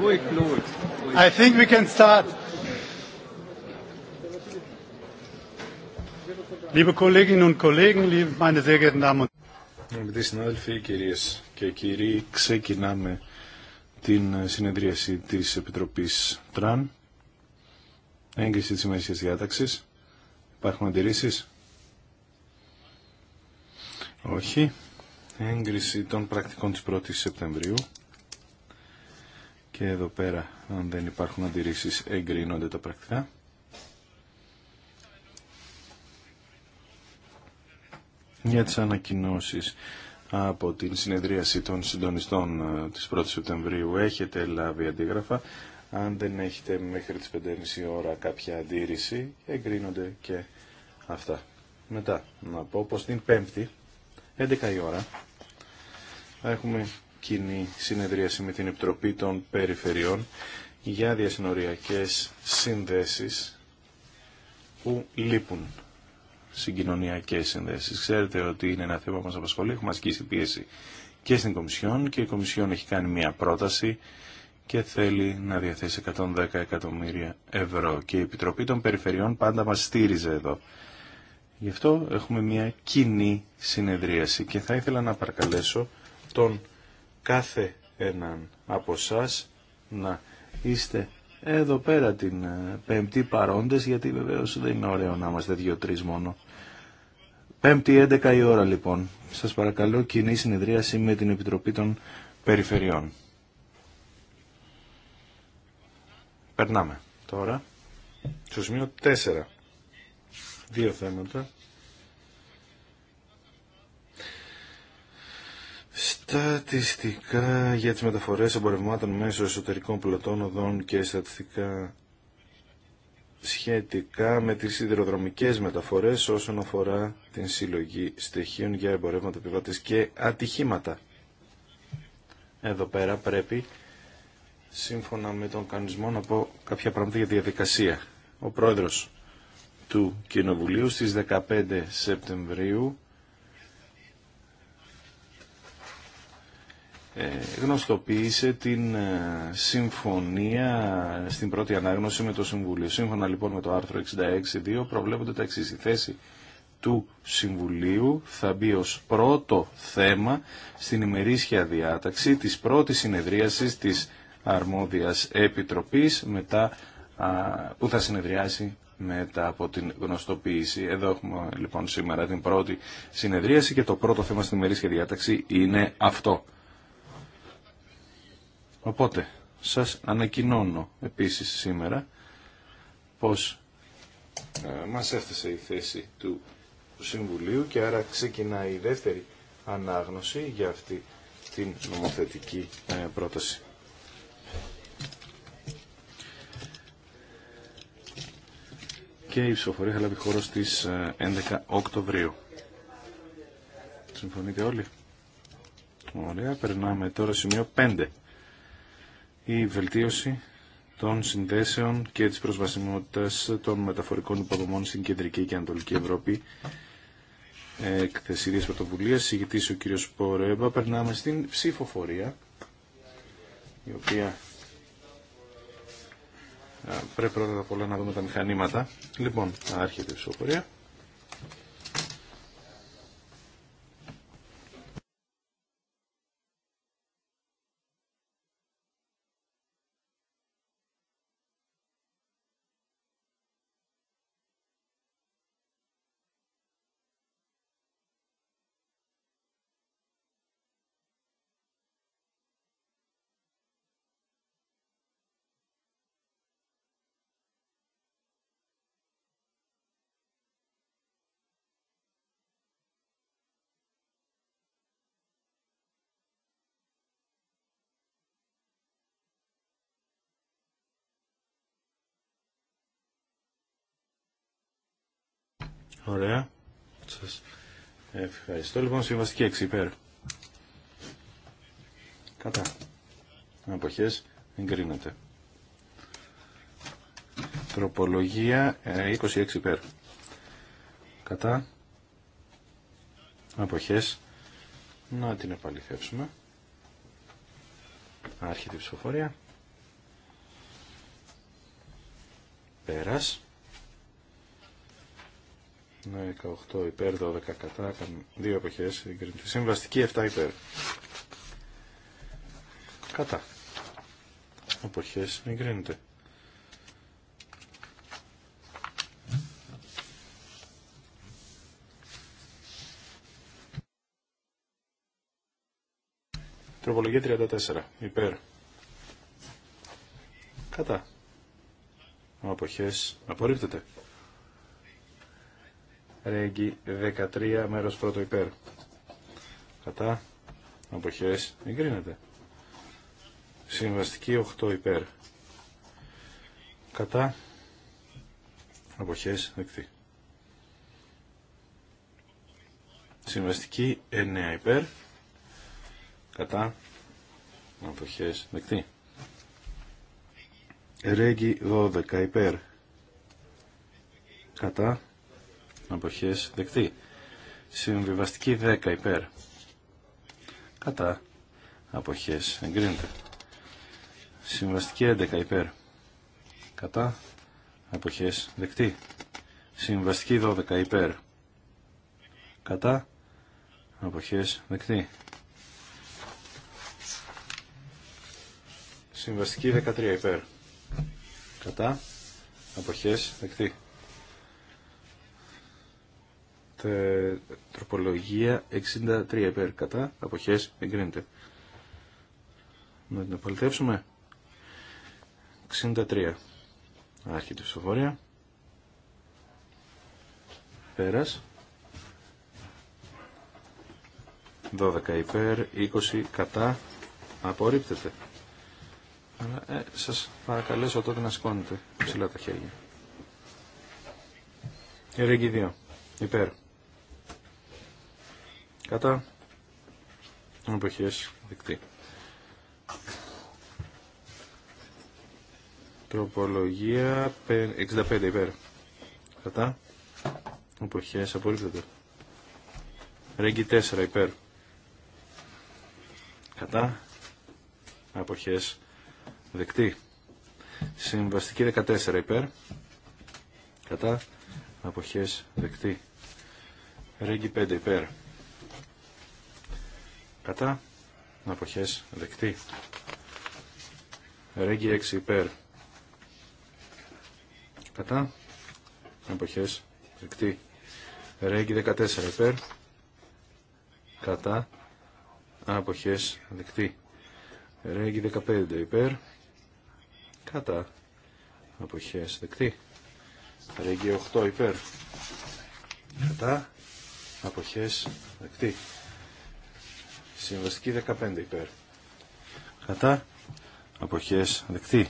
Ruhig, I think we can start. Liebe Kolleginnen und Kollegen, liebe meine sehr geehrten Damen und Liebe συνάδελφοι, κυρίες και κύριοι, ξεκινάμε την ε, συνεδρίαση της Επιτροπής ΤΡΑΝ. Έγκριση της ημερήσιας διάταξης. Υπάρχουν αντιρρήσεις. Όχι. Έγκριση των πρακτικών της 1ης Σεπτεμβρίου. Και εδώ πέρα, αν δεν υπάρχουν αντιρρήσεις, εγκρίνονται τα πρακτικά. Για τις ανακοινώσεις από την συνεδρίαση των συντονιστών ε, της 1ης Σεπτεμβρίου έχετε λάβει αντίγραφα. Αν δεν έχετε μέχρι τις 5.30 ώρα κάποια αντίρρηση, εγκρίνονται και αυτά. Μετά, να πω πως την 5η, 11 η ώρα, θα έχουμε κοινή συνεδρίαση με την Επιτροπή των Περιφερειών για διασυνοριακές συνδέσεις που λείπουν συγκοινωνιακές συνδέσεις. Ξέρετε ότι είναι ένα θέμα που μας απασχολεί, έχουμε ασκήσει πίεση και στην Κομισιόν και η Κομισιόν έχει κάνει μια πρόταση και θέλει να διαθέσει 110 εκατομμύρια ευρώ και η Επιτροπή των Περιφερειών πάντα μας στήριζε εδώ. Γι' αυτό έχουμε μια κοινή συνεδρίαση και θα ήθελα να παρακαλέσω τον κάθε έναν από εσά να είστε εδώ πέρα την ε, Πέμπτη παρόντες γιατί βεβαίως δεν είναι ωραίο να είμαστε δύο-τρεις μόνο. Πέμπτη 11 η ώρα λοιπόν. Σας παρακαλώ κοινή συνεδρίαση με την Επιτροπή των Περιφερειών. Περνάμε τώρα στο σημείο 4. Δύο θέματα Στατιστικά για τις μεταφορές εμπορευμάτων μέσω εσωτερικών πλωτών οδών και στατιστικά σχετικά με τις σιδηροδρομικές μεταφορές όσον αφορά την συλλογή στοιχείων για εμπορεύματα επιβάτες και ατυχήματα. Εδώ πέρα πρέπει, σύμφωνα με τον κανονισμό, να πω κάποια πράγματα για διαδικασία. Ο πρόεδρος του Κοινοβουλίου στις 15 Σεπτεμβρίου Ε, γνωστοποίησε την ε, συμφωνία στην πρώτη ανάγνωση με το Συμβούλιο. Σύμφωνα λοιπόν με το άρθρο 66.2 προβλέπονται τα εξής. Η θέση του Συμβουλίου θα μπει ως πρώτο θέμα στην ημερήσια διάταξη της πρώτης συνεδρίασης της Αρμόδιας Επιτροπής μετά, που θα συνεδριάσει μετά από την γνωστοποίηση. Εδώ έχουμε λοιπόν σήμερα την πρώτη συνεδρίαση και το πρώτο θέμα στην ημερήσια διάταξη είναι αυτό. Οπότε, σας ανακοινώνω επίσης σήμερα πως ε, μας έφτασε η θέση του Συμβουλίου και άρα ξεκινάει η δεύτερη ανάγνωση για αυτή την νομοθετική ε, πρόταση. Και η ψηφοφορία θα λάβει χώρο στις 11 ε, Οκτωβρίου. Συμφωνείτε όλοι. Ωραία, περνάμε τώρα σημείο 5 η βελτίωση των συνδέσεων και της προσβασιμότητας των μεταφορικών υποδομών στην Κεντρική και Ανατολική Ευρώπη. Έκθεση πρωτοβουλία, πρωτοβουλίας, ο κύριος Πορέμπα. Περνάμε στην ψηφοφορία, η οποία πρέπει πρώτα απ' όλα να δούμε τα μηχανήματα. Λοιπόν, άρχεται η ψηφοφορία. Ωραία. Σα. ευχαριστώ. Λοιπόν, συμβαστική 6 υπέρ. Κατά. Αποχές εγκρίνεται. Τροπολογία 26 ε, υπέρ. Κατά. Αποχές. Να την επαληθεύσουμε. Άρχεται η ψηφοφορία. Πέρας. 18 ναι, υπέρ, 12 κατά, Δύο εποχές, συμβαστική 7 υπέρ. Κατά. Εποχές εγκρίνεται. Τροπολογία 34. Υπέρ. Κατά. Αποχές. Απορρίπτεται. Ρέγγι 13 μέρος πρώτο υπέρ. Κατά. Αποχές. Εγκρίνεται. Συμβαστική 8 υπέρ. Κατά. Αποχές. Δεκτή. Συμβαστική 9 υπέρ. Κατά. Αποχές. Δεκτή. Ρέγγι 12 υπέρ. Κατά αποχές δεκτή. Συμβιβαστική 10 υπέρ. Κατά αποχές εγκρίνεται. Συμβαστική 11 υπέρ. Κατά αποχές δεκτή. Συμβαστική 12 υπέρ. Κατά αποχές δεκτή. Συμβαστική 13 υπέρ. Κατά αποχές δεκτή. Ε, τροπολογία 63 υπέρ κατά αποχές εγκρίνεται. Να την απολυτεύσουμε. 63. Άρχεται η ψηφοφορία. Πέρας. 12 υπέρ, 20 κατά, απορρίπτεται. Αλλά ε, σας παρακαλέσω τότε να σηκώνετε ψηλά τα χέρια. Ρέγγι 2. Υπέρ. Κατά. Αποχές δεκτή. Τροπολογία 65 υπέρ. Κατά. Αποχές απορρίπτεται. Ρέγγι 4 υπέρ. Κατά. Αποχές δεκτή. Συμβαστική 14 υπέρ. Κατά. Αποχές δεκτή. Ρέγγι 5 υπέρ κατά αποχές δεκτή ρέγγι 6 υπέρ κατά αποχές δεκτή ρέγγι 14 υπέρ κατά αποχές δεκτή ρέγγι 15 υπέρ κατά αποχές δεκτή ρέγγι 8 υπέρ κατά αποχές δεκτή Συμβαστική 15 υπέρ. Κατά. Αποχές δεκτή.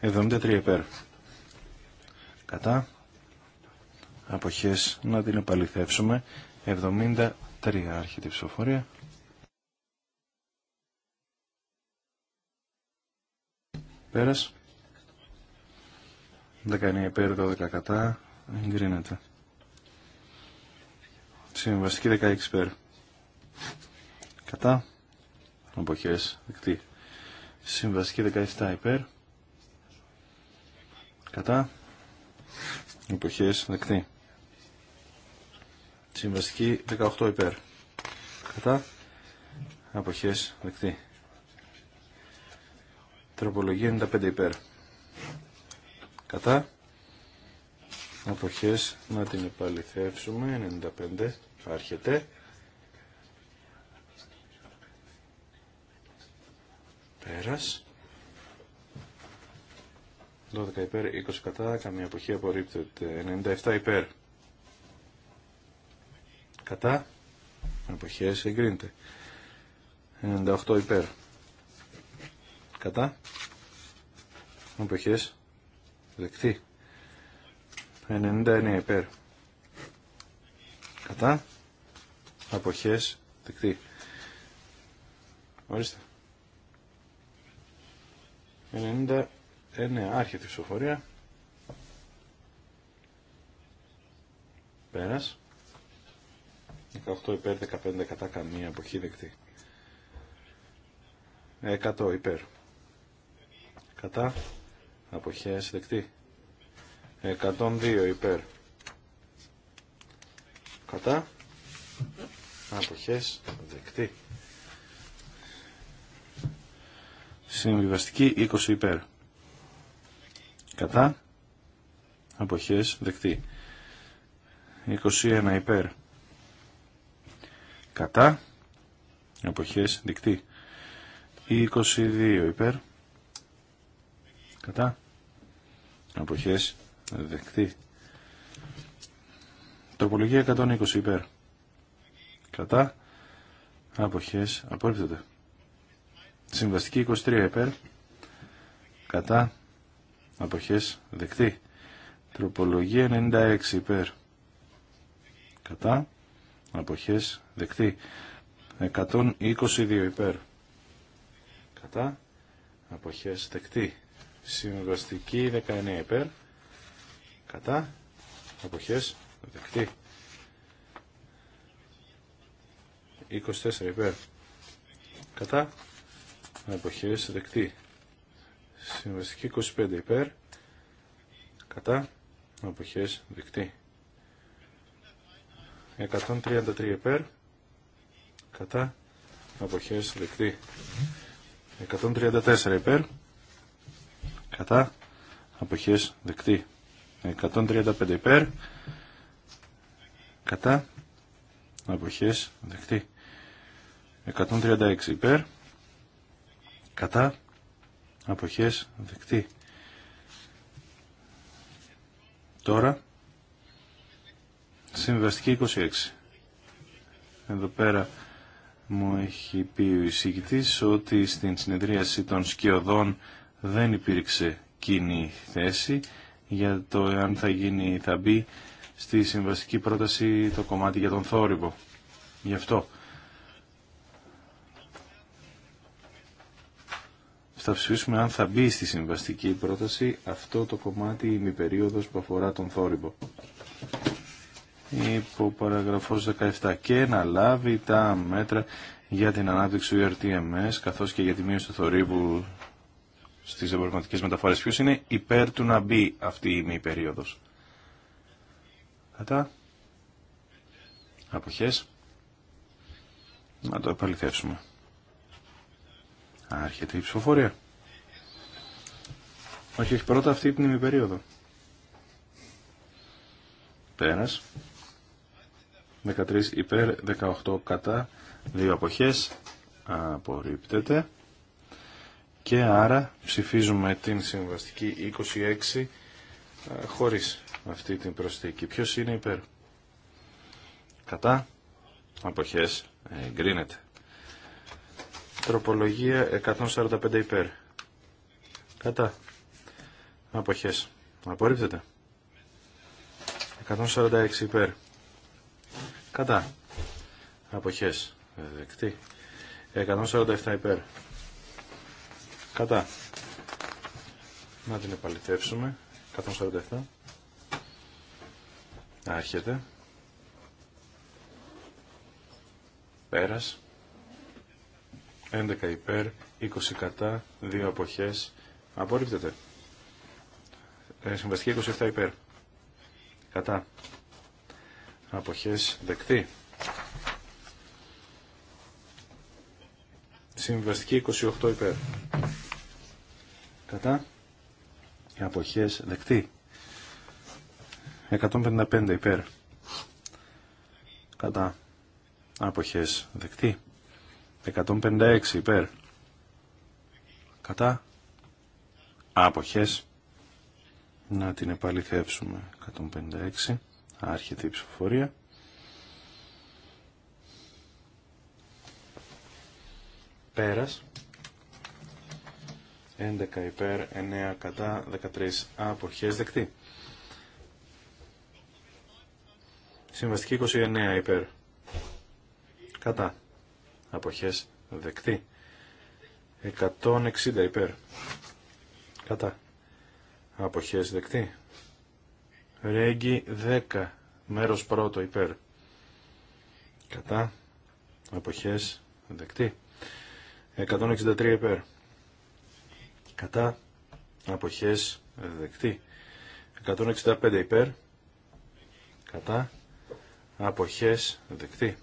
73 υπέρ. Κατά. Αποχές να την επαληθεύσουμε. 73 Άρχιτε η ψηφοφορία. Πέρας. 19 υπέρ, 12 κατά. Εγκρίνεται. Συμβαστική 16 υπέρ κατά αποχές δεκτή συμβασική 17 υπέρ κατά αποχές δεκτή συμβαστική 18 υπέρ κατά αποχές δεκτή τροπολογία 95 υπέρ κατά αποχές να την επαληθεύσουμε 95 άρχεται Πέρας. 12 υπέρ, 20 κατά, καμία αποχή απορρίπτεται. 97 υπέρ. Κατά. εποχές εγκρίνεται. 98 υπέρ. Κατά. εποχές Δεκτή. 99 υπέρ. Κατά. Αποχές. Δεκτή. Ορίστε. 99 άρχεται η ψηφοφορία. Πέρας. 18 υπέρ, 15 κατά καμία αποχή δεκτή. 100 υπέρ. Κατά αποχές δεκτή. 102 υπέρ. Κατά αποχές δεκτή. Συμβιβαστική 20 υπέρ. Κατά. Αποχές δεκτή. 21 υπέρ. Κατά. Αποχές δεκτή. 22 υπέρ. Κατά. Αποχές δεκτή. Τροπολογία 120 υπέρ. Κατά. Αποχές απορρίπτεται. Συμβαστική 23 επερ Κατά. Αποχές δεκτή. Τροπολογία 96 υπέρ. Κατά. Αποχές δεκτή. 122 υπέρ. Κατά. Αποχές δεκτή. Συμβαστική 19 υπέρ. Κατά. Αποχές δεκτή. 24 υπέρ. Κατά εποχές δεκτή. Συμβαστική 25 υπέρ. Κατά εποχές δεκτή. 133 υπέρ. Κατά εποχές δεκτή. 134 υπέρ. Κατά εποχές δεκτή. 135 υπέρ. Κατά εποχές δεκτή. 136 υπέρ κατά αποχές δεκτή. Τώρα συμβαστική 26. Εδώ πέρα μου έχει πει ο εισηγητής ότι στην συνεδρίαση των σκιωδών δεν υπήρξε κοινή θέση για το εάν θα γίνει θα μπει στη συμβαστική πρόταση το κομμάτι για τον θόρυβο. Γι' αυτό θα ψηφίσουμε αν θα μπει στη συμβαστική πρόταση αυτό το κομμάτι η περίοδος που αφορά τον θόρυβο. Υπό παραγραφός 17 και να λάβει τα μέτρα για την ανάπτυξη του ERTMS καθώς και για τη μείωση του θορύβου στις εμπορευματικές μεταφορές. Ποιος είναι υπέρ του να μπει αυτή η μη περίοδος. Κατά. Αποχές. Να το επαληθεύσουμε. Άρχεται η ψηφοφορία. Όχι, όχι, πρώτα αυτή την περίοδο. Πέρας. 13 υπέρ, 18 κατά, δύο αποχές. Απορρίπτεται. Και άρα ψηφίζουμε την συμβαστική 26 ε, χωρίς αυτή την προσθήκη. Ποιος είναι υπέρ. Κατά. Αποχές. Εγκρίνεται. Τροπολογία 145 υπέρ. Κατά. Αποχές. Απορρίπτεται. 146 υπέρ. Κατά. Αποχές. Δεκτή. 147 υπέρ. Κατά. Να την επαληθεύσουμε. 147. Άρχεται. Πέρας. 11 υπέρ, 20 κατά, 2 αποχές. Απορρίπτεται. Ε, συμβαστική 27 υπέρ. Κατά. Αποχές δεκτή. Συμβαστική 28 υπέρ. Κατά. Αποχές δεκτή. 155 υπέρ. Κατά. Αποχές δεκτή. 156 υπέρ. Κατά. Άποχες. Να την επαληθεύσουμε. 156. Άρχεται η ψηφοφορία. Πέρας. 11 υπέρ, 9 κατά, 13 αποχές δεκτή. Συμβαστική 29 υπέρ. Κατά αποχές δεκτή 160 υπέρ κατά αποχές δεκτή Ρέγγι 10 μέρος πρώτο υπέρ κατά αποχές δεκτή 163 υπέρ κατά αποχές δεκτή 165 υπέρ κατά αποχές δεκτή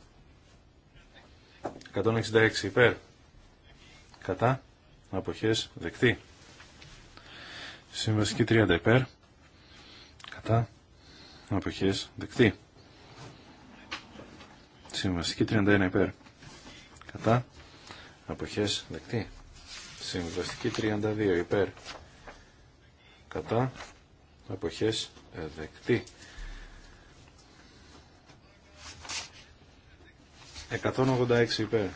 166 υπέρ. Κατά. Αποχές δεκτή. Συμβασική 30 υπέρ. Κατά. Αποχές δεκτή. Συμβαστική 31 υπέρ. Κατά. Αποχές δεκτή. Συμβαστική 32 υπέρ. Κατά. Αποχές δεκτή. 186 υπέρ.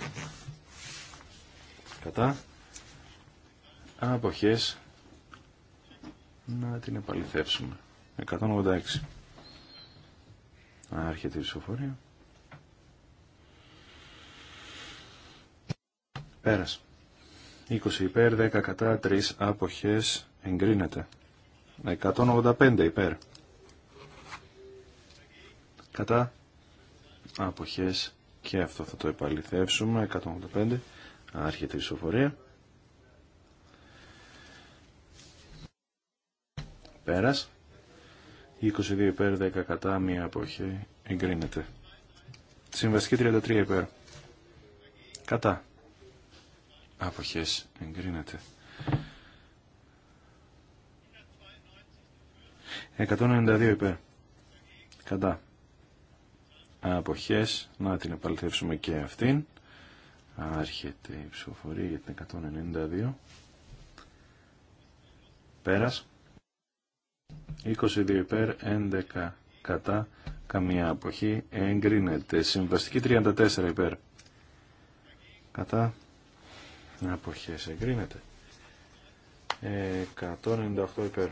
Κατά. Αποχές. Να την επαληθεύσουμε. 186. Άρχεται η ψηφοφορία. Πέρας. 20 υπέρ, 10 κατά, 3 άποχες, εγκρίνεται. 185 υπέρ. Κατά, άποχες, και αυτό θα το επαληθεύσουμε 185 άρχεται η ισοφορία πέρας 22 υπέρ 10 κατά μία αποχή εγκρίνεται συμβαστική 33 υπέρ κατά αποχές εγκρίνεται 192 υπέρ κατά αποχές να την επαληθεύσουμε και αυτήν άρχεται η ψηφοφορία για την 192 πέρας 22 υπέρ 11 κατά καμία αποχή εγκρίνεται συμβαστική 34 υπέρ κατά αποχές εγκρίνεται 198 υπέρ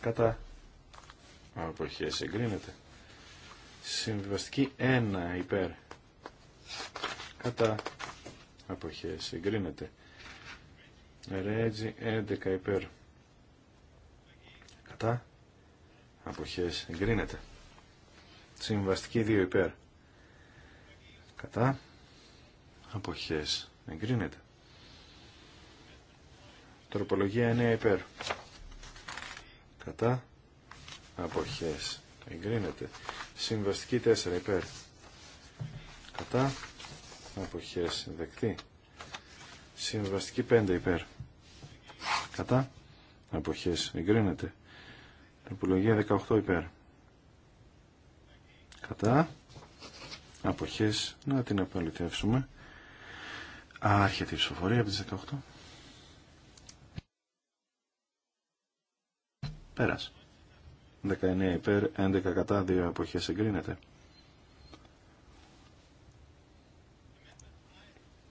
κατά αποχές εγκρίνεται Συμβιβαστική 1 υπέρ. Κατά απόχέ. εγκρίνεται. Ρέτζι 11 υπέρ. Κατά αποχέ εγκρίνεται. Συμβαστική 2 υπέρ. Κατά απόχέ. εγκρίνεται. Τροπολογία 9 υπέρ. Κατά απόχέ. εγκρίνεται. Συμβαστική 4 υπέρ. Κατά. Αποχές δεκτή. Συμβαστική 5 υπέρ. Κατά. Αποχές εγκρίνεται. Τροπολογία 18 υπέρ. Κατά. Αποχές. Να την απολυτεύσουμε. Άρχεται η ψηφοφορία από τις 18. Πέρασε. 19 υπέρ, 11 κατά, 2 εποχές συγκρίνεται.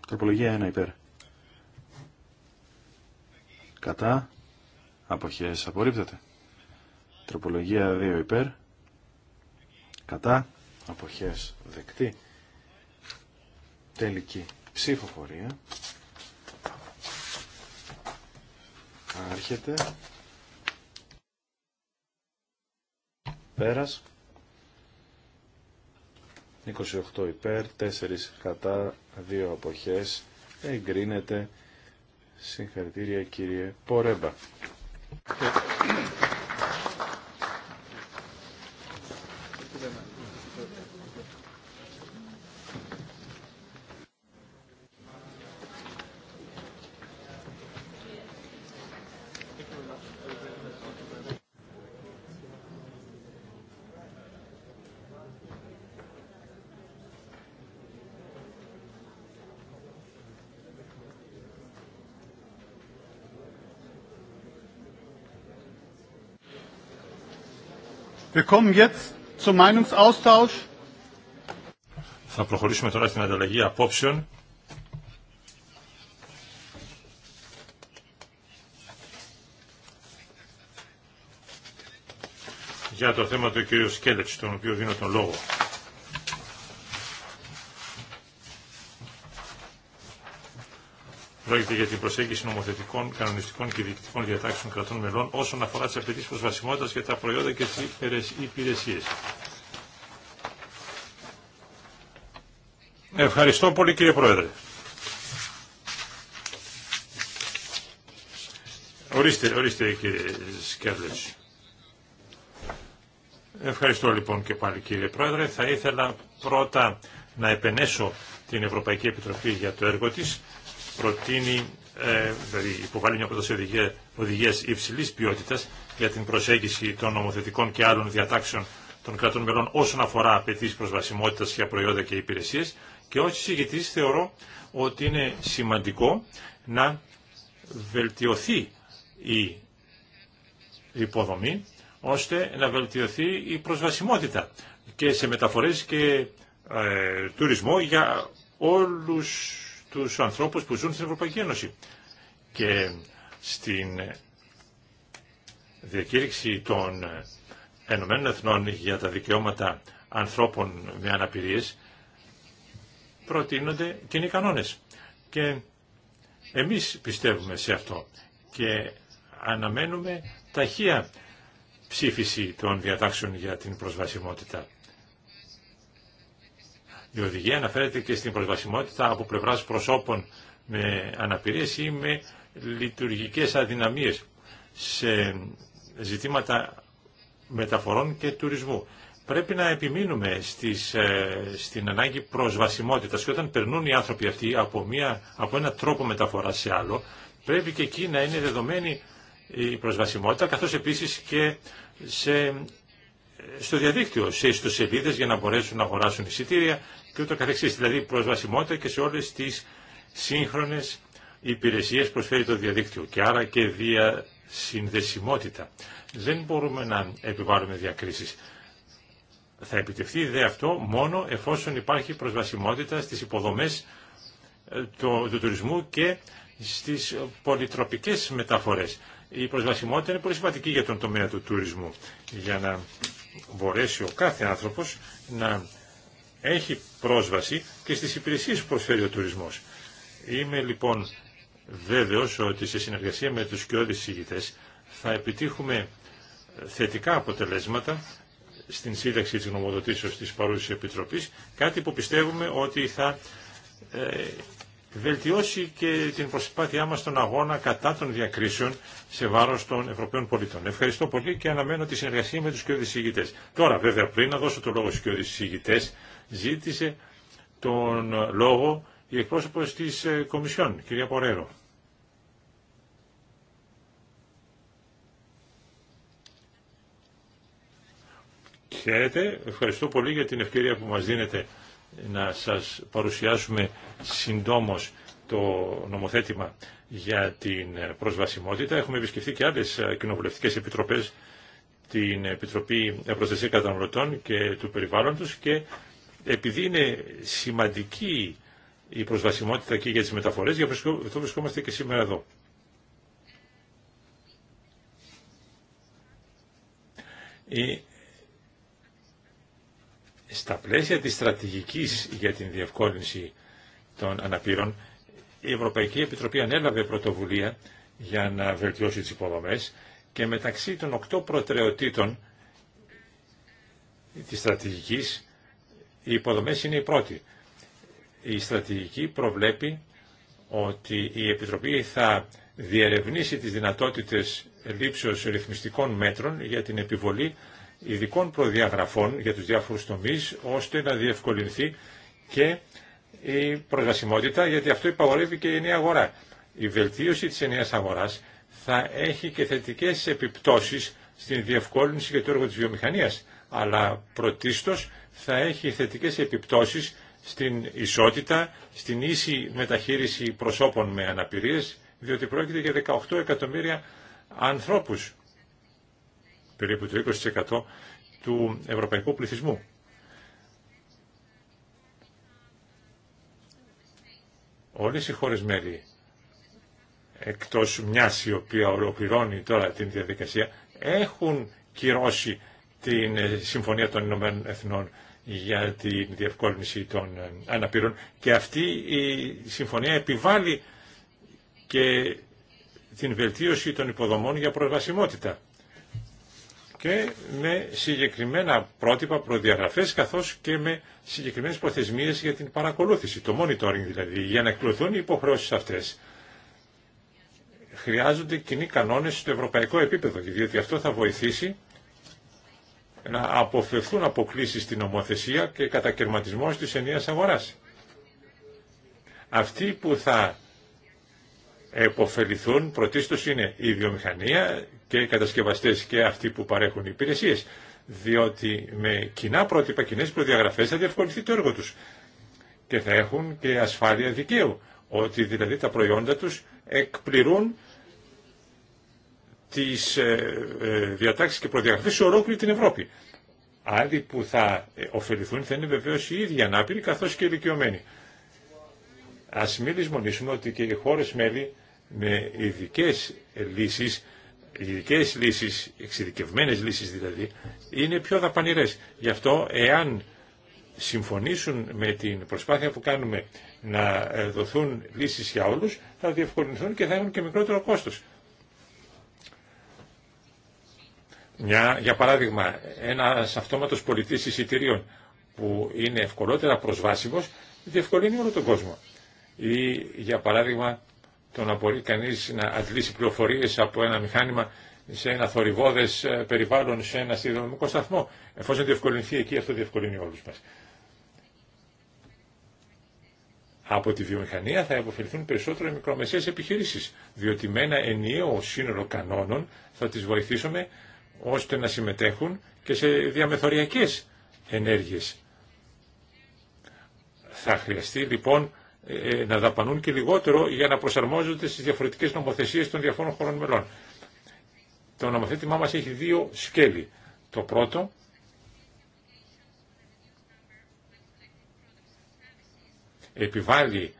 Τροπολογία 1 υπέρ. Κατά, αποχές απορρίπτεται. Τροπολογία 2 υπέρ. Κατά, αποχές δεκτή. Τελική ψηφοφορία. Άρχεται. Πέρας. 28 υπέρ, 4 κατά, 2 αποχές. Εγκρίνεται. Συγχαρητήρια κύριε Πορέμπα. Θα προχωρήσουμε τώρα στην ανταλλαγή απόψεων. για το θέμα του κ. Σκέλετς, τον οποίο δίνω τον λόγο. Πρόκειται για την προσέγγιση νομοθετικών, κανονιστικών και διοικητικών διατάξεων κρατών μελών όσον αφορά τι απαιτήσει προσβασιμότητα για τα προϊόντα και τι υπηρεσίε. Ευχαριστώ πολύ κύριε Πρόεδρε. Ορίστε, ορίστε κύριε Σκέρλες. Ευχαριστώ λοιπόν και πάλι κύριε Πρόεδρε. Θα ήθελα πρώτα να επενέσω την Ευρωπαϊκή Επιτροπή για το έργο της προτείνει, ε, δηλαδή υποβάλλει μια πρόταση οδηγία, υψηλή ποιότητα ποιότητας για την προσέγγιση των νομοθετικών και άλλων διατάξεων των κρατών μελών όσον αφορά απαιτήσει προσβασιμότητα για προϊόντα και υπηρεσίε, και ω συζητητής θεωρώ ότι είναι σημαντικό να βελτιωθεί η υποδομή ώστε να βελτιωθεί η προσβασιμότητα και σε μεταφορές και ε, τουρισμό για όλους τους ανθρώπους που ζουν στην Ευρωπαϊκή Ένωση. Και στην διακήρυξη των Ενωμένων Εθνών για τα δικαιώματα ανθρώπων με αναπηρίες προτείνονται και κανόνες. Και εμείς πιστεύουμε σε αυτό και αναμένουμε ταχεία ψήφιση των διατάξεων για την προσβασιμότητα. Η οδηγία αναφέρεται και στην προσβασιμότητα από πλευρά προσώπων με αναπηρίες ή με λειτουργικές αδυναμίες σε ζητήματα μεταφορών και τουρισμού. Πρέπει να επιμείνουμε στις, ε, στην ανάγκη προσβασιμότητας και όταν περνούν οι άνθρωποι αυτοί από, μια, από ένα τρόπο μεταφοράς σε άλλο, πρέπει και εκεί να είναι δεδομένη η προσβασιμότητα, καθώς επίσης και σε, στο διαδίκτυο, σε ιστοσελίδες για να μπορέσουν να αγοράσουν εισιτήρια, και ούτω καθεξής. Δηλαδή προσβασιμότητα και σε όλες τις σύγχρονες υπηρεσίες προσφέρει το διαδίκτυο και άρα και διασυνδεσιμότητα. Δεν μπορούμε να επιβάλλουμε διακρίσεις. Θα επιτευχθεί δε αυτό μόνο εφόσον υπάρχει προσβασιμότητα στις υποδομές ε, του, του τουρισμού και στις πολυτροπικές μεταφορές. Η προσβασιμότητα είναι πολύ σημαντική για τον τομέα του τουρισμού, για να μπορέσει ο κάθε άνθρωπος να έχει πρόσβαση και στις υπηρεσίες που προσφέρει ο τουρισμός. Είμαι λοιπόν βέβαιος ότι σε συνεργασία με τους κοιόδης συγητές θα επιτύχουμε θετικά αποτελέσματα στην σύνταξη της νομοδοτήσεως της παρούσης Επιτροπής, κάτι που πιστεύουμε ότι θα ε, βελτιώσει και την προσπάθειά μας στον αγώνα κατά των διακρίσεων σε βάρος των Ευρωπαίων πολιτών. Ευχαριστώ πολύ και αναμένω τη συνεργασία με τους κοιόδης συγητές. Τώρα βέβαια πριν να δώσω το λόγο στους κοιόδης ζήτησε τον λόγο η εκπρόσωπος της ε, Κομισιόν, κυρία Πορέρο. Χαίρετε, ευχαριστώ πολύ για την ευκαιρία που μας δίνετε να σας παρουσιάσουμε συντόμως το νομοθέτημα για την προσβασιμότητα. Έχουμε επισκεφθεί και άλλες ε, κοινοβουλευτικές επιτροπές, την Επιτροπή Προστασία Καταναλωτών και του Περιβάλλοντος και επειδή είναι σημαντική η προσβασιμότητα και για τις μεταφορές, για αυτό βρισκόμαστε και σήμερα εδώ. Στα πλαίσια της στρατηγικής για την διευκόλυνση των αναπήρων, η Ευρωπαϊκή Επιτροπή ανέλαβε πρωτοβουλία για να βελτιώσει τις υποδομές και μεταξύ των οκτώ προτεραιοτήτων της στρατηγικής οι υποδομέ είναι η πρώτη. Η στρατηγική προβλέπει ότι η Επιτροπή θα διερευνήσει τις δυνατότητες λήψεως ρυθμιστικών μέτρων για την επιβολή ειδικών προδιαγραφών για τους διάφορους τομείς, ώστε να διευκολυνθεί και η προσβασιμότητα, γιατί αυτό υπαγορεύει και η νέα αγορά. Η βελτίωση της ενιαίας αγοράς θα έχει και θετικές επιπτώσεις στην διευκόλυνση και το έργο της βιομηχανίας, αλλά πρωτίστως θα έχει θετικές επιπτώσεις στην ισότητα, στην ίση μεταχείριση προσώπων με αναπηρίες, διότι πρόκειται για 18 εκατομμύρια ανθρώπους, περίπου το 20% του ευρωπαϊκού πληθυσμού. Όλες οι χώρες μέλη, εκτός μιας η οποία ολοκληρώνει τώρα την διαδικασία, έχουν κυρώσει την Συμφωνία των Ηνωμένων Εθνών για τη διευκόλυνση των ε, αναπήρων και αυτή η συμφωνία επιβάλλει και την βελτίωση των υποδομών για προσβασιμότητα και με συγκεκριμένα πρότυπα προδιαγραφές καθώς και με συγκεκριμένες προθεσμίες για την παρακολούθηση, το monitoring δηλαδή. Για να εκπληρωθούν οι υποχρεώσεις αυτές χρειάζονται κοινοί κανόνες στο ευρωπαϊκό επίπεδο διότι αυτό θα βοηθήσει να αποφευθούν αποκλήσεις στην ομοθεσία και κατακαιρματισμός της ενίας αγοράς. Αυτοί που θα εποφεληθούν πρωτίστως είναι η βιομηχανία και οι κατασκευαστές και αυτοί που παρέχουν υπηρεσίες, διότι με κοινά πρότυπα, κοινές προδιαγραφές θα διευκολυνθεί το έργο τους και θα έχουν και ασφάλεια δικαίου, ότι δηλαδή τα προϊόντα τους εκπληρούν τις ε, ε, διατάξεις και προδιαγραφές σε ολόκληρη την Ευρώπη. Άλλοι που θα ε, ωφεληθούν θα είναι βεβαίως οι ίδιοι ανάπηροι καθώς και ηλικιωμένοι. Ας μην λησμονήσουμε ότι και οι χώρες μέλη με ειδικέ λύσεις, ειδικέ λύσεις, εξειδικευμένες λύσεις δηλαδή, είναι πιο δαπανηρές. Γι' αυτό εάν συμφωνήσουν με την προσπάθεια που κάνουμε να δοθούν λύσεις για όλους, θα διευκολυνθούν και θα έχουν και μικρότερο κόστος. Μια, για παράδειγμα, ένας αυτόματος πολιτής εισιτηρίων που είναι ευκολότερα προσβάσιμος, διευκολύνει όλο τον κόσμο. Ή, για παράδειγμα, το να μπορεί κανείς να αντλήσει πληροφορίες από ένα μηχάνημα σε ένα θορυβόδες ε, περιβάλλον, σε ένα σιδηροδρομικό σταθμό. Εφόσον διευκολυνθεί εκεί, αυτό διευκολύνει όλους μας. Από τη βιομηχανία θα υποφεληθούν περισσότερο οι μικρομεσαίες επιχειρήσεις, διότι με ένα ενιαίο σύνολο κανόνων θα τις βοηθήσουμε ώστε να συμμετέχουν και σε διαμεθοριακές ενέργειες. Θα χρειαστεί λοιπόν ε, ε, να δαπανούν και λιγότερο για να προσαρμόζονται στις διαφορετικές νομοθεσίες των διαφόρων χωρών μελών. Το νομοθέτημά μας έχει δύο σκέλη. Το πρώτο επιβάλλει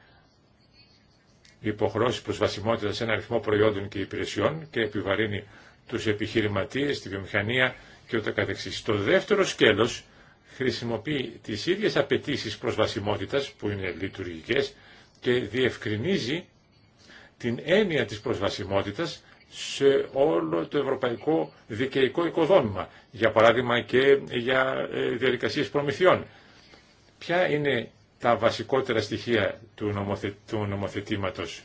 υποχρεώσει προσβασιμότητας σε ένα αριθμό προϊόντων και υπηρεσιών και επιβαρύνει τους επιχειρηματίες, τη βιομηχανία και ούτω καθεξής. Το δεύτερο σκέλος χρησιμοποιεί τις ίδιες απαιτήσει προσβασιμότητας που είναι λειτουργικές και διευκρινίζει την έννοια της προσβασιμότητας σε όλο το ευρωπαϊκό δικαιικό οικοδόμημα, για παράδειγμα και για ε, διαδικασίες προμηθειών. Ποια είναι τα βασικότερα στοιχεία του νομοθετήματος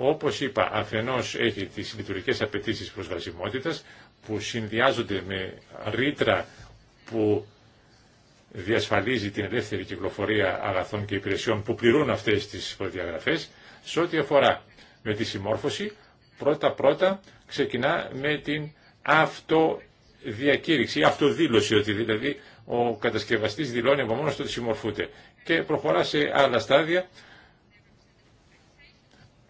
όπως είπα, αφενός έχει τις λειτουργικές απαιτήσεις προσβασιμότητας που συνδυάζονται με ρήτρα που διασφαλίζει την ελεύθερη κυκλοφορία αγαθών και υπηρεσιών που πληρούν αυτές τις προδιαγραφές. Σε ό,τι αφορά με τη συμμόρφωση, πρώτα-πρώτα ξεκινά με την αυτοδιακήρυξη, αυτοδήλωση, ότι δηλαδή ο κατασκευαστής δηλώνει από μόνος του ότι συμμορφούνται και προχωρά σε άλλα στάδια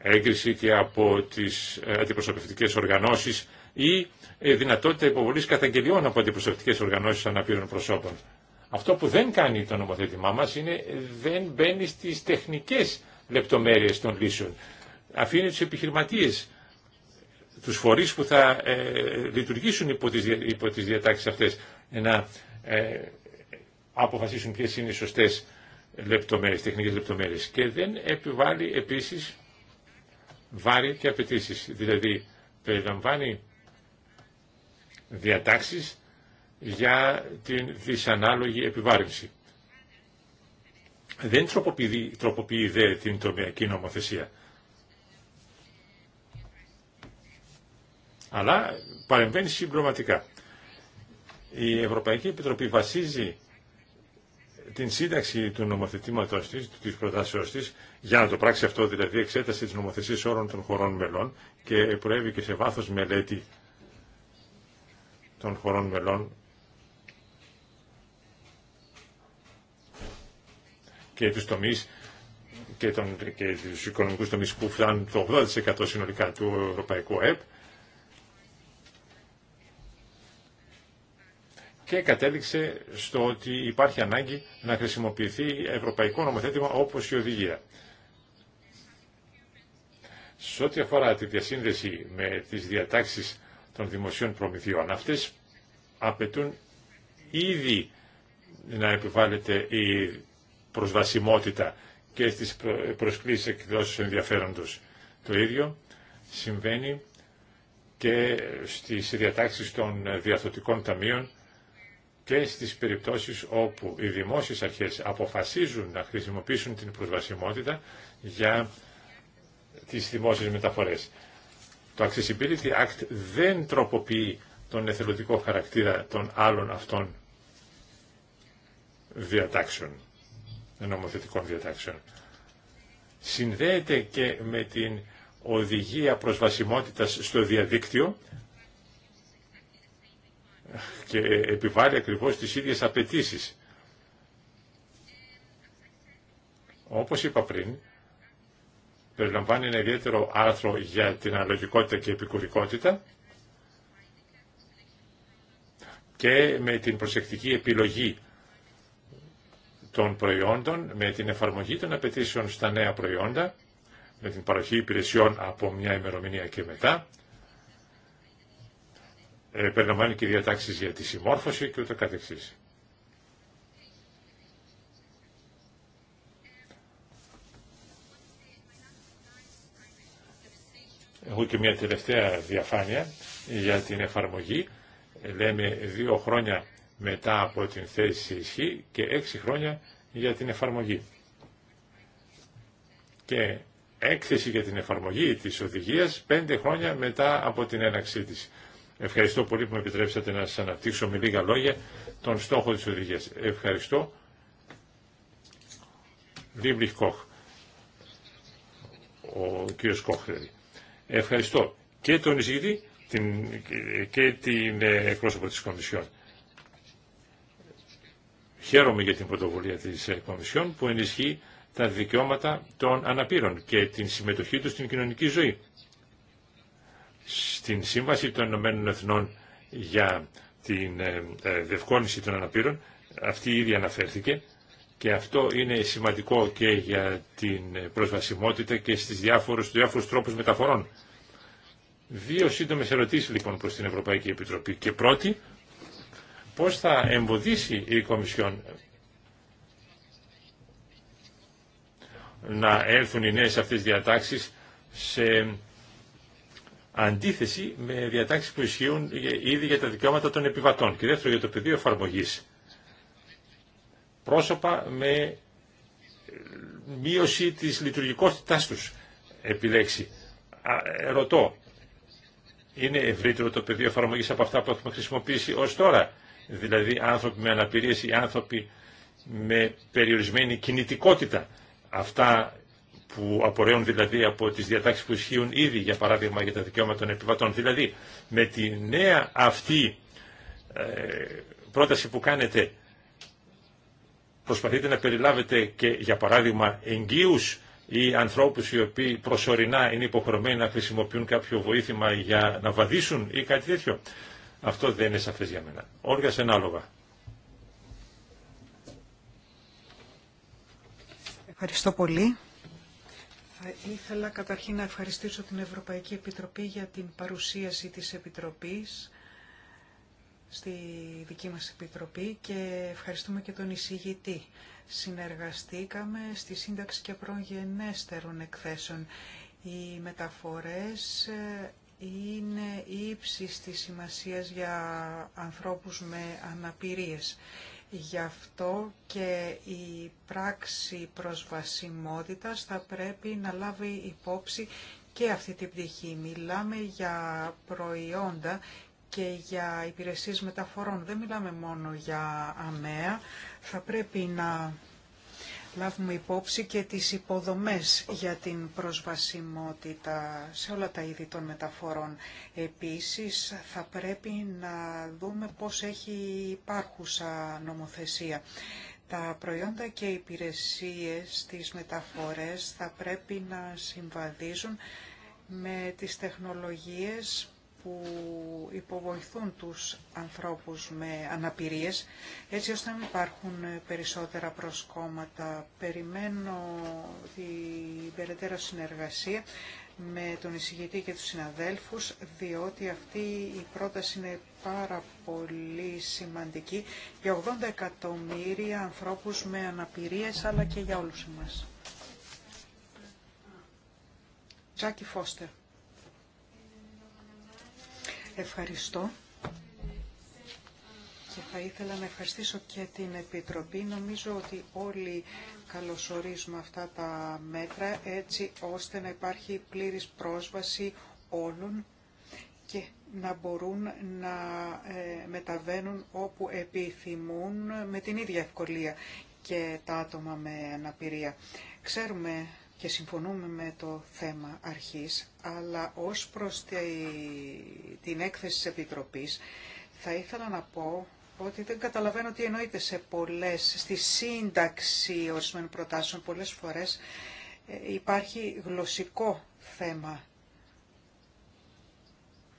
έγκριση και από τις ε, αντιπροσωπευτικές οργανώσεις ή ε, δυνατότητα υποβολής καταγγελιών από αντιπροσωπευτικές οργανώσεις αναπήρων προσώπων. Αυτό που δεν κάνει το νομοθέτημά μας είναι δεν μπαίνει στις τεχνικές λεπτομέρειες των λύσεων. Αφήνει τους επιχειρηματίες, τους φορείς που θα ε, λειτουργήσουν υπό τις, υπό τις διατάξεις αυτές να αποφασίσουν ποιες είναι οι σωστές λεπτομέρειες, τεχνικές λεπτομέρειες. Και δεν επιβάλλει επίσης βάρη και απαιτήσει. Δηλαδή περιλαμβάνει διατάξεις για την δυσανάλογη επιβάρυνση. Δεν τροποποιεί, τροποποιεί δε την τομιακή νομοθεσία. Αλλά παρεμβαίνει συμπληρωματικά. Η Ευρωπαϊκή Επιτροπή βασίζει την σύνταξη του νομοθετήματος της, της προτάσεως της, για να το πράξει αυτό δηλαδή εξέταση της νομοθεσίας όρων των χωρών μελών και προέβηκε και σε βάθος μελέτη των χωρών μελών και τους τομείς και, τον, και τους οικονομικούς τομείς που φτάνουν το 80% συνολικά του ευρωπαϊκού ΕΠ και κατέληξε στο ότι υπάρχει ανάγκη να χρησιμοποιηθεί ευρωπαϊκό νομοθέτημα όπως η οδηγία. Σε ό,τι αφορά τη διασύνδεση με τις διατάξεις των δημοσίων προμηθειών, αυτές απαιτούν ήδη να επιβάλλεται η προσβασιμότητα και στις προσκλήσεις εκδόσεις ενδιαφέροντος. Το ίδιο συμβαίνει και στις διατάξεις των διαθωτικών ταμείων και στις περιπτώσεις όπου οι δημόσιες αρχές αποφασίζουν να χρησιμοποιήσουν την προσβασιμότητα για τις δημόσιες μεταφορές. Το Accessibility Act δεν τροποποιεί τον εθελοντικό χαρακτήρα των άλλων αυτών διατάξεων, νομοθετικών διατάξεων. Συνδέεται και με την οδηγία προσβασιμότητας στο διαδίκτυο και επιβάλλει ακριβώς τις ίδιες απαιτήσεις Όπως είπα πριν, περιλαμβάνει ένα ιδιαίτερο άρθρο για την αναλογικότητα και επικουρικότητα και με την προσεκτική επιλογή των προϊόντων, με την εφαρμογή των απαιτήσεων στα νέα προϊόντα, με την παροχή υπηρεσιών από μια ημερομηνία και μετά, ε, περιλαμβάνει και διατάξεις για τη συμμόρφωση και ούτω καθεξής. Έχω και μια τελευταία διαφάνεια για την εφαρμογή. Λέμε δύο χρόνια μετά από την θέση ισχύ και έξι χρόνια για την εφαρμογή. Και έκθεση για την εφαρμογή της οδηγίας πέντε χρόνια μετά από την έναξή της. Ευχαριστώ πολύ που με επιτρέψατε να σας αναπτύξω με λίγα λόγια τον στόχο της οδηγίας. Ευχαριστώ. Λίμπλιχ Κόχ. Ο κύριος Κόχ δηλαδή. Ευχαριστώ και τον εισηγητή την, και την ε, εκπρόσωπο της Κομισιόν. Χαίρομαι για την πρωτοβουλία της ε, Κομισιόν που ενισχύει τα δικαιώματα των αναπήρων και την συμμετοχή τους στην κοινωνική ζωή στην Σύμβαση των Ηνωμένων Εθνών για την ε, ε, διευκόλυνση των αναπήρων, αυτή ήδη αναφέρθηκε και αυτό είναι σημαντικό και για την προσβασιμότητα και στις διάφορους, στους διάφορους τρόπους μεταφορών. Δύο σύντομες ερωτήσεις λοιπόν προς την Ευρωπαϊκή Επιτροπή. Και πρώτη, πώς θα εμποδίσει η Κομισιόν να έρθουν οι νέες αυτές διατάξεις σε αντίθεση με διατάξεις που ισχύουν ήδη για τα δικαιώματα των επιβατών και δεύτερο για το πεδίο εφαρμογή. Πρόσωπα με μείωση της λειτουργικότητάς τους επιλέξει. Ε, ρωτώ, είναι ευρύτερο το πεδίο εφαρμογή από αυτά που έχουμε χρησιμοποιήσει ως τώρα, δηλαδή άνθρωποι με αναπηρίες ή άνθρωποι με περιορισμένη κινητικότητα. Αυτά που απορρέουν δηλαδή από τις διατάξεις που ισχύουν ήδη, για παράδειγμα, για τα δικαιώματα των επιβατών. Δηλαδή, με τη νέα αυτή ε, πρόταση που κάνετε, προσπαθείτε να περιλάβετε και, για παράδειγμα, εγγύους ή ανθρώπους οι οποίοι προσωρινά είναι υποχρεωμένοι να χρησιμοποιούν κάποιο βοήθημα για να βαδίσουν ή κάτι τέτοιο. Αυτό δεν είναι σαφές για μένα. Όργα ανάλογα. Ευχαριστώ πολύ. Θα ήθελα καταρχήν να ευχαριστήσω την Ευρωπαϊκή Επιτροπή για την παρουσίαση της Επιτροπής στη δική μας Επιτροπή και ευχαριστούμε και τον εισηγητή. Συνεργαστήκαμε στη σύνταξη και προγενέστερων εκθέσεων. Οι μεταφορές ε, είναι ύψης της σημασίας για ανθρώπους με αναπηρίες. Γι' αυτό και η πράξη προσβασιμότητας θα πρέπει να λάβει υπόψη και αυτή την πτυχή. Μιλάμε για προϊόντα και για υπηρεσίες μεταφορών. Δεν μιλάμε μόνο για αμαία. Θα πρέπει να λάβουμε υπόψη και τις υποδομές για την προσβασιμότητα σε όλα τα είδη των μεταφορών. Επίσης, θα πρέπει να δούμε πώς έχει υπάρχουσα νομοθεσία. Τα προϊόντα και οι υπηρεσίες της μεταφορές θα πρέπει να συμβαδίζουν με τις τεχνολογίες που υποβοηθούν τους ανθρώπους με αναπηρίες, έτσι ώστε να μην υπάρχουν περισσότερα προσκόμματα. Περιμένω την περαιτέρω συνεργασία με τον εισηγητή και τους συναδέλφους, διότι αυτή η πρόταση είναι πάρα πολύ σημαντική για 80 εκατομμύρια ανθρώπους με αναπηρίες, αλλά και για όλους εμάς. Τζάκι Φώστερ. Ευχαριστώ. Και θα ήθελα να ευχαριστήσω και την Επιτροπή. Νομίζω ότι όλοι καλωσορίζουμε αυτά τα μέτρα έτσι ώστε να υπάρχει πλήρης πρόσβαση όλων και να μπορούν να ε, μεταβαίνουν όπου επιθυμούν με την ίδια ευκολία και τα άτομα με αναπηρία. Ξέρουμε και συμφωνούμε με το θέμα αρχής, αλλά ως προς τη, την έκθεση της Επιτροπής θα ήθελα να πω ότι δεν καταλαβαίνω τι εννοείται σε πολλές, στη σύνταξη ορισμένων προτάσεων πολλές φορές ε, υπάρχει γλωσσικό θέμα.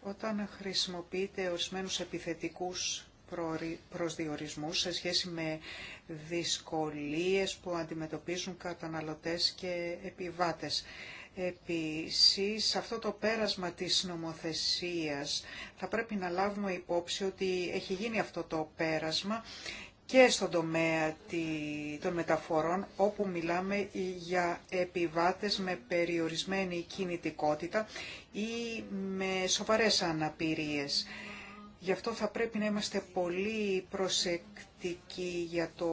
Όταν χρησιμοποιείται ορισμένους επιθετικούς προσδιορισμούς σε σχέση με δυσκολίες που αντιμετωπίζουν καταναλωτές και επιβάτες. Επίσης, αυτό το πέρασμα της νομοθεσίας θα πρέπει να λάβουμε υπόψη ότι έχει γίνει αυτό το πέρασμα και στον τομέα των μεταφορών, όπου μιλάμε για επιβάτες με περιορισμένη κινητικότητα ή με σοβαρές αναπηρίες. Γι' αυτό θα πρέπει να είμαστε πολύ προσεκτικοί για το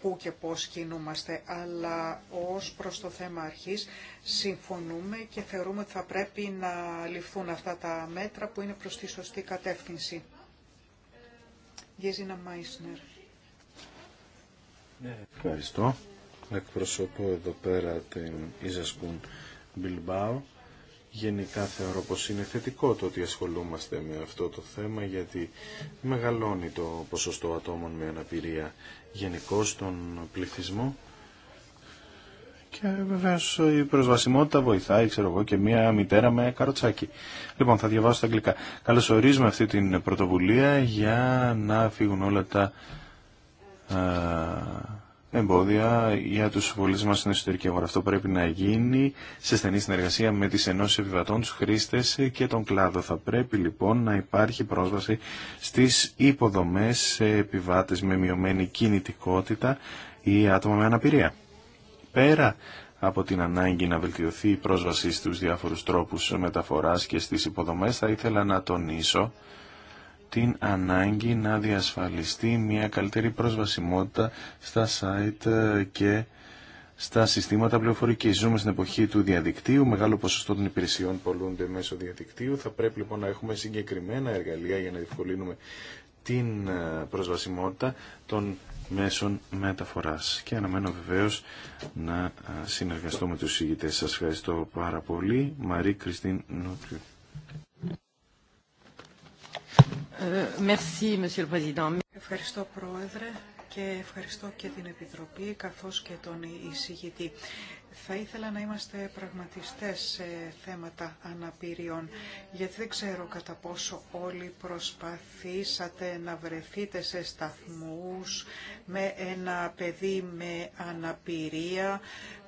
πού και πώς κινούμαστε, αλλά ως προς το θέμα αρχής συμφωνούμε και θεωρούμε ότι θα πρέπει να ληφθούν αυτά τα μέτρα που είναι προς τη σωστή κατεύθυνση. Γεζίνα Μάισνερ. Ναι. ευχαριστώ. Εκπροσωπώ εδώ πέρα την Ιζασκούν Μπιλμπάου γενικά θεωρώ πως είναι θετικό το ότι ασχολούμαστε με αυτό το θέμα γιατί μεγαλώνει το ποσοστό ατόμων με αναπηρία γενικώ στον πληθυσμό και βεβαίω η προσβασιμότητα βοηθάει, ξέρω εγώ, και μία μητέρα με καροτσάκι. Λοιπόν, θα διαβάσω τα αγγλικά. Καλωσορίζουμε αυτή την πρωτοβουλία για να φύγουν όλα τα εμπόδια για τους πολίτες μας στην εσωτερική αγορά. Αυτό πρέπει να γίνει σε στενή συνεργασία με τις ενώσεις επιβατών, τους χρήστες και τον κλάδο. Θα πρέπει λοιπόν να υπάρχει πρόσβαση στις υποδομές σε επιβάτες με μειωμένη κινητικότητα ή άτομα με αναπηρία. Πέρα από την ανάγκη να βελτιωθεί η πρόσβαση στους διάφορους τρόπους μεταφοράς και στις υποδομές θα ήθελα να τονίσω την ανάγκη να διασφαλιστεί μια καλύτερη προσβασιμότητα στα site ε, και στα συστήματα πληροφορική. Ζούμε στην εποχή του διαδικτύου, μεγάλο ποσοστό των υπηρεσιών πολλούνται μέσω διαδικτύου. Θα πρέπει λοιπόν να έχουμε συγκεκριμένα εργαλεία για να διευκολύνουμε την ε, προσβασιμότητα των μέσων μεταφοράς. Και αναμένω βεβαίως να ε, συνεργαστώ με τους ηγητές. Σας ευχαριστώ πάρα πολύ. Μαρή Κριστίν Νότριου. Ε, ευχαριστώ, Πρόεδρε, και ευχαριστώ και την Επιτροπή, καθώς και τον εισηγητή. Θα ήθελα να είμαστε πραγματιστές σε θέματα αναπηριών, γιατί δεν ξέρω κατά πόσο όλοι προσπαθήσατε να βρεθείτε σε σταθμούς με ένα παιδί με αναπηρία,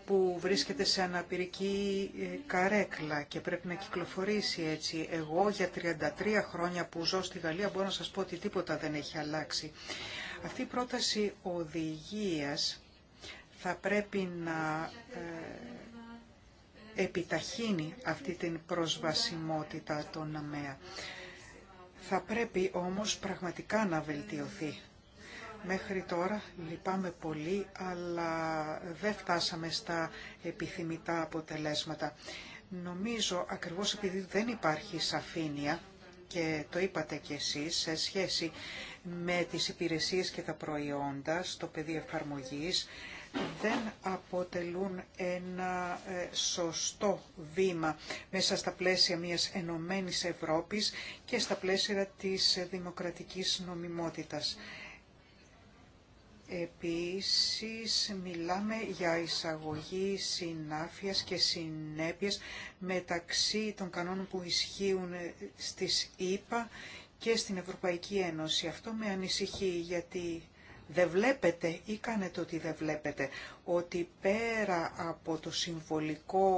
που βρίσκεται σε αναπηρική ε, καρέκλα και πρέπει να κυκλοφορήσει έτσι. Εγώ για 33 χρόνια που ζω στη Γαλλία μπορώ να σας πω ότι τίποτα δεν έχει αλλάξει. Αυτή η πρόταση οδηγίας θα πρέπει να ε, επιταχύνει αυτή την προσβασιμότητα των ΑΜΕΑ. Θα πρέπει όμως πραγματικά να βελτιωθεί μέχρι τώρα. Λυπάμαι πολύ, αλλά δεν φτάσαμε στα επιθυμητά αποτελέσματα. Νομίζω, ακριβώς επειδή δεν υπάρχει σαφήνεια, και το είπατε κι εσείς, σε σχέση με τις υπηρεσίες και τα προϊόντα στο πεδίο εφαρμογής, δεν αποτελούν ένα ε, σωστό βήμα μέσα στα πλαίσια μιας ενωμένης Ευρώπης και στα πλαίσια της δημοκρατικής νομιμότητας. Επίσης μιλάμε για εισαγωγή συνάφειας και συνέπειας μεταξύ των κανόνων που ισχύουν στις ΕΠΑ και στην Ευρωπαϊκή Ένωση. Αυτό με ανησυχεί γιατί δεν βλέπετε ή κάνετε ότι δεν βλέπετε ότι πέρα από το συμβολικό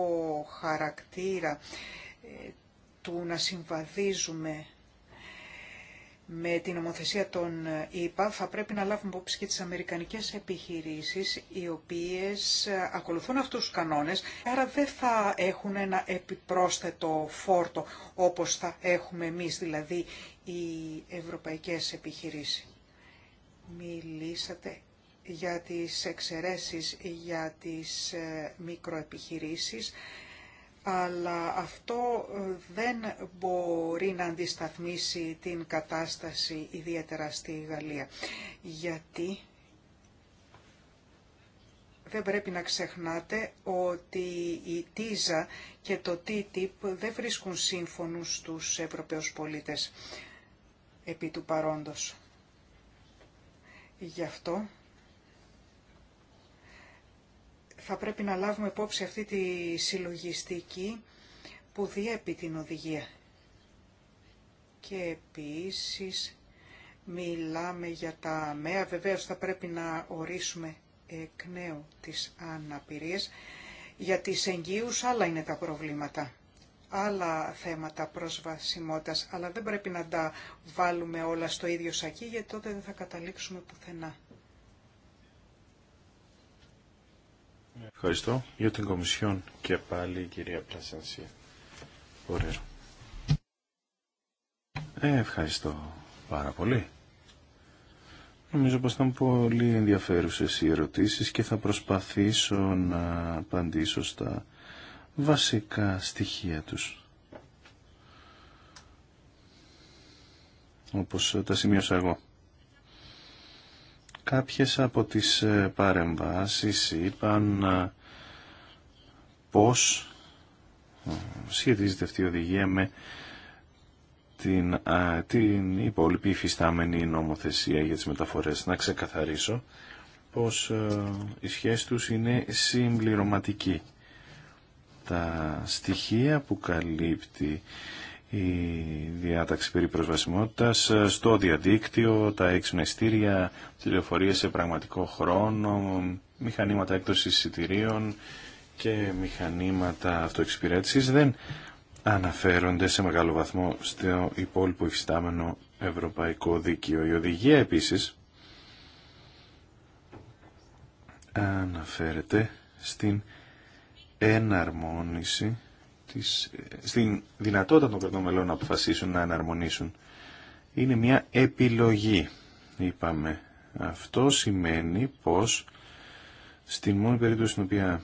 χαρακτήρα ε, του να συμβαδίζουμε με την νομοθεσία των ε, ΗΠΑ θα πρέπει να λάβουμε υπόψη και τις αμερικανικές επιχειρήσεις οι οποίες ε, ακολουθούν αυτούς τους κανόνες, άρα δεν θα έχουν ένα επιπρόσθετο φόρτο όπως θα έχουμε εμείς, δηλαδή οι ευρωπαϊκές επιχειρήσεις. Μιλήσατε για τις εξαιρέσεις για τις ε, μικροεπιχειρήσεις αλλά αυτό ε, δεν μπορεί να αντισταθμίσει την κατάσταση ιδιαίτερα στη Γαλλία. Γιατί δεν πρέπει να ξεχνάτε ότι η ΤΙΖΑ και το TTIP δεν βρίσκουν σύμφωνο τους Ευρωπαίους πολίτες επί του παρόντος. Γι' αυτό θα πρέπει να λάβουμε υπόψη αυτή τη συλλογιστική που διέπει την οδηγία. Και επίσης μιλάμε για τα ΜΕΑ, βεβαίως θα πρέπει να ορίσουμε εκ νέου τις αναπηρίες, για τις εγγύους άλλα είναι τα προβλήματα, άλλα θέματα προσβασιμότητας, αλλά δεν πρέπει να τα βάλουμε όλα στο ίδιο σακί, γιατί τότε δεν θα καταλήξουμε πουθενά. Ευχαριστώ για την Κομισιόν και πάλι η κυρία Πλασανσία. Ωραία. Ε, ευχαριστώ πάρα πολύ. Νομίζω πως ήταν πολύ ενδιαφέρουσες οι ερωτήσεις και θα προσπαθήσω να απαντήσω στα βασικά στοιχεία τους. Όπως τα σημείωσα εγώ. Κάποιες από τις ε, παρεμβάσεις είπαν ε, πώς ε, σχετίζεται αυτή η οδηγία με την, την υπόλοιπη υφιστάμενη νομοθεσία για τις μεταφορές. Να ξεκαθαρίσω πως οι σχέση τους είναι συμπληρωματικοί. Τα στοιχεία που καλύπτει η διάταξη περί προσβασιμότητας ε, στο διαδίκτυο, τα εξμεστήρια, τηλεφορία σε πραγματικό χρόνο, μηχανήματα έκτοσης εισιτηρίων και μηχανήματα αυτοεξυπηρέτησης δεν αναφέρονται σε μεγάλο βαθμό στο υπόλοιπο υφιστάμενο ευρωπαϊκό δίκαιο. Η οδηγία επίσης αναφέρεται στην εναρμόνιση της, στην δυνατότητα των κρατών μελών να αποφασίσουν να εναρμονίσουν. Είναι μια επιλογή, είπαμε. Αυτό σημαίνει πως στην μόνη περίπτωση στην οποία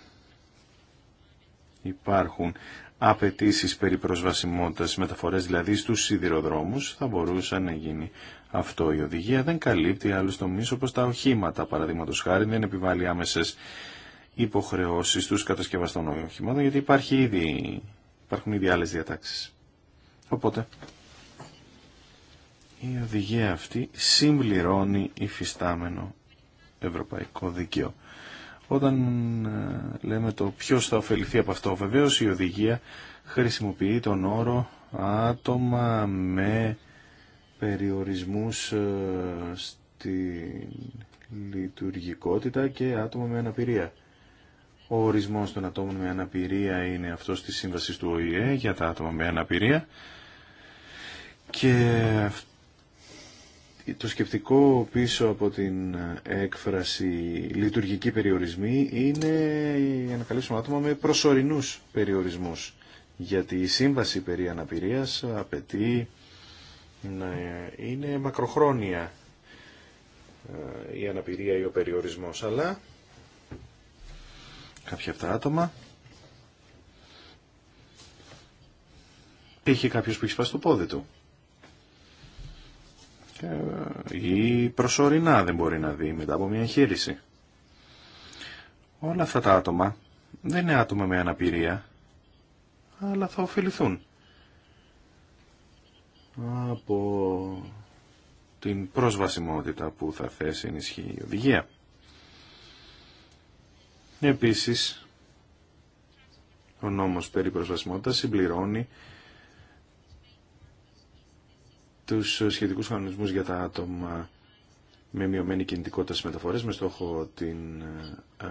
υπάρχουν απαιτήσει περί προσβασιμότητας μεταφορές, δηλαδή στους σιδηροδρόμους, θα μπορούσε να γίνει αυτό. Η οδηγία δεν καλύπτει άλλους τομείς όπως τα οχήματα, παραδείγματος χάρη, δεν επιβάλλει άμεσες Υποχρεώσει στους κατασκευαστών οχημάτων γιατί υπάρχει ήδη, υπάρχουν ήδη άλλε διατάξει. Οπότε η οδηγία αυτή συμπληρώνει υφιστάμενο ευρωπαϊκό δίκαιο. Όταν ε, λέμε το ποιο θα ωφεληθεί από αυτό, βεβαίω, η οδηγία χρησιμοποιεί τον όρο άτομα με περιορισμούς ε, στη λειτουργικότητα και άτομα με αναπηρία. Ο ορισμός των ατόμων με αναπηρία είναι αυτός της σύμβασης του ΟΗΕ για τα άτομα με αναπηρία και το σκεπτικό πίσω από την έκφραση λειτουργική περιορισμή είναι για να καλύψουμε άτομα με προσωρινούς περιορισμούς γιατί η σύμβαση περί αναπηρίας απαιτεί να είναι μακροχρόνια ε, η αναπηρία ή ο περιορισμός αλλά κάποια αυτά άτομα. Είχε κάποιος που έχει σπάσει το πόδι του. Ε, ή προσωρινά δεν μπορεί να δει μετά από μια εγχείρηση. Όλα αυτά τα άτομα δεν είναι άτομα με αναπηρία, αλλά θα ωφεληθούν από την προσβασιμότητα που θα θέσει ενισχύει η οδηγία. Επίσης, ο νόμος περί προσβασιμότητας συμπληρώνει τους σχετικούς κανονισμούς για τα άτομα με μειωμένη κινητικότητα στις μεταφορές με στόχο την ε,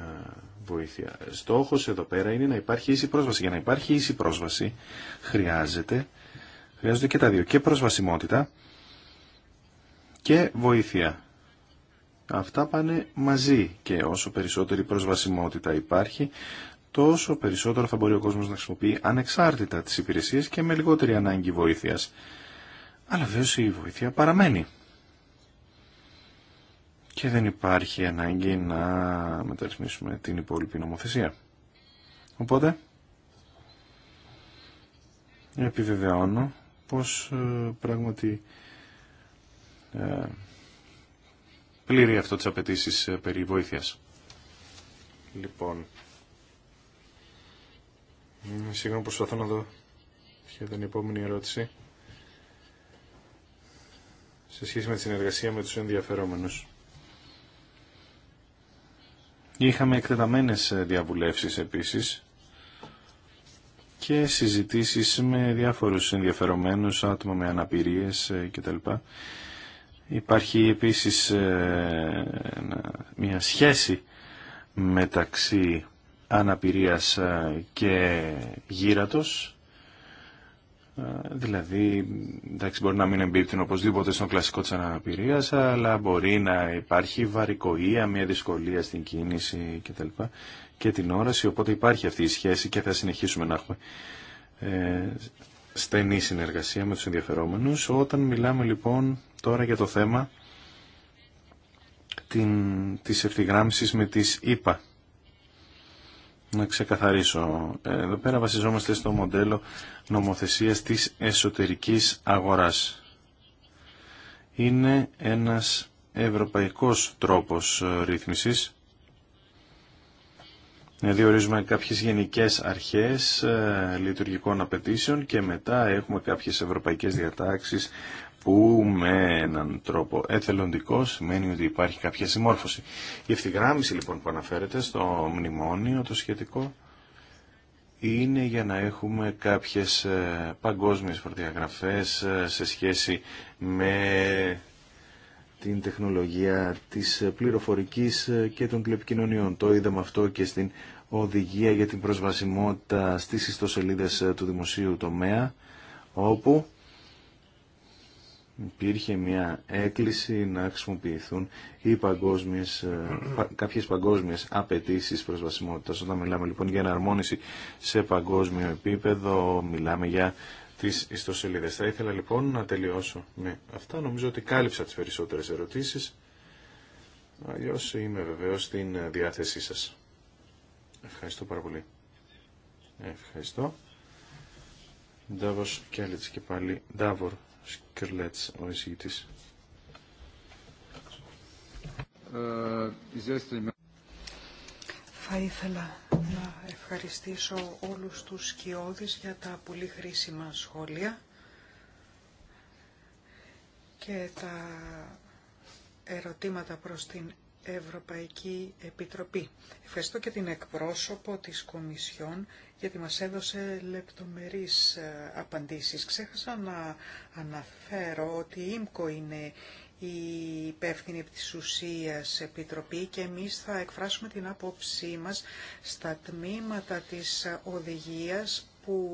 βοήθεια. Στόχος εδώ πέρα είναι να υπάρχει ίση πρόσβαση. Για να υπάρχει ίση πρόσβαση χρειάζεται, χρειάζονται και τα δύο. Και προσβασιμότητα και βοήθεια. Αυτά πάνε μαζί και όσο περισσότερη προσβασιμότητα υπάρχει, τόσο περισσότερο θα μπορεί ο κόσμος να χρησιμοποιεί ανεξάρτητα τις υπηρεσίες και με λιγότερη ανάγκη βοήθειας. Αλλά βέβαια η βοήθεια παραμένει. Και δεν υπάρχει ανάγκη να μεταρρυθμίσουμε την υπόλοιπη νομοθεσία. Οπότε, επιβεβαιώνω πως ε, πράγματι ε, πλήρει αυτό τις απαιτήσει ε, περί βοήθειας. Λοιπόν, ε, σίγουρα προσπαθώ να δω ποια ήταν η επόμενη ερώτηση. Σε σχέση με τη συνεργασία με τους ενδιαφερόμενους. Είχαμε εκτεταμένες ε, διαβουλεύσεις επίσης και συζητήσεις με διάφορους ενδιαφερομένους, άτομα με αναπηρίες κτλ. Υπάρχει επίσης ε, μια σχέση μεταξύ αναπηρίας ε, και γύρατος. Ε, δηλαδή, εντάξει, μπορεί να μην εμπίπτουν οπωσδήποτε στον κλασικό της αναπηρίας, αλλά μπορεί να υπάρχει βαρικοία, μια δυσκολία στην κίνηση κτλ. και την όραση, οπότε υπάρχει αυτή η σχέση και θα συνεχίσουμε να έχουμε στενή συνεργασία με τους ενδιαφερόμενους. Όταν μιλάμε λοιπόν Τώρα για το θέμα την, της ευθυγράμμισης με τις ΙΠΑ. Να ξεκαθαρίσω. Εδώ πέρα βασιζόμαστε στο μοντέλο νομοθεσίας της εσωτερικής αγοράς. Είναι ένας ευρωπαϊκός τρόπος ε, ρύθμισης. Διορίζουμε δηλαδή, κάποιες γενικές αρχές ε, λειτουργικών απαιτήσεων και μετά έχουμε κάποιες ευρωπαϊκές διατάξεις που με έναν τρόπο εθελοντικό σημαίνει ότι υπάρχει κάποια συμμόρφωση. Η ευθυγράμμιση λοιπόν που αναφέρεται στο μνημόνιο το σχετικό είναι για να έχουμε κάποιες ε, παγκόσμιες προδιαγραφές ε, σε σχέση με την τεχνολογία της πληροφορικής ε, και των τηλεπικοινωνιών. Το είδαμε αυτό και στην οδηγία για την προσβασιμότητα στις ιστοσελίδες του δημοσίου τομέα, όπου υπήρχε μια έκκληση να χρησιμοποιηθούν οι παγκόσμιες, ε, κάποιες παγκόσμιες απαιτήσει προσβασιμότητας. Όταν μιλάμε λοιπόν για εναρμόνιση σε παγκόσμιο επίπεδο, μιλάμε για τις ιστοσελίδες. Θα ήθελα λοιπόν να τελειώσω με αυτά. Νομίζω ότι κάλυψα τις περισσότερες ερωτήσεις. Αλλιώ είμαι βεβαίως στην διάθεσή σας. Ευχαριστώ πάρα πολύ. Ευχαριστώ. Ντάβος Κέλετς και πάλι Ντάβορ θα ήθελα να ευχαριστήσω όλους τους σκιώδεις για τα πολύ χρήσιμα σχόλια και τα ερωτήματα προς την Ευρωπαϊκή Επιτροπή. Ευχαριστώ και την εκπρόσωπο της Κομισιόν γιατί μας έδωσε λεπτομερείς ε, απαντήσεις. Ξέχασα να αναφέρω ότι η ΙΜΚΟ είναι η υπεύθυνη επί της επιτροπή και εμείς θα εκφράσουμε την άποψή μας στα τμήματα της οδηγίας που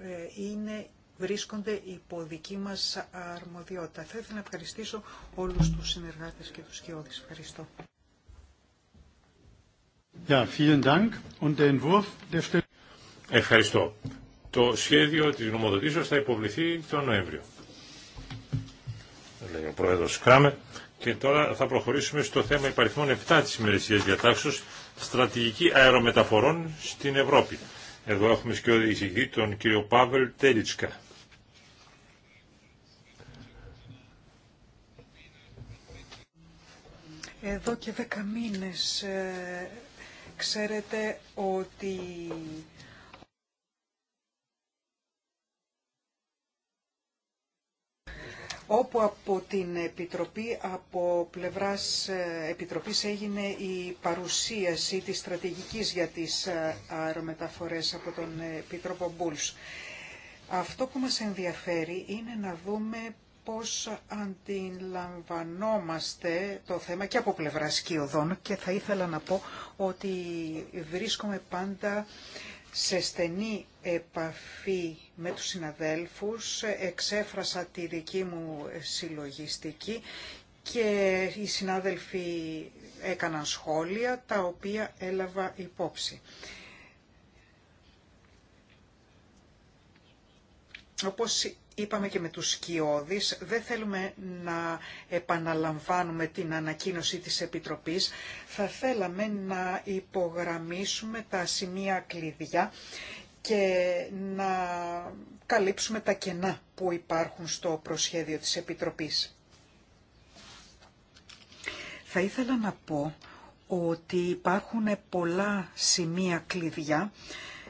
ε, είναι βρίσκονται υπό δική μας αρμοδιότητα. Θα ήθελα να ευχαριστήσω όλους τους συνεργάτες και τους κοιόδης. Ευχαριστώ. Ja, vielen Dank. Und der Ευχαριστώ. Το σχέδιο της νομοδοτήσεως θα υποβληθεί τον Νοέμβριο. Λέει ο Πρόεδρος Κράμερ. Και τώρα θα προχωρήσουμε στο θέμα υπαριθμών 7 της ημερησίας διατάξεως στρατηγική αερομεταφορών στην Ευρώπη. Εδώ έχουμε ο τον κύριο Παύλ Τέλιτσκα. Εδώ και δέκα μήνες ε, ξέρετε ότι όπου από την Επιτροπή, από πλευράς ε, Επιτροπής έγινε η παρουσίαση της στρατηγικής για τις ε, αερομεταφορές από τον ε, Επίτροπο Μπούλς. Αυτό που μας ενδιαφέρει είναι να δούμε πώς αντιλαμβανόμαστε το θέμα και από πλευρά σκιωδών και θα ήθελα να πω ότι βρίσκομαι πάντα σε στενή επαφή με τους συναδέλφους, εξέφρασα τη δική μου συλλογιστική και οι συνάδελφοι έκαναν σχόλια τα οποία έλαβα υπόψη. Όπως είπαμε και με τους σκιώδεις, δεν θέλουμε να επαναλαμβάνουμε την ανακοίνωση της Επιτροπής. Θα θέλαμε να υπογραμμίσουμε τα σημεία κλειδιά και να καλύψουμε τα κενά που υπάρχουν στο προσχέδιο της Επιτροπής. Θα ήθελα να πω ότι υπάρχουν πολλά σημεία κλειδιά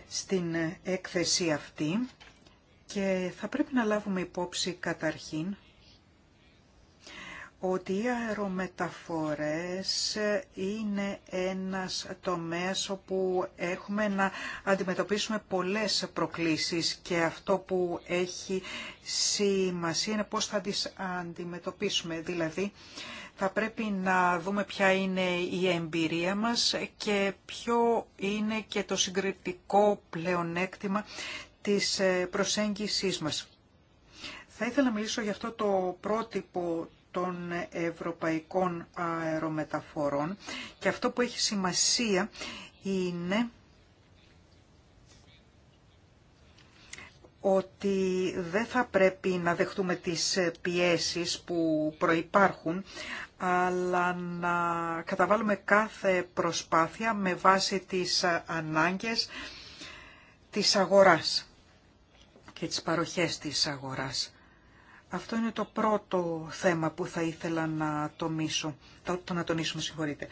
στην έκθεση αυτή και θα πρέπει να λάβουμε υπόψη καταρχήν ότι οι αερομεταφορές είναι ένας τομέας όπου έχουμε να αντιμετωπίσουμε πολλές προκλήσεις και αυτό που έχει σημασία είναι πώς θα τις αντιμετωπίσουμε. Δηλαδή θα πρέπει να δούμε ποια είναι η εμπειρία μας και ποιο είναι και το συγκριτικό πλεονέκτημα της προσέγγισής μας. Θα ήθελα να μιλήσω για αυτό το πρότυπο των ευρωπαϊκών αερομεταφορών και αυτό που έχει σημασία είναι ότι δεν θα πρέπει να δεχτούμε τις πιέσεις που προϋπάρχουν, αλλά να καταβάλουμε κάθε προσπάθεια με βάση τις ανάγκες της αγοράς και τις παροχές της αγοράς. Αυτό είναι το πρώτο θέμα που θα ήθελα να τομίσω, το, να τονίσουμε, συγχωρείτε.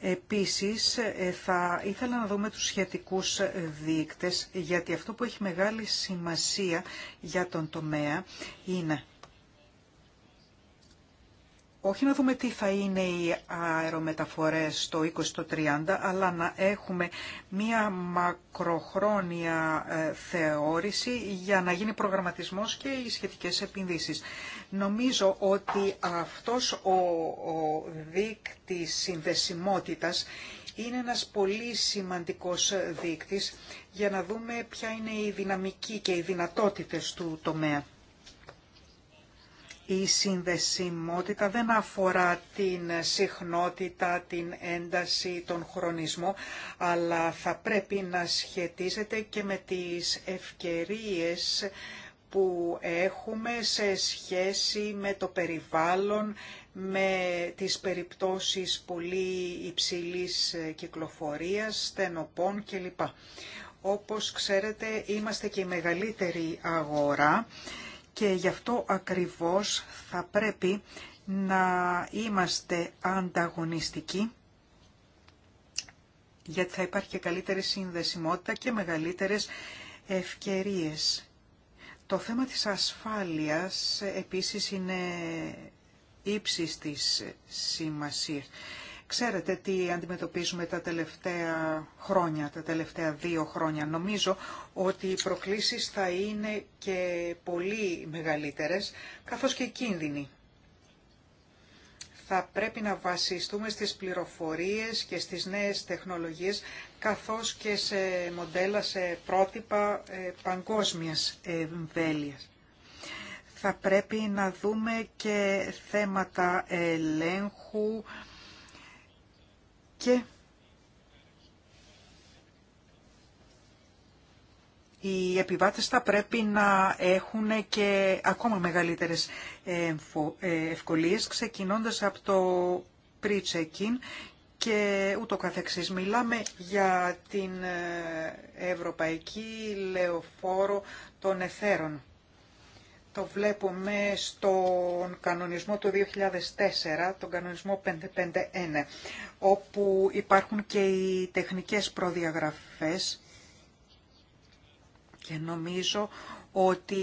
Επίσης, ε, θα ήθελα να δούμε τους σχετικούς δείκτες, γιατί αυτό που έχει μεγάλη σημασία για τον τομέα είναι όχι να δούμε τι θα είναι οι αερομεταφορές το 2030, αλλά να έχουμε μία μακροχρόνια ε, θεώρηση για να γίνει προγραμματισμός και οι σχετικές επενδύσεις. Νομίζω ότι αυτός ο, ο δείκτης συνδεσιμότητας είναι ένας πολύ σημαντικός δείκτης για να δούμε ποια είναι η δυναμική και οι δυνατότητες του τομέα. Η συνδεσιμότητα δεν αφορά την συχνότητα, την ένταση, τον χρονισμό, αλλά θα πρέπει να σχετίζεται και με τις ευκαιρίες που έχουμε σε σχέση με το περιβάλλον, με τις περιπτώσεις πολύ υψηλής κυκλοφορίας, στενοπών κλπ. Όπως ξέρετε, είμαστε και η μεγαλύτερη αγορά και γι' αυτό ακριβώς θα πρέπει να είμαστε ανταγωνιστικοί γιατί θα υπάρχει και καλύτερη συνδεσιμότητα και μεγαλύτερες ευκαιρίες. Το θέμα της ασφάλειας επίσης είναι ύψης της σημασίας. Ξέρετε τι αντιμετωπίζουμε τα τελευταία χρόνια, τα τελευταία δύο χρόνια. Νομίζω ότι οι προκλήσεις θα είναι και πολύ μεγαλύτερες, καθώς και κίνδυνοι. Θα πρέπει να βασιστούμε στις πληροφορίες και στις νέες τεχνολογίες, καθώς και σε μοντέλα, σε πρότυπα ε, παγκόσμιας εμβέλειας θα πρέπει να δούμε και θέματα ελέγχου, και οι επιβάτες θα πρέπει να έχουν και ακόμα μεγαλύτερες ε, ε, ευκολίες, ξεκινώντας από το pre-check-in και ούτω καθεξής. Μιλάμε για την ε, ευρωπαϊκή λεωφόρο των εθέρων. Το βλέπουμε στον κανονισμό του 2004, τον κανονισμό 551, όπου υπάρχουν και οι τεχνικές προδιαγραφές και νομίζω ότι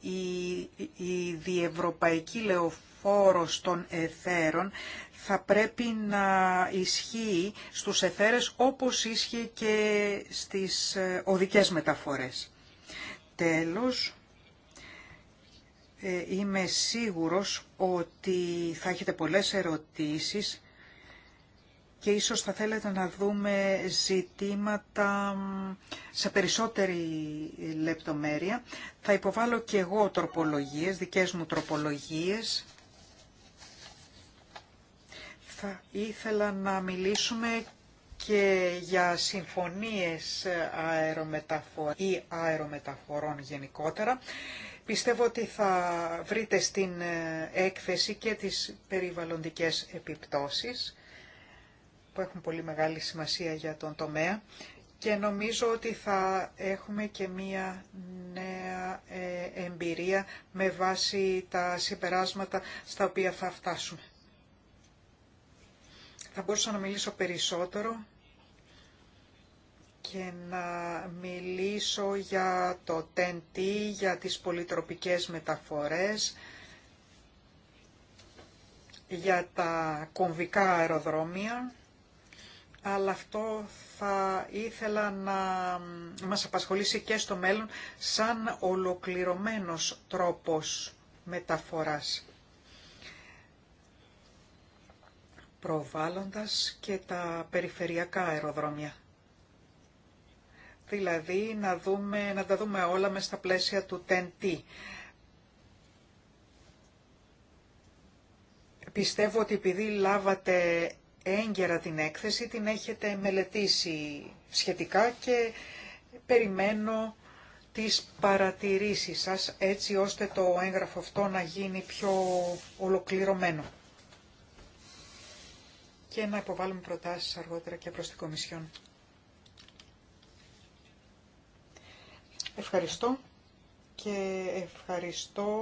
η, η διευρωπαϊκή λεωφόρος των εθέρων θα πρέπει να ισχύει στους εθέρες όπως ίσχυε και στις ε, οδικές μεταφορές. Τέλος, ε, είμαι σίγουρος ότι θα έχετε πολλές ερωτήσεις και ίσως θα θέλετε να δούμε ζητήματα σε περισσότερη λεπτομέρεια. Θα υποβάλω και εγώ τροπολογίες, δικές μου τροπολογίες. Θα ήθελα να μιλήσουμε και για συμφωνίες αερομεταφορών ή αερομεταφορών γενικότερα Πιστεύω ότι θα βρείτε στην ε, έκθεση και τις περιβαλλοντικές επιπτώσεις που έχουν πολύ μεγάλη σημασία για τον τομέα και νομίζω ότι θα έχουμε και μία νέα ε, εμπειρία με βάση τα συμπεράσματα στα οποία θα φτάσουμε. Θα μπορούσα να μιλήσω περισσότερο και να μιλήσω για το TNT, για τις πολυτροπικές μεταφορές, για τα κομβικά αεροδρόμια, αλλά αυτό θα ήθελα να μας απασχολήσει και στο μέλλον σαν ολοκληρωμένος τρόπος μεταφοράς. προβάλλοντας και τα περιφερειακά αεροδρόμια δηλαδή να, δούμε, να τα δούμε όλα με στα πλαίσια του ten Πιστεύω ότι επειδή λάβατε έγκαιρα την έκθεση, την έχετε μελετήσει σχετικά και περιμένω τις παρατηρήσεις σας έτσι ώστε το έγγραφο αυτό να γίνει πιο ολοκληρωμένο και να υποβάλουμε προτάσεις αργότερα και προς την Κομισιόν. Ευχαριστώ και ευχαριστώ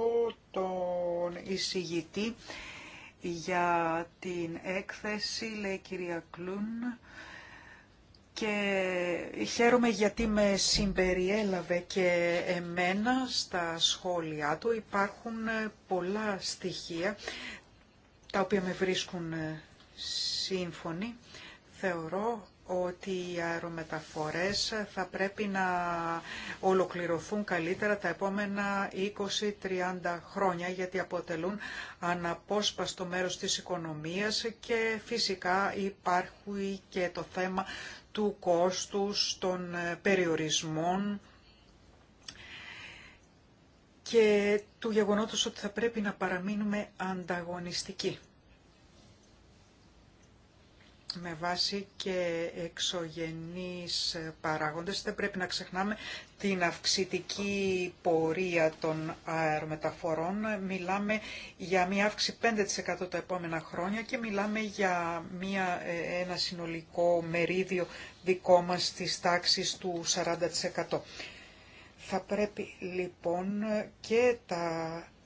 τον εισηγητή για την έκθεση, λέει η κυρία Κλούν. Και χαίρομαι γιατί με συμπεριέλαβε και εμένα στα σχόλιά του. Υπάρχουν πολλά στοιχεία τα οποία με βρίσκουν σύμφωνοι. Θεωρώ ότι οι αερομεταφορές θα πρέπει να ολοκληρωθούν καλύτερα τα επόμενα 20-30 χρόνια γιατί αποτελούν αναπόσπαστο μέρος της οικονομίας και φυσικά υπάρχει και το θέμα του κόστους των ε, περιορισμών και του γεγονότος ότι θα πρέπει να παραμείνουμε ανταγωνιστικοί με βάση και εξωγενείς παράγοντες. Δεν πρέπει να ξεχνάμε την αυξητική πορεία των αερομεταφορών. Μιλάμε για μια αύξηση 5% τα επόμενα χρόνια και μιλάμε για μια, ε, ένα συνολικό μερίδιο δικό μας της τάξης του 40%. Θα πρέπει λοιπόν και τα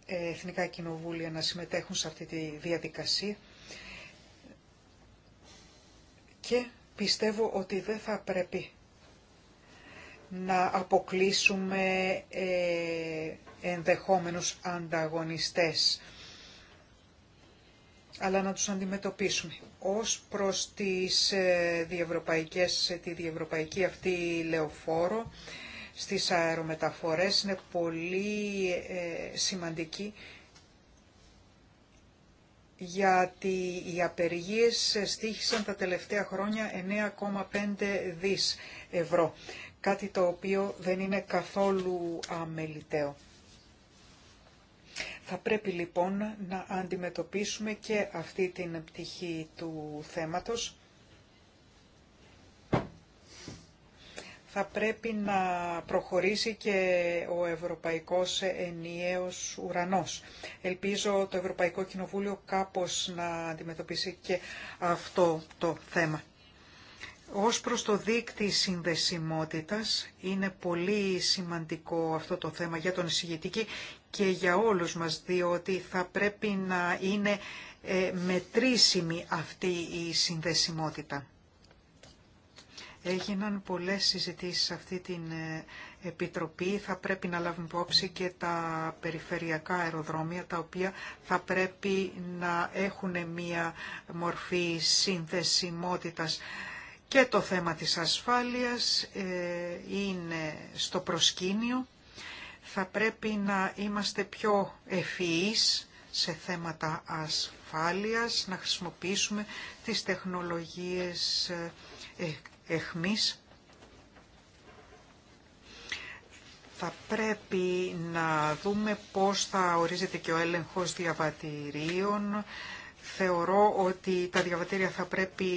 Εθνικά Κοινοβούλια να συμμετέχουν σε αυτή τη διαδικασία και πιστεύω ότι δεν θα πρέπει να αποκλείσουμε ε, ενδεχόμενους ανταγωνιστές, αλλά να τους αντιμετωπίσουμε. Ως προς τις ε, διευρωπαϊκές, τη διευρωπαϊκή αυτή λεωφόρο στις αερομεταφορές είναι πολύ ε, σημαντική γιατί οι απεργίες στήχησαν τα τελευταία χρόνια 9,5 δις ευρώ, κάτι το οποίο δεν είναι καθόλου αμεληταίο. Θα πρέπει λοιπόν να αντιμετωπίσουμε και αυτή την πτυχή του θέματος θα πρέπει να προχωρήσει και ο Ευρωπαϊκός Ενιαίος Ουρανός. Ελπίζω το Ευρωπαϊκό Κοινοβούλιο κάπως να αντιμετωπίσει και αυτό το θέμα. Ως προς το δίκτυο συνδεσιμότητας είναι πολύ σημαντικό αυτό το θέμα για τον εισηγητική και για όλους μας, διότι θα πρέπει να είναι ε, μετρήσιμη αυτή η συνδεσιμότητα. Έγιναν πολλές συζητήσεις σε αυτή την ε, Επιτροπή. Θα πρέπει να λάβουν υπόψη και τα περιφερειακά αεροδρόμια, τα οποία θα πρέπει να έχουν μία μορφή συνθεσιμότητας. Και το θέμα της ασφάλειας ε, είναι στο προσκήνιο. Θα πρέπει να είμαστε πιο ευφυείς σε θέματα ασφάλειας, να χρησιμοποιήσουμε τις τεχνολογίες ε, θα πρέπει να δούμε πώς θα ορίζεται και ο έλεγχος διαβατηρίων. Θεωρώ ότι τα διαβατήρια θα πρέπει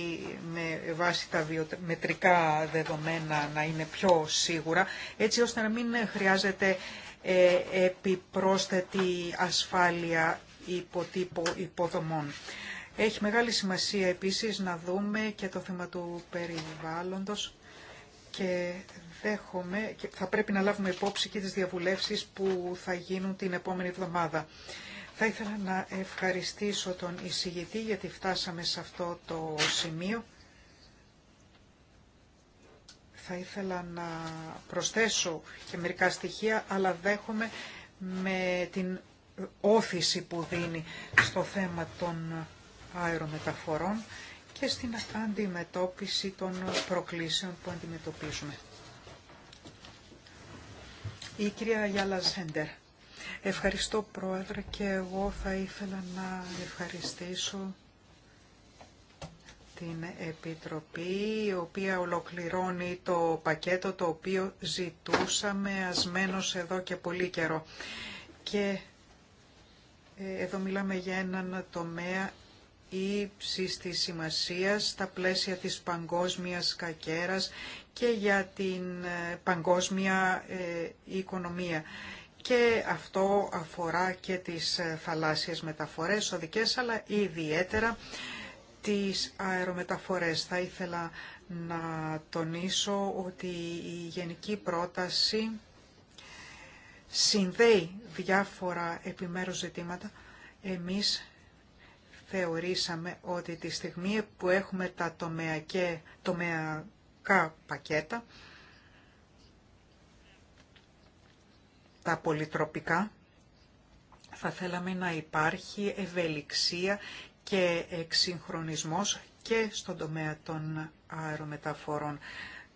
με βάση τα βιομετρικά δεδομένα να είναι πιο σίγουρα, έτσι ώστε να μην χρειάζεται ε, επιπρόσθετη ασφάλεια υποτύπου υποδομών. Έχει μεγάλη σημασία επίσης να δούμε και το θέμα του περιβάλλοντος και και θα πρέπει να λάβουμε υπόψη και τις διαβουλεύσεις που θα γίνουν την επόμενη εβδομάδα. Θα ήθελα να ευχαριστήσω τον εισηγητή γιατί φτάσαμε σε αυτό το σημείο. Θα ήθελα να προσθέσω και μερικά στοιχεία, αλλά δέχομαι με την όθηση που δίνει στο θέμα των αερομεταφορών και στην αντιμετώπιση των προκλήσεων που αντιμετωπίζουμε. Η κυρία Γιάλα Σέντερ. Ευχαριστώ Πρόεδρε και εγώ θα ήθελα να ευχαριστήσω την Επιτροπή η οποία ολοκληρώνει το πακέτο το οποίο ζητούσαμε ασμένος εδώ και πολύ καιρό. Και ε, εδώ μιλάμε για έναν τομέα ύψης της σημασίας στα πλαίσια της παγκόσμιας κακέρας και για την ε, παγκόσμια ε, οικονομία. Και αυτό αφορά και τις ε, θαλάσσιες μεταφορές, οδικές, αλλά ιδιαίτερα τις αερομεταφορές. Θα ήθελα να τονίσω ότι η γενική πρόταση συνδέει διάφορα επιμέρους ζητήματα. Εμείς θεωρήσαμε ότι τη στιγμή που έχουμε τα τομεακέ, τομεακά πακέτα, τα πολυτροπικά, θα θέλαμε να υπάρχει ευελιξία και εξυγχρονισμός και στον τομέα των αερομεταφορών.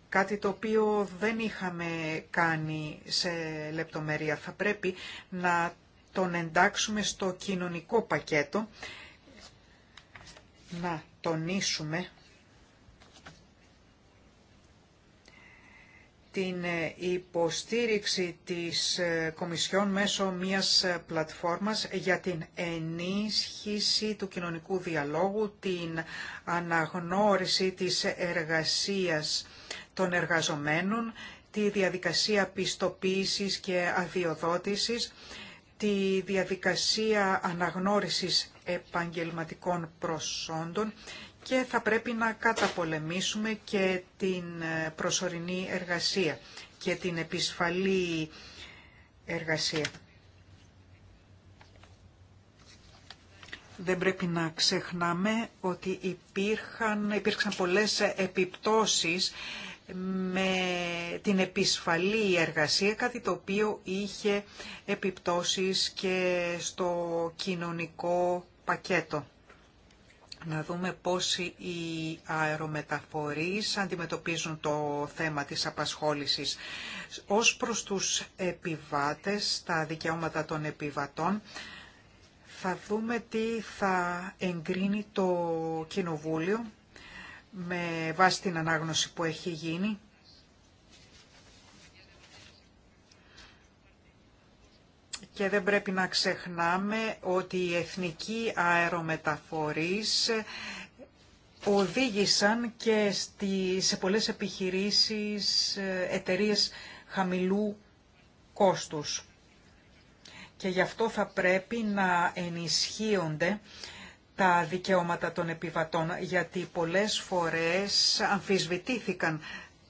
Κάτι το οποίο δεν είχαμε κάνει σε λεπτομερία. Θα πρέπει να τον εντάξουμε στο κοινωνικό πακέτο να τονίσουμε την ε, υποστήριξη της ε, Κομισιόν μέσω μιας ε, πλατφόρμας για την ενίσχυση του κοινωνικού διαλόγου, την αναγνώριση της εργασίας των εργαζομένων, τη διαδικασία πιστοποίησης και αδειοδότησης, τη διαδικασία αναγνώρισης επαγγελματικών προσόντων και θα πρέπει να καταπολεμήσουμε και την ε, προσωρινή εργασία και την επισφαλή εργασία. Δεν πρέπει να ξεχνάμε ότι υπήρχαν, υπήρξαν πολλές επιπτώσεις με την επισφαλή εργασία, κάτι το οποίο είχε επιπτώσεις και στο κοινωνικό πακέτο. Να δούμε πώς οι αερομεταφορείς αντιμετωπίζουν το θέμα της απασχόλησης. Ως προς τους επιβάτες, τα δικαιώματα των επιβατών, θα δούμε τι θα εγκρίνει το Κοινοβούλιο με βάση την ανάγνωση που έχει γίνει και δεν πρέπει να ξεχνάμε ότι οι εθνικοί αερομεταφορείς οδήγησαν και στη, σε πολλές επιχειρήσεις ε, εταιρείες χαμηλού κόστους. Και γι' αυτό θα πρέπει να ενισχύονται τα δικαιώματα των επιβατών, γιατί πολλές φορές αμφισβητήθηκαν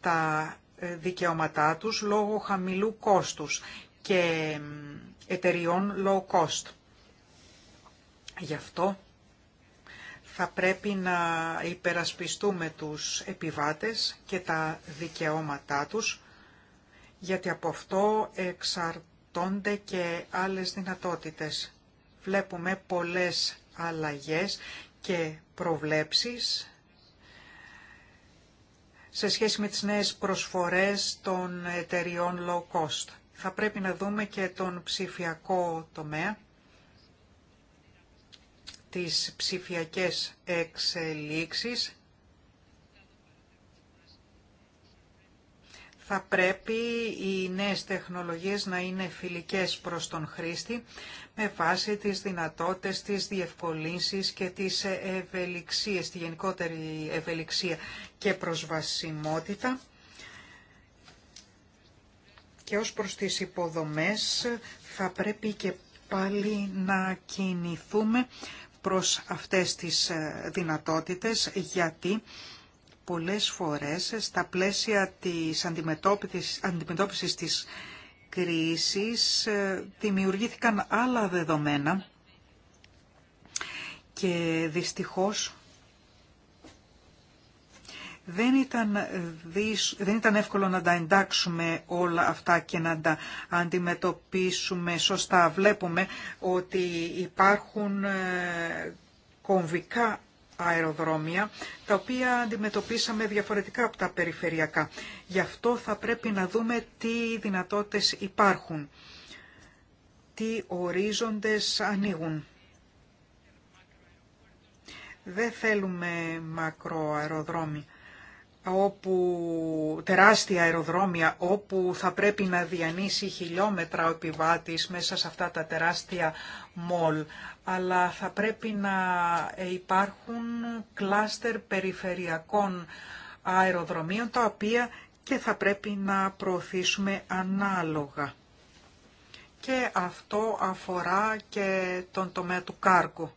τα ε, δικαιώματά τους λόγω χαμηλού κόστους και εταιριών low cost. Γι' αυτό θα πρέπει να υπερασπιστούμε τους επιβάτες και τα δικαιώματά τους, γιατί από αυτό εξαρτώνται και άλλες δυνατότητες. Βλέπουμε πολλές αλλαγές και προβλέψεις σε σχέση με τις νέες προσφορές των εταιριών low cost θα πρέπει να δούμε και τον ψηφιακό τομέα, τις ψηφιακές εξελίξεις. Θα πρέπει οι νέες τεχνολογίες να είναι φιλικές προς τον χρήστη με βάση τις δυνατότητες, τις διευκολύνσεις και τις ευελιξίες, τη γενικότερη ευελιξία και προσβασιμότητα και ως προς τις υποδομές θα πρέπει και πάλι να κινηθούμε προς αυτές τις ε, δυνατότητες γιατί πολλές φορές ε, στα πλαίσια της αντιμετώπισης, αντιμετώπισης της κρίσης ε, δημιουργήθηκαν άλλα δεδομένα και δυστυχώς δεν ήταν, δυσ... δεν ήταν εύκολο να τα εντάξουμε όλα αυτά και να τα αντιμετωπίσουμε σωστά. Βλέπουμε ότι υπάρχουν ε, κομβικά αεροδρόμια, τα οποία αντιμετωπίσαμε διαφορετικά από τα περιφερειακά. Γι' αυτό θα πρέπει να δούμε τι δυνατότητες υπάρχουν, τι ορίζοντες ανοίγουν. Δεν θέλουμε μακροαεροδρόμια όπου τεράστια αεροδρόμια όπου θα πρέπει να διανύσει χιλιόμετρα ο επιβάτης μέσα σε αυτά τα τεράστια μολ αλλά θα πρέπει να ε, υπάρχουν κλάστερ περιφερειακών αεροδρομίων τα οποία και θα πρέπει να προωθήσουμε ανάλογα. Και αυτό αφορά και τον τομέα του κάρκου.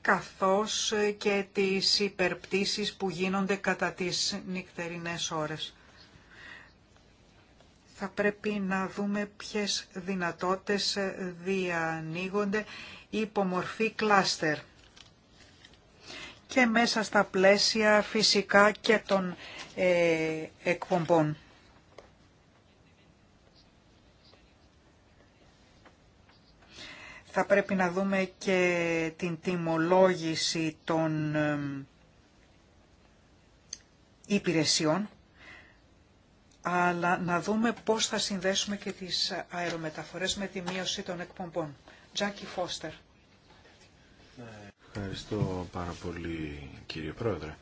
καθώς και τις υπερπτήσεις που γίνονται κατά τις νυχτερινές ώρες. Θα πρέπει να δούμε ποιες δυνατότητες διανοίγονται υπομορφή κλάστερ και μέσα στα πλαίσια φυσικά και των ε, εκπομπών. θα πρέπει να δούμε και την τιμολόγηση των υπηρεσιών, αλλά να δούμε πώς θα συνδέσουμε και τις αερομεταφορές με τη μείωση των εκπομπών. Τζάκι Φώστερ. Ευχαριστώ πάρα πολύ κύριε Πρόεδρε.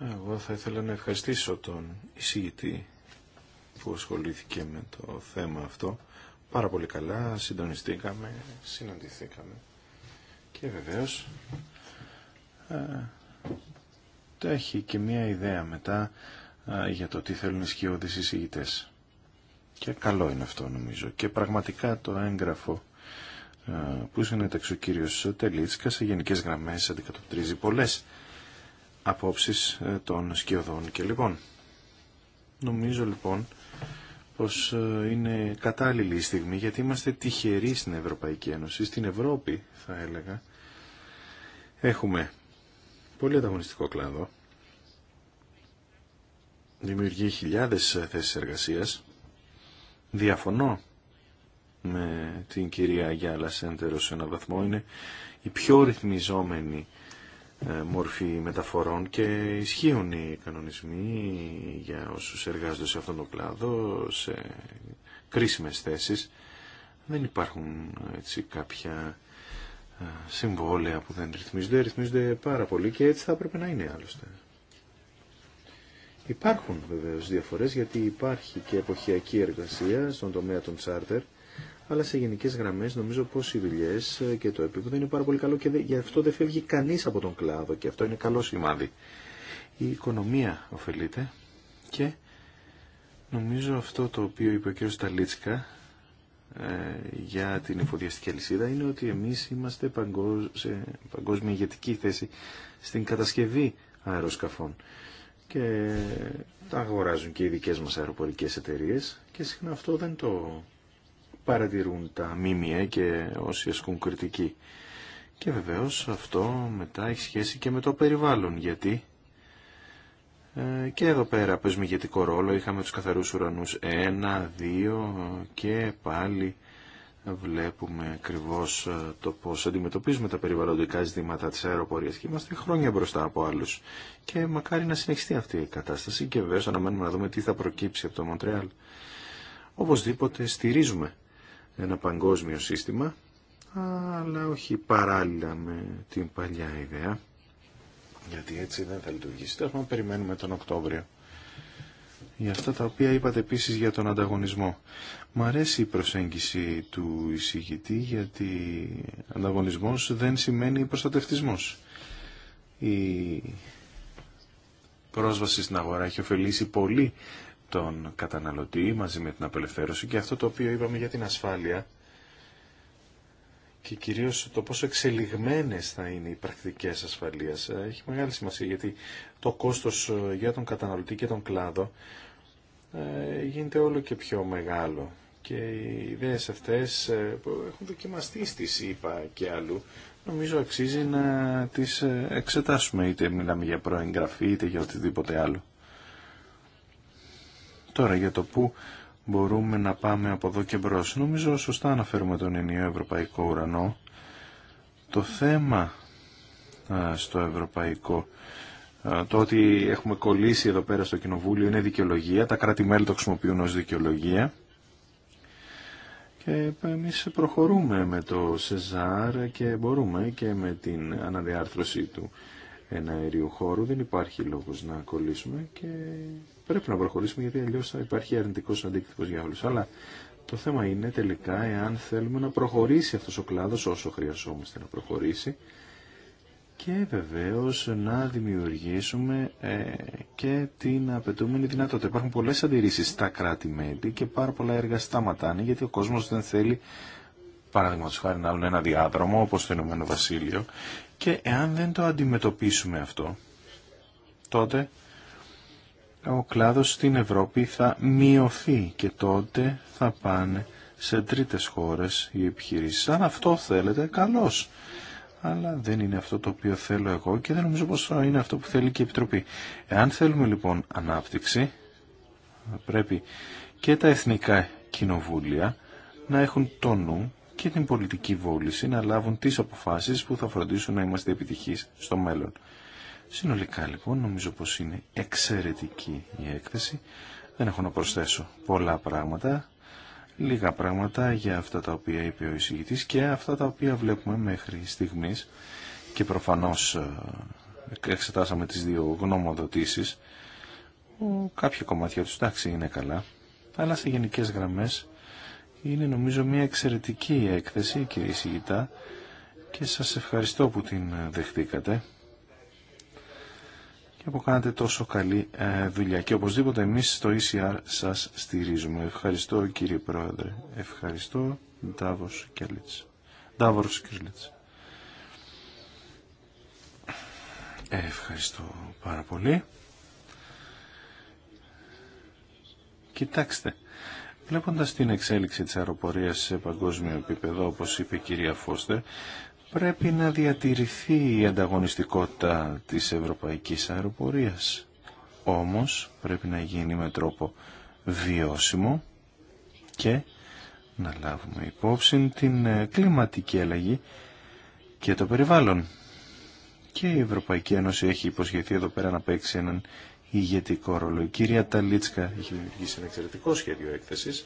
Εγώ θα ήθελα να ευχαριστήσω τον εισηγητή που ασχολήθηκε με το θέμα αυτό πάρα πολύ καλά, συντονιστήκαμε, συναντηθήκαμε και βεβαίως ε, έχει και μία ιδέα μετά ε, για το τι θέλουν οι σκιώδεις εισηγητές. Και καλό είναι αυτό νομίζω. Και πραγματικά το έγγραφο ε, που συνέταξε ο κύριος Τελίτσκα σε γενικές γραμμές αντικατοπτρίζει πολλές απόψεις ε, των σκιωδών και λοιπόν. Νομίζω λοιπόν πως ε, είναι κατάλληλη η στιγμή, γιατί είμαστε τυχεροί στην Ευρωπαϊκή Ένωση, στην Ευρώπη θα έλεγα. Έχουμε πολύ ανταγωνιστικό κλάδο, δημιουργεί χιλιάδες θέσεις εργασίας. Διαφωνώ με την κυρία Γιάλα Σέντερο σε έναν βαθμό, είναι η πιο ρυθμιζόμενη ε, μορφή μεταφορών και ισχύουν οι κανονισμοί για όσους εργάζονται σε αυτόν τον κλάδο σε κρίσιμες θέσεις. Δεν υπάρχουν έτσι κάποια ε, συμβόλαια που δεν ρυθμίζονται. Ρυθμίζονται πάρα πολύ και έτσι θα πρέπει να είναι άλλωστε. Υπάρχουν βεβαίως διαφορές γιατί υπάρχει και εποχιακή εργασία στον τομέα των τσάρτερ αλλά σε γενικέ γραμμέ νομίζω πω οι δουλειέ ε, και το επίπεδο είναι πάρα πολύ καλό και γι' αυτό δεν φεύγει κανεί από τον κλάδο και αυτό είναι καλό σημάδι. Η οικονομία ωφελείται και νομίζω αυτό το οποίο είπε ο κ. Σταλίτσκα ε, για την εφοδιαστική αλυσίδα είναι ότι εμείς είμαστε σε παγκόσμια ηγετική θέση στην κατασκευή αεροσκαφών και τα αγοράζουν και οι δικές μας αεροπορικές εταιρείες και συχνά αυτό δεν το παρατηρούν τα μίμια και όσοι ασκούν κριτική. Και βεβαίως αυτό μετά έχει σχέση και με το περιβάλλον, γιατί ε, και εδώ πέρα παίζουμε ηγετικό ρόλο, είχαμε τους καθαρούς ουρανούς 1, 2 και πάλι βλέπουμε ακριβώ ε, το πώς αντιμετωπίζουμε τα περιβαλλοντικά ζητήματα της αεροπορίας και είμαστε χρόνια μπροστά από άλλους. Και μακάρι να συνεχιστεί αυτή η κατάσταση και βεβαίως αναμένουμε να δούμε τι θα προκύψει από το Μοντρεάλ. Οπωσδήποτε στηρίζουμε ένα παγκόσμιο σύστημα, αλλά όχι παράλληλα με την παλιά ιδέα, γιατί έτσι δεν θα λειτουργήσει. Τώρα περιμένουμε τον Οκτώβριο. Για αυτά τα οποία είπατε επίση για τον ανταγωνισμό. Μ' αρέσει η προσέγγιση του εισηγητή γιατί ανταγωνισμός δεν σημαίνει προστατευτισμός. Η πρόσβαση στην αγορά έχει ωφελήσει πολύ τον καταναλωτή μαζί με την απελευθέρωση και αυτό το οποίο είπαμε για την ασφάλεια και κυρίως το πόσο εξελιγμένες θα είναι οι πρακτικές ασφαλείας. Ε, έχει μεγάλη σημασία γιατί το κόστος ε, για τον καταναλωτή και τον κλάδο ε, γίνεται όλο και πιο μεγάλο. Και οι ιδέες αυτές που έχουν δοκιμαστεί στη ΣΥΠΑ και αλλού νομίζω αξίζει να τις εξετάσουμε είτε μιλάμε για προεγγραφή είτε για οτιδήποτε άλλο. Τώρα για το πού μπορούμε να πάμε από εδώ και μπρος. Νομίζω σωστά αναφέρουμε τον ενιαίο ευρωπαϊκό ουρανό. Το θέμα στο ευρωπαϊκό το ότι έχουμε κολλήσει εδώ πέρα στο Κοινοβούλιο είναι δικαιολογία. Τα κράτη-μέλη το χρησιμοποιούν ως δικαιολογία. Και εμείς προχωρούμε με το ΣΕΖΑΡ και μπορούμε και με την αναδιάρθρωση του εναερίου χώρου. Δεν υπάρχει λόγος να κολλήσουμε και πρέπει να προχωρήσουμε γιατί αλλιώ θα υπάρχει αρνητικό αντίκτυπο για όλου. Αλλά το θέμα είναι τελικά εάν θέλουμε να προχωρήσει αυτό ο κλάδο όσο χρειαζόμαστε να προχωρήσει και βεβαίω να δημιουργήσουμε ε, και την απαιτούμενη δυνατότητα. Υπάρχουν πολλέ αντιρρήσει στα κράτη-μέλη και πάρα πολλά έργα σταματάνε γιατί ο κόσμο δεν θέλει παράδειγμα του χάρη να έχουν ένα διάδρομο όπως το Ηνωμένο Βασίλειο και εάν δεν το αντιμετωπίσουμε αυτό τότε ο κλάδος στην Ευρώπη θα μειωθεί και τότε θα πάνε σε τρίτες χώρες οι επιχειρήσεις. Αν αυτό θέλετε, καλώς. Αλλά δεν είναι αυτό το οποίο θέλω εγώ και δεν νομίζω πως είναι αυτό που θέλει και η Επιτροπή. Εάν θέλουμε λοιπόν ανάπτυξη, πρέπει και τα εθνικά κοινοβούλια να έχουν το νου και την πολιτική βόληση να λάβουν τις αποφάσεις που θα φροντίσουν να είμαστε επιτυχείς στο μέλλον. Συνολικά λοιπόν νομίζω πως είναι εξαιρετική η έκθεση. Δεν έχω να προσθέσω πολλά πράγματα, λίγα πράγματα για αυτά τα οποία είπε ο εισηγητής και αυτά τα οποία βλέπουμε μέχρι στιγμής και προφανώς ε, εξετάσαμε τις δύο γνωμοδοτήσεις. Κάποια κομμάτια του τάξη είναι καλά, αλλά σε γενικές γραμμές είναι νομίζω μια εξαιρετική έκθεση κύριε εισηγητά και σας ευχαριστώ που την ε, δεχτήκατε και που κάνατε τόσο καλή ε, δουλειά. Και οπωσδήποτε εμείς στο ECR σας στηρίζουμε. Ευχαριστώ κύριε Πρόεδρε. Ευχαριστώ. Ντάβος Κέρλιτς. Ντάβος Κέρλιτς. Ευχαριστώ πάρα πολύ. Κοιτάξτε, βλέποντας την εξέλιξη της αεροπορίας σε παγκόσμιο επίπεδο, όπως είπε η κυρία Φώστερ, πρέπει να διατηρηθεί η ανταγωνιστικότητα της ευρωπαϊκής αεροπορίας. Όμως πρέπει να γίνει με τρόπο βιώσιμο και να λάβουμε υπόψη την ε, κλιματική αλλαγή και το περιβάλλον. Και η Ευρωπαϊκή Ένωση έχει υποσχεθεί εδώ πέρα να παίξει έναν ηγετικό ρόλο. Η κυρία Ταλίτσκα έχει δημιουργήσει ένα εξαιρετικό σχέδιο έκθεσης,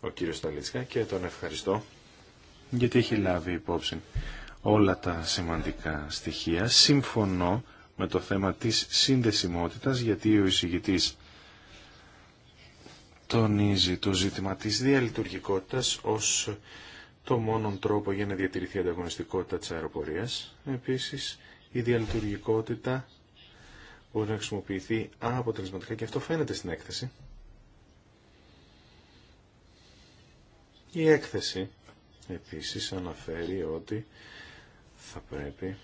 ο κύριος Ταλίτσκα, και τον ευχαριστώ γιατί έχει λάβει υπόψη όλα τα σημαντικά στοιχεία. Συμφωνώ με το θέμα της συνδεσιμότητας, γιατί ο εισηγητής τονίζει το ζήτημα της διαλειτουργικότητας ως το μόνον τρόπο για να διατηρηθεί η ανταγωνιστικότητα της αεροπορίας. Επίσης, η διαλειτουργικότητα μπορεί να χρησιμοποιηθεί αποτελεσματικά και αυτό φαίνεται στην έκθεση. Η έκθεση Επίσης αναφέρει ότι θα πρέπει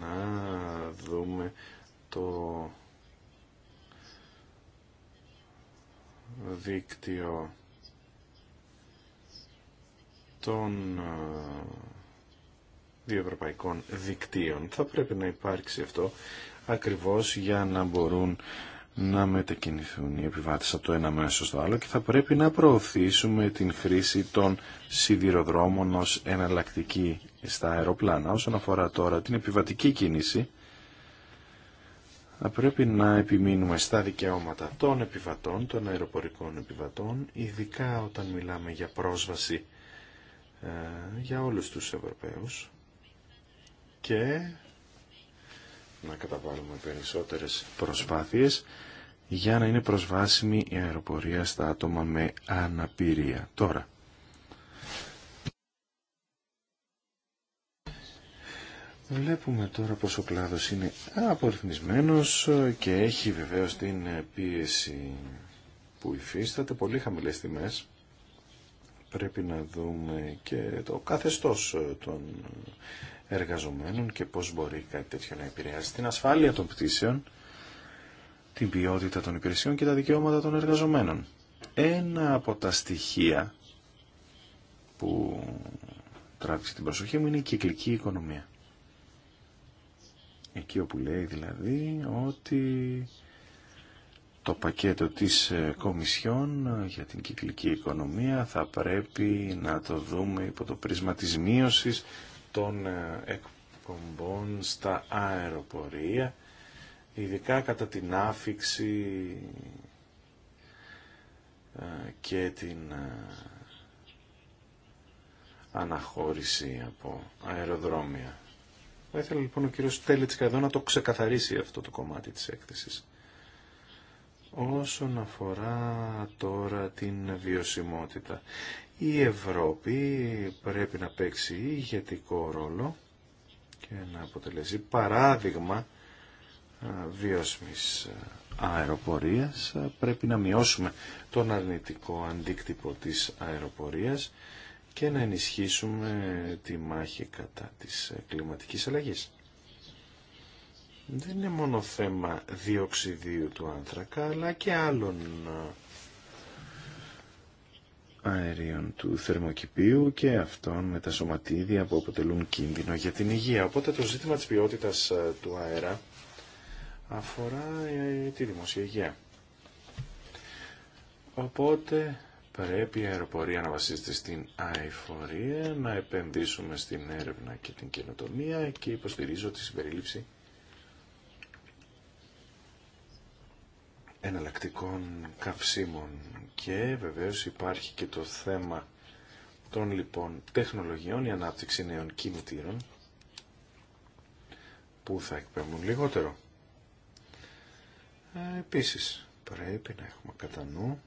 να δούμε το δίκτυο των ε, δύο Ευρωπαϊκών δικτύων. Θα πρέπει να υπάρξει αυτό ακριβώς για να μπορούν να μετακινηθούν οι επιβάτες από το ένα μέσο στο άλλο και θα πρέπει να προωθήσουμε την χρήση των σιδηροδρόμων ως εναλλακτική στα αεροπλάνα. Όσον αφορά τώρα την επιβατική κίνηση, θα πρέπει να επιμείνουμε στα δικαιώματα των επιβατών, των αεροπορικών επιβατών, ειδικά όταν μιλάμε για πρόσβαση ε, για όλους τους Ευρωπαίους και να καταβάλουμε περισσότερες προσπάθειες για να είναι προσβάσιμη η αεροπορία στα άτομα με αναπηρία. Τώρα, Βλέπουμε τώρα πως ο κλάδος είναι απορριθμισμένος και έχει βεβαίως την πίεση που υφίσταται, πολύ χαμηλές τιμές. Πρέπει να δούμε και το καθεστώς των εργαζομένων και πώς μπορεί κάτι τέτοιο να επηρεάσει την ασφάλεια των πτήσεων την ποιότητα των υπηρεσιών και τα δικαιώματα των εργαζομένων. Ένα από τα στοιχεία που τράβηξε την προσοχή μου είναι η κυκλική οικονομία. Εκεί όπου λέει δηλαδή ότι το πακέτο της ε, Κομισιόν ε, για την κυκλική οικονομία θα πρέπει να το δούμε υπό το πρίσμα της μείωσης των ε, εκπομπών στα αεροπορία ειδικά κατά την άφηξη ε, και την ε, αναχώρηση από αεροδρόμια. Θα ήθελα λοιπόν ο κύριος Τέλητσκα εδώ να το ξεκαθαρίσει αυτό το κομμάτι της έκθεσης. Όσον αφορά τώρα την βιωσιμότητα, η Ευρώπη πρέπει να παίξει ηγετικό ρόλο και να αποτελέσει παράδειγμα βιώσιμης ε, αεροπορίας. Ε, πρέπει να μειώσουμε τον αρνητικό αντίκτυπο της αεροπορίας και να ενισχύσουμε τη μάχη κατά της ε, κλιματικής αλλαγής. Δεν είναι μόνο θέμα διοξιδίου του άνθρακα, αλλά και άλλων αερίων του θερμοκηπίου και αυτών με τα σωματίδια που αποτελούν κίνδυνο για την υγεία. Οπότε το ζήτημα της ποιότητας του αέρα αφορά ε, τη δημόσια υγεία. Οπότε πρέπει η αεροπορία να βασίζεται στην αεφορία, να επενδύσουμε στην έρευνα και την καινοτομία και υποστηρίζω τη συμπερίληψη εναλλακτικών καυσίμων και βεβαίως υπάρχει και το θέμα των λοιπόν τεχνολογιών, η ανάπτυξη νέων κινητήρων που θα εκπέμπουν λιγότερο ε, επίσης, πρέπει να έχουμε κατά νου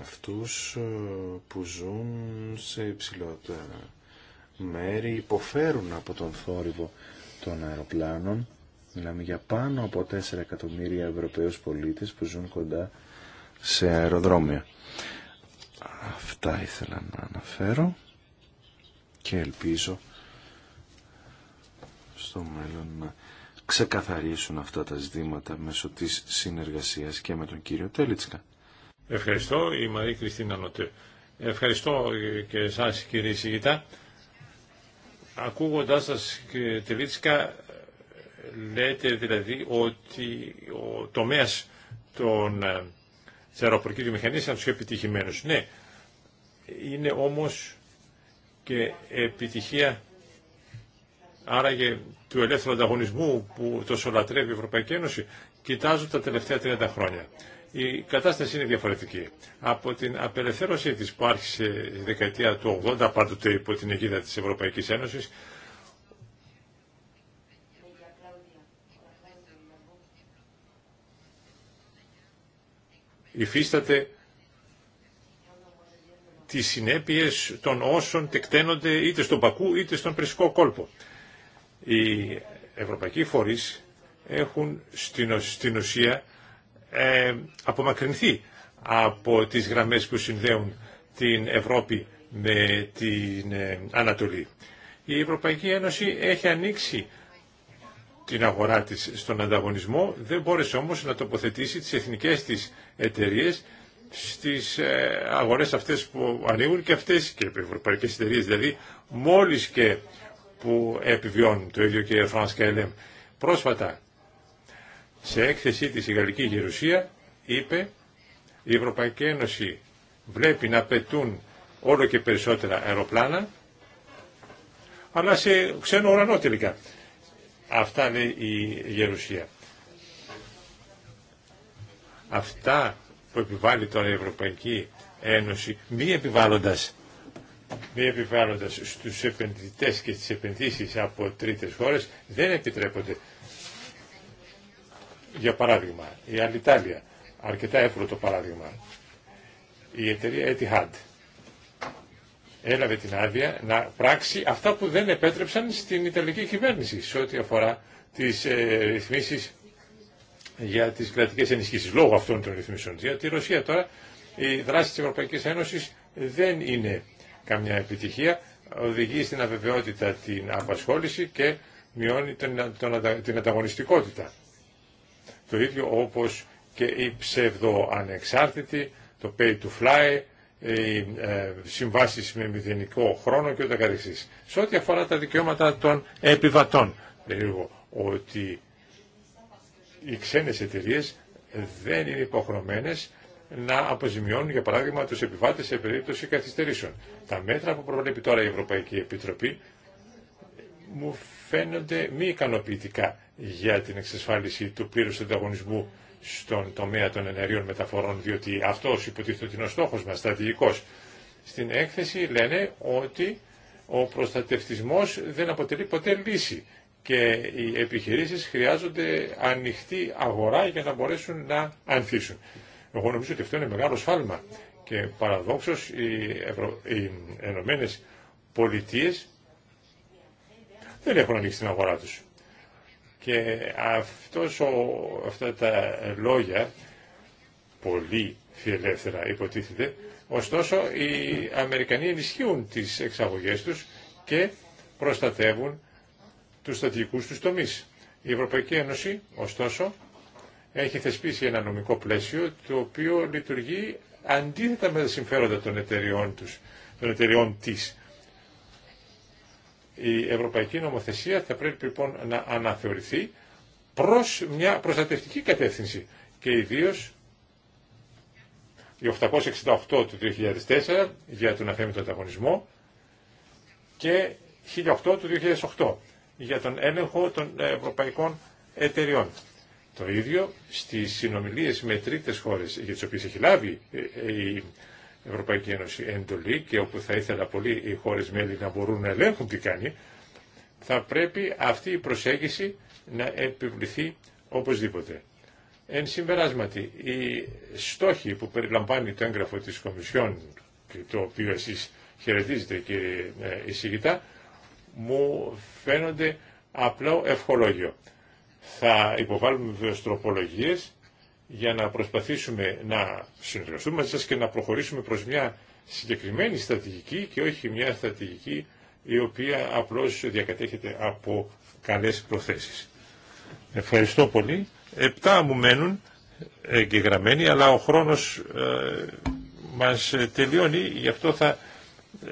αυτούς ε, που ζουν σε υψηλότερα μέρη, υποφέρουν από τον θόρυβο των αεροπλάνων. Μιλάμε για πάνω από 4 εκατομμύρια Ευρωπαίους πολίτες που ζουν κοντά σε αεροδρόμια. Αυτά ήθελα να αναφέρω και ελπίζω στο μέλλον να ξεκαθαρίσουν αυτά τα ζητήματα μέσω της συνεργασίας και με τον κύριο Τέλιτσκα. Ευχαριστώ η Μαρή Κριστίνα Νοτέ. Ευχαριστώ ε, και εσάς κύριε Σιγητά. Ακούγοντάς σας κύριε Τελίτσκα λέτε δηλαδή ότι ο τομέας των ε, της αεροπορικής μηχανής είναι πιο επιτυχημένος. Ναι, είναι όμως και επιτυχία άραγε του ελεύθερου ανταγωνισμού που τόσο λατρεύει η Ευρωπαϊκή Ένωση, κοιτάζω τα τελευταία 30 χρόνια. Η κατάσταση είναι διαφορετική. Από την απελευθέρωσή της που άρχισε η δεκαετία του 80 πάντοτε υπό την αιγίδα της Ευρωπαϊκής Ένωσης, υφίσταται τις συνέπειες των όσων τεκταίνονται είτε στον Πακού είτε στον Πρισσικό κόλπο οι ευρωπαϊκοί φορείς έχουν στην ουσία ε, απομακρυνθεί από τις γραμμές που συνδέουν την Ευρώπη με την ε, Ανατολή. Η Ευρωπαϊκή Ένωση έχει ανοίξει την αγορά της στον ανταγωνισμό, δεν μπόρεσε όμως να τοποθετήσει τις εθνικές της εταιρείες στις ε, αγορές αυτές που ανοίγουν και αυτές και οι ευρωπαϊκές εταιρείες δηλαδή μόλις και που επιβιώνουν. Το ίδιο και η France KLM. Πρόσφατα, σε έκθεσή της η Γαλλική Γερουσία είπε η Ευρωπαϊκή Ένωση βλέπει να πετούν όλο και περισσότερα αεροπλάνα αλλά σε ξένο ουρανό τελικά. Αυτά λέει η Γερουσία. Αυτά που επιβάλλει τώρα η Ευρωπαϊκή Ένωση, μη επιβάλλοντας μη επιβάλλοντα στου επενδυτέ και τις επενδύσει από τρίτε χώρε δεν επιτρέπονται. Για παράδειγμα, η Αλιτάλια, αρκετά εύκολο παράδειγμα, η εταιρεία Etihad έλαβε την άδεια να πράξει αυτά που δεν επέτρεψαν στην Ιταλική κυβέρνηση σε ό,τι αφορά τις ε, ρυθμίσεις για τις κρατικές ενισχύσεις λόγω αυτών των ρυθμίσεων. γιατί η Ρωσία τώρα η δράση της Ευρωπαϊκής Ένωσης δεν είναι καμιά επιτυχία, οδηγεί στην αβεβαιότητα την απασχόληση και μειώνει την ανταγωνιστικότητα. Το ίδιο όπως και η ψευδοανεξάρτητη, το pay to fly, οι ε, συμβάσεις με μηδενικό χρόνο και ούτε Σε ό,τι αφορά τα δικαιώματα των επιβατών, λίγο ότι οι ξένες εταιρείες δεν είναι υποχρεωμένες να αποζημιώνουν, για παράδειγμα, του επιβάτε σε περίπτωση καθυστερήσεων. Τα μέτρα που προβλέπει τώρα η Ευρωπαϊκή Επιτροπή μου φαίνονται μη ικανοποιητικά για την εξασφάλιση του πλήρου ανταγωνισμού στον τομέα των ενεργειών μεταφορών, διότι αυτό υποτίθεται ότι είναι ο στόχος μας, στρατηγικό. Στην έκθεση λένε ότι ο προστατευτισμός δεν αποτελεί ποτέ λύση και οι επιχειρήσεις χρειάζονται ανοιχτή αγορά για να μπορέσουν να ανθίσουν. Εγώ νομίζω ότι αυτό είναι μεγάλο σφάλμα. Και παραδόξως οι, Ευρω... δεν έχουν ανοίξει την αγορά τους. Και αυτός ο... αυτά τα λόγια, πολύ φιλελεύθερα υποτίθεται, ωστόσο οι Αμερικανοί ενισχύουν τις εξαγωγές τους και προστατεύουν τους στρατηγικούς τους τομείς. Η Ευρωπαϊκή Ένωση, ωστόσο, έχει θεσπίσει ένα νομικό πλαίσιο το οποίο λειτουργεί αντίθετα με τα συμφέροντα των εταιριών, τους, των εταιριών της. Η ευρωπαϊκή νομοθεσία θα πρέπει λοιπόν να αναθεωρηθεί προς μια προστατευτική κατεύθυνση και ιδίως η 868 του 2004 για τον αφέμητο ανταγωνισμό και 1008 του 2008 για τον έλεγχο των ευρωπαϊκών εταιριών. Το ίδιο στις συνομιλίες με τρίτες χώρες για τις οποίες έχει λάβει ε, ε, η Ευρωπαϊκή Ένωση εντολή και όπου θα ήθελα πολύ οι χώρες μέλη να μπορούν να ελέγχουν τι κάνει, θα πρέπει αυτή η προσέγγιση να επιβληθεί οπωσδήποτε. Εν συμπεράσματι, οι στόχοι που περιλαμβάνει το έγγραφο της Κομισιόν και το οποίο εσείς χαιρετίζετε κύριε ε, εισηγητά, μου φαίνονται απλό ευχολόγιο. Θα υποβάλουμε βεβαίω τροπολογίε για να προσπαθήσουμε να συνεργαστούμε μαζί και να προχωρήσουμε προς μια συγκεκριμένη στρατηγική και όχι μια στρατηγική η οποία απλώς διακατέχεται από καλές προθέσεις. Ευχαριστώ πολύ. Επτά μου μένουν εγγεγραμμένοι, αλλά ο χρόνος ε, μας τελειώνει, γι' αυτό θα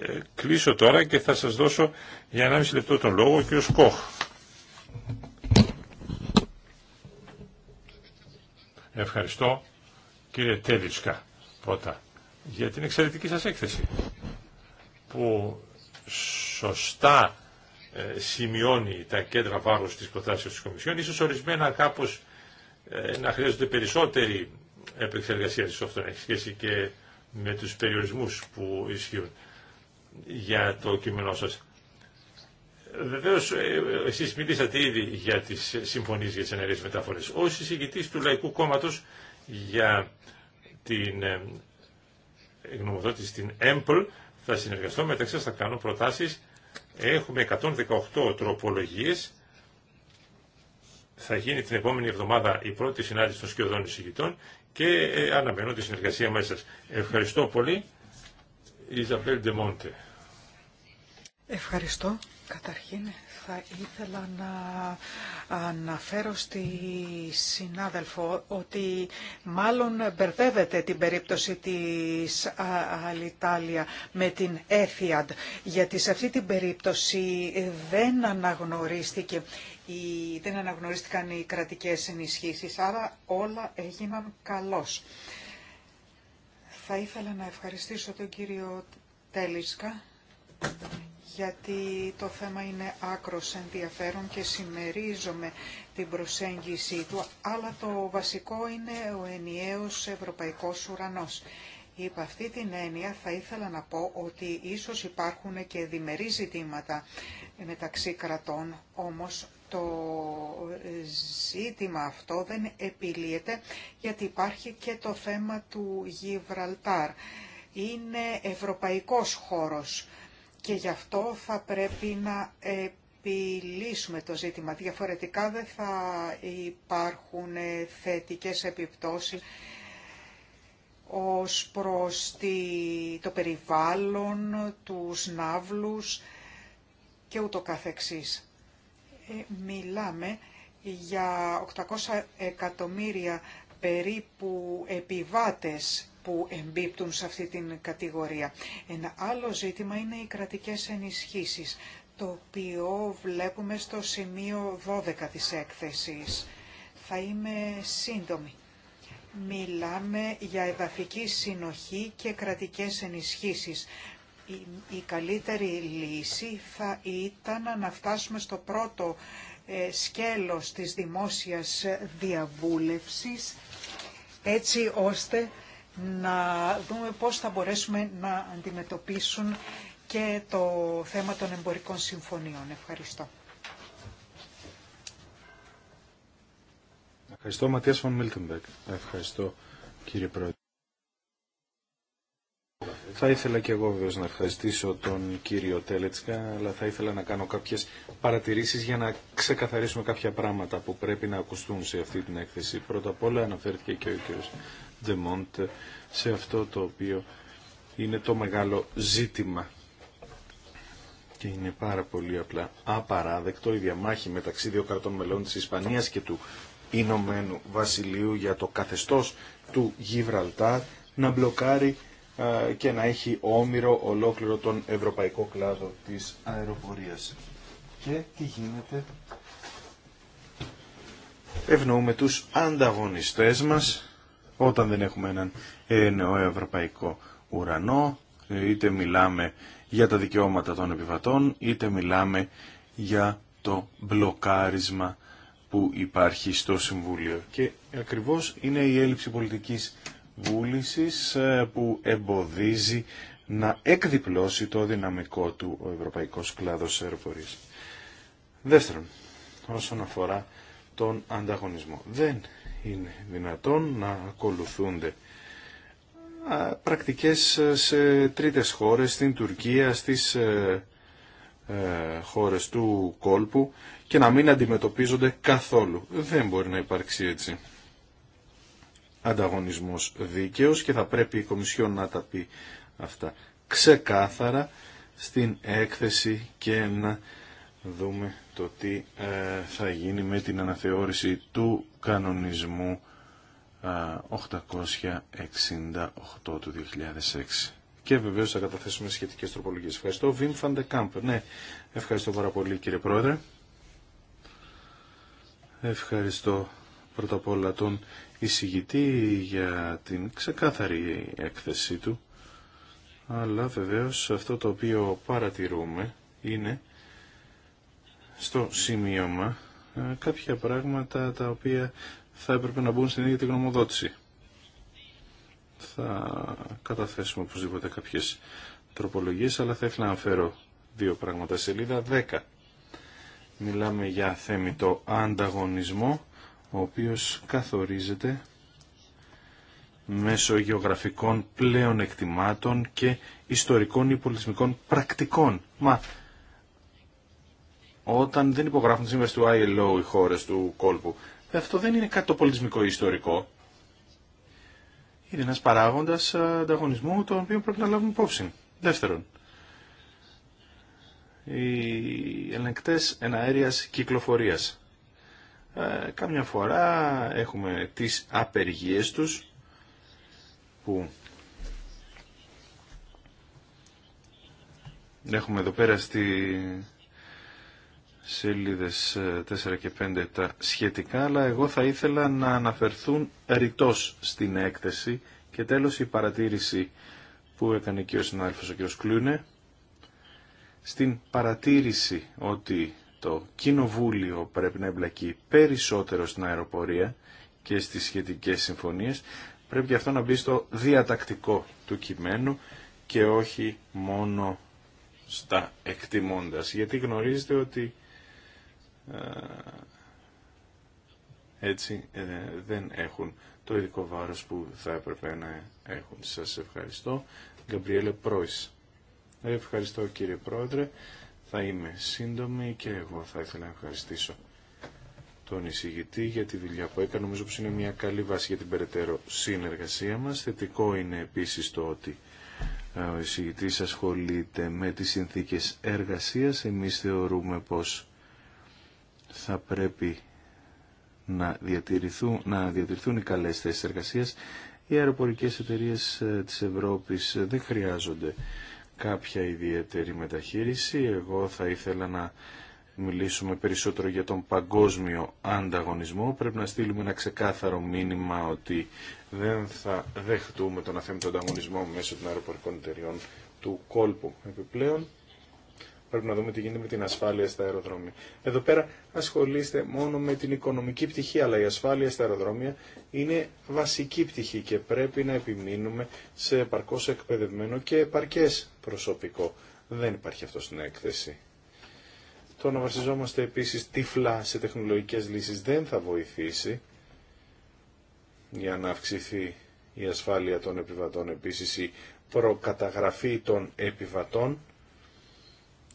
ε, κλείσω τώρα και θα σας δώσω για 1,5 λεπτό τον λόγο ο κ. Κόχ. Ευχαριστώ κύριε Τέλιτσκα πρώτα για την εξαιρετική σας έκθεση που σωστά ε, σημειώνει τα κέντρα βάρους της προτάσεως της Κομισιόν, ίσως ορισμένα κάπως ε, να χρειάζονται περισσότερη επεξεργασία της αυτό έχει σχέση και με τους περιορισμούς που ισχύουν για το κείμενό σας. Βεβαίω, ε, εσεί μιλήσατε ήδη για τις συμφωνίες για τι ενεργέ μεταφορέ. Ω εισηγητή του Λαϊκού Κόμματος για την ε, γνωμοδότηση στην ΕΜΠΛ, θα συνεργαστώ μεταξύ σα, θα κάνω προτάσεις. Έχουμε 118 τροπολογίες. Θα γίνει την επόμενη εβδομάδα η πρώτη συνάντηση των σκιωδών εισηγητών και ε, αναμένω τη συνεργασία μαζί σας. Ευχαριστώ πολύ. Ευχαριστώ. Καταρχήν θα ήθελα να αναφέρω στη συνάδελφο ότι μάλλον μπερδεύεται την περίπτωση της Αλιτάλια με την Έφιαντ, γιατί σε αυτή την περίπτωση δεν αναγνωρίστηκε η, δεν αναγνωρίστηκαν οι κρατικές ενισχύσεις, άρα όλα έγιναν καλώς. Θα ήθελα να ευχαριστήσω τον κύριο Τέλισκα γιατί το θέμα είναι άκρος ενδιαφέρον και συμμερίζομαι την προσέγγιση του, αλλά το βασικό είναι ο ενιαίος ευρωπαϊκός ουρανός. Υπ' αυτή την έννοια θα ήθελα να πω ότι ίσως υπάρχουν και διμερεί ζητήματα μεταξύ κρατών, όμως το ζήτημα αυτό δεν επιλύεται γιατί υπάρχει και το θέμα του Γιβραλτάρ. Είναι ευρωπαϊκός χώρος και γι' αυτό θα πρέπει να επιλύσουμε το ζήτημα. Διαφορετικά δεν θα υπάρχουν ε, θετικές επιπτώσεις ως προς το περιβάλλον, τους ναύλους και ούτω καθεξής. Ε, μιλάμε για 800 εκατομμύρια περίπου επιβάτες που εμπίπτουν σε αυτή την κατηγορία. Ένα άλλο ζήτημα είναι οι κρατικές ενισχύσεις, το οποίο βλέπουμε στο σημείο 12 της έκθεσης. Θα είμαι σύντομη. Μιλάμε για εδαφική συνοχή και κρατικές ενισχύσεις. Η καλύτερη λύση θα ήταν να φτάσουμε στο πρώτο ε, σκέλος της δημόσιας διαβούλευσης έτσι ώστε να δούμε πώς θα μπορέσουμε να αντιμετωπίσουν και το θέμα των εμπορικών συμφωνίων. Ευχαριστώ. Ευχαριστώ, Ματίας Φων Μίλτεμπεκ. Ευχαριστώ, κύριε Πρόεδρε. Θα ήθελα και εγώ βέβαια, να ευχαριστήσω τον κύριο Τέλετσκα, αλλά θα ήθελα να κάνω κάποιες παρατηρήσεις για να ξεκαθαρίσουμε κάποια πράγματα που πρέπει να ακουστούν σε αυτή την έκθεση. Πρώτα απ' όλα αναφέρθηκε και ο κύριος Ντεμόντ σε αυτό το οποίο είναι το μεγάλο ζήτημα. Και είναι πάρα πολύ απλά απαράδεκτο η διαμάχη μεταξύ δύο κρατών μελών της Ισπανίας και του Ηνωμένου Βασιλείου για το καθεστώς του Γιβραλτάρ να μπλοκάρει και να έχει όμοιρο ολόκληρο τον ευρωπαϊκό κλάδο της αεροπορίας. Και τι γίνεται. Ευνοούμε τους ανταγωνιστές μας όταν δεν έχουμε έναν ευρωπαϊκό ουρανό, είτε μιλάμε για τα δικαιώματα των επιβατών, είτε μιλάμε για το μπλοκάρισμα που υπάρχει στο Συμβούλιο. Και ακριβώς είναι η έλλειψη πολιτικής βούλησης ε, που εμποδίζει να εκδιπλώσει το δυναμικό του ο ευρωπαϊκός κλάδος αεροπορίας. Δεύτερον, όσον αφορά τον ανταγωνισμό. Δεν είναι δυνατόν να ακολουθούνται πρακτικές ε, σε τρίτες χώρες, στην Τουρκία, στις ε, ε, χώρες του κόλπου και να μην αντιμετωπίζονται καθόλου. Δεν μπορεί να υπάρξει έτσι ανταγωνισμός δίκαιος και θα πρέπει η Κομισιόν να τα πει αυτά ξεκάθαρα στην έκθεση και να δούμε το τι ε, θα γίνει με την αναθεώρηση του κανονισμού 868 ε, του 2006. Και βεβαίως θα καταθέσουμε σχετικές τροπολογίες. Ευχαριστώ. Ναι, ευχαριστώ πάρα πολύ κύριε Πρόεδρε. Ευχαριστώ πρώτα απ' όλα τον εισηγητή για την ξεκάθαρη έκθεσή του. Αλλά βεβαίως αυτό το οποίο παρατηρούμε είναι στο σημείωμα ε, κάποια πράγματα τα οποία θα έπρεπε να μπουν στην ίδια τη γνωμοδότηση. Θα καταθέσουμε οπωσδήποτε κάποιες τροπολογίες, αλλά θα ήθελα να φέρω δύο πράγματα. Σελίδα 10. Μιλάμε για θέμητο ανταγωνισμό, ο οποίος καθορίζεται μέσω γεωγραφικών πλέον εκτιμάτων και ιστορικών ή πολιτισμικών πρακτικών. Μα όταν δεν υπογράφουν τη σύμβαση του ILO οι χώρε του κόλπου. Ε, αυτό δεν είναι κάτι το πολιτισμικό ή ιστορικό. Είναι ένα παράγοντας ανταγωνισμού τον οποίο πρέπει να λάβουμε υπόψη. Δεύτερον, οι ελεγκτέ εναέρεια κυκλοφορία. Ε, κάμια φορά έχουμε τις απεργίες τους που έχουμε εδώ πέρα στη σελίδες 4 ε, και 5 τα σχετικά, αλλά εγώ θα ήθελα να αναφερθούν ρητός στην έκθεση και τέλος η παρατήρηση που έκανε και ο συνάδελφος ο κ. Κλούνε στην παρατήρηση ότι το Κοινοβούλιο πρέπει να εμπλακεί περισσότερο στην αεροπορία και στις σχετικές συμφωνίες, πρέπει αυτό να μπει στο διατακτικό του κειμένου και όχι μόνο στα εκτιμώντας. Γιατί γνωρίζετε ότι ε, έτσι ε, δεν έχουν το ειδικό βάρος που θα έπρεπε να έχουν. Σας ευχαριστώ. Γκαμπριέλε Πρόης. Ευχαριστώ κύριε Πρόεδρε. Θα είμαι σύντομη και εγώ θα ήθελα να ευχαριστήσω τον εισηγητή για τη δουλειά που έκανε. Νομίζω πως είναι μια καλή βάση για την περαιτέρω συνεργασία μας. Θετικό είναι επίσης το ότι ε, ο εισηγητής ασχολείται με τις συνθήκες εργασίας. Εμείς θεωρούμε πως θα πρέπει να διατηρηθούν, να οι καλές θέσεις εργασίας. Οι αεροπορικές εταιρείες ε, της Ευρώπης ε, δεν χρειάζονται κάποια ιδιαίτερη μεταχείριση. Εγώ θα ήθελα να μιλήσουμε περισσότερο για τον παγκόσμιο ανταγωνισμό. Πρέπει να στείλουμε ένα ξεκάθαρο μήνυμα ότι δεν θα δεχτούμε τον αθέμητο ανταγωνισμό μέσω των αεροπορικών εταιρεών του κόλπου. Επιπλέον, Πρέπει να δούμε τι γίνεται με την ασφάλεια στα αεροδρόμια. Εδώ πέρα ασχολείστε μόνο με την οικονομική πτυχή, αλλά η ασφάλεια στα αεροδρόμια είναι βασική πτυχή και πρέπει να επιμείνουμε σε επαρκώς εκπαιδευμένο και επαρκές προσωπικό. Δεν υπάρχει αυτό στην έκθεση. Το να βασιζόμαστε επίσης τύφλα σε τεχνολογικέ λύσει δεν θα βοηθήσει για να αυξηθεί η ασφάλεια των επιβατών. Επίσης η προκαταγραφή των επιβατών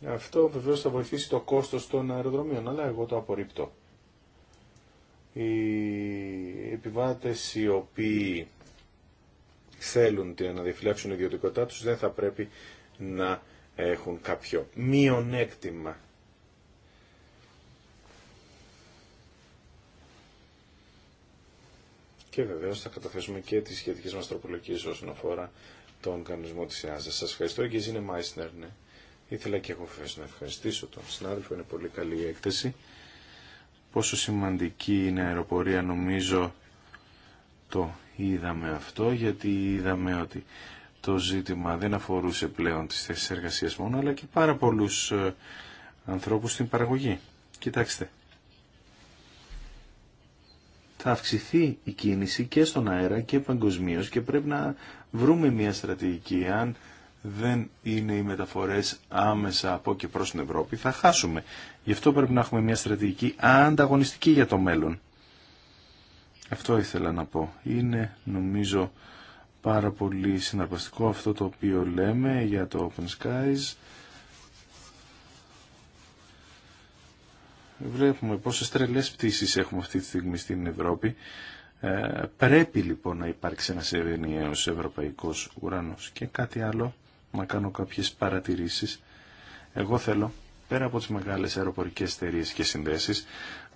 αυτό βεβαίως θα βοηθήσει το κόστος των αεροδρομίων, αλλά εγώ το απορρίπτω. Οι επιβάτες οι οποίοι θέλουν να διαφυλάξουν ιδιωτικότητά τους δεν θα πρέπει να έχουν κάποιο μειονέκτημα. Και βεβαίως θα καταθέσουμε και τις σχετικές μας τροπολογίες όσον αφορά τον κανονισμό της ΕΑΖΑ. Σας ευχαριστώ και είναι Μάισνερ, ναι. Ήθελα και εγώ να ευχαριστήσω τον συνάδελφο, είναι πολύ καλή η έκθεση. Πόσο σημαντική είναι η αεροπορία νομίζω το είδαμε αυτό γιατί είδαμε ότι το ζήτημα δεν αφορούσε πλέον τις θέσεις εργασίας μόνο αλλά και πάρα πολλούς ε, ανθρώπους στην παραγωγή. Κοιτάξτε, θα αυξηθεί η κίνηση και στον αέρα και παγκοσμίω και πρέπει να βρούμε μια στρατηγική. Αν δεν είναι οι μεταφορές άμεσα από και προς την Ευρώπη, θα χάσουμε. Γι' αυτό πρέπει να έχουμε μια στρατηγική ανταγωνιστική για το μέλλον. Αυτό ήθελα να πω. Είναι νομίζω πάρα πολύ συναρπαστικό αυτό το οποίο λέμε για το Open Skies. Βλέπουμε πόσες τρελές πτήσεις έχουμε αυτή τη στιγμή στην Ευρώπη. Ε, πρέπει λοιπόν να υπάρξει ένας ευρωπαϊκός ουρανός. Και κάτι άλλο να κάνω κάποιες παρατηρήσεις. Εγώ θέλω, πέρα από τις μεγάλες αεροπορικές εταιρείε και συνδέσεις,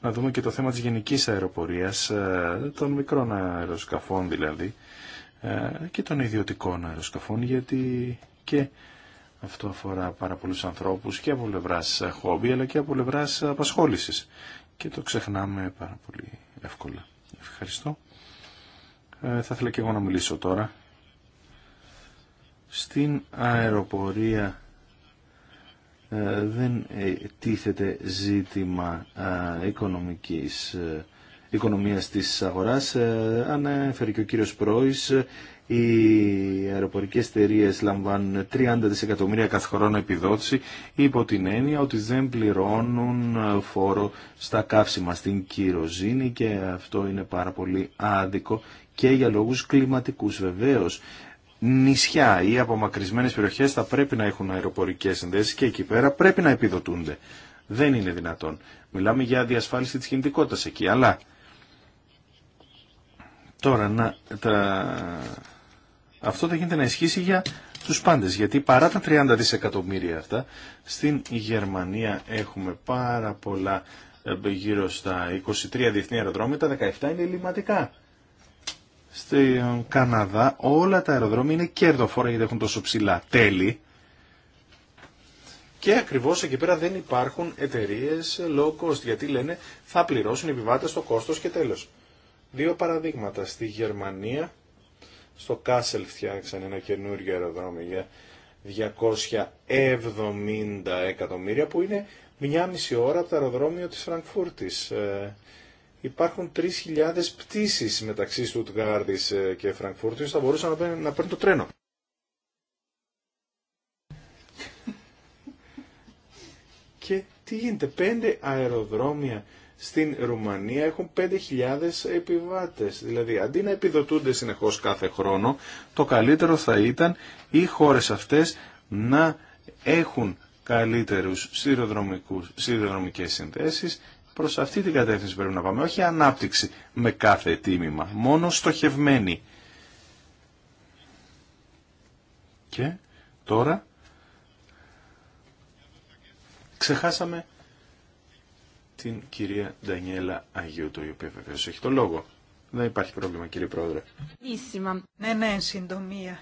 να δούμε και το θέμα της γενικής αεροπορίας, ε, των μικρών αεροσκαφών δηλαδή, ε, και των ιδιωτικών αεροσκαφών, γιατί και αυτό αφορά πάρα πολλούς ανθρώπους και από πλευρά χόμπι, αλλά και από πλευρά απασχόλησης. Και το ξεχνάμε πάρα πολύ εύκολα. Ευχαριστώ. Ε, θα ήθελα και εγώ να μιλήσω τώρα στην αεροπορία ε, δεν ε, τίθεται ζήτημα ε, οικονομικής οικονομίας της αγοράς. Ανέφερε και ο κύριος Πρόης, οι αεροπορικές εταιρείε λαμβάνουν 30 δισεκατομμύρια κάθε χρόνο επιδότηση υπό την έννοια ότι δεν πληρώνουν φόρο στα καύσιμα στην κυροζήνη και αυτό είναι πάρα πολύ άδικο και για λόγους κλιματικούς βεβαίως νησιά ή απομακρυσμένες περιοχές θα πρέπει να έχουν αεροπορικές συνδέσεις και εκεί πέρα πρέπει να επιδοτούνται. Δεν είναι δυνατόν. Μιλάμε για διασφάλιση της κινητικότητας εκεί, αλλά τώρα να, αυτό δεν γίνεται να ισχύσει για τους πάντες, γιατί παρά τα 30 δισεκατομμύρια αυτά, στην Γερμανία έχουμε πάρα πολλά ε, γύρω στα 23 διεθνή αεροδρόμια, τα 17 είναι ελληματικά. Στην ε, Καναδά όλα τα αεροδρόμια είναι κερδοφόρα γιατί έχουν τόσο ψηλά τέλη. Και ακριβώ εκεί πέρα δεν υπάρχουν εταιρείε low cost γιατί λένε θα πληρώσουν οι επιβάτε το κόστο και τέλο. Δύο παραδείγματα. Στη Γερμανία, στο Κάσελ φτιάξαν ένα καινούριο αεροδρόμιο για 270 εκατομμύρια που είναι μια μισή ώρα από το αεροδρόμιο της Φραγκφούρτης. Ε, υπάρχουν 3.000 πτήσεις μεταξύ Στουτγάρδης ε, και Φραγκφούρτης, θα μπορούσαν να παίρνουν, το τρένο. και τι γίνεται, πέντε αεροδρόμια στην Ρουμανία έχουν 5.000 επιβάτες. Δηλαδή, αντί να επιδοτούνται συνεχώς κάθε χρόνο, το καλύτερο θα ήταν οι χώρες αυτές να έχουν καλύτερους σιδηροδρομικές συνδέσεις Προς αυτή την κατεύθυνση πρέπει να πάμε. Όχι ανάπτυξη με κάθε τίμημα. Μόνο στοχευμένη. Και τώρα ξεχάσαμε την κυρία Ντανιέλα Αγιούτο, η οποία βεβαίως έχει το λόγο. Δεν υπάρχει πρόβλημα κύριε Πρόεδρε. Ναι, ναι, συντομία.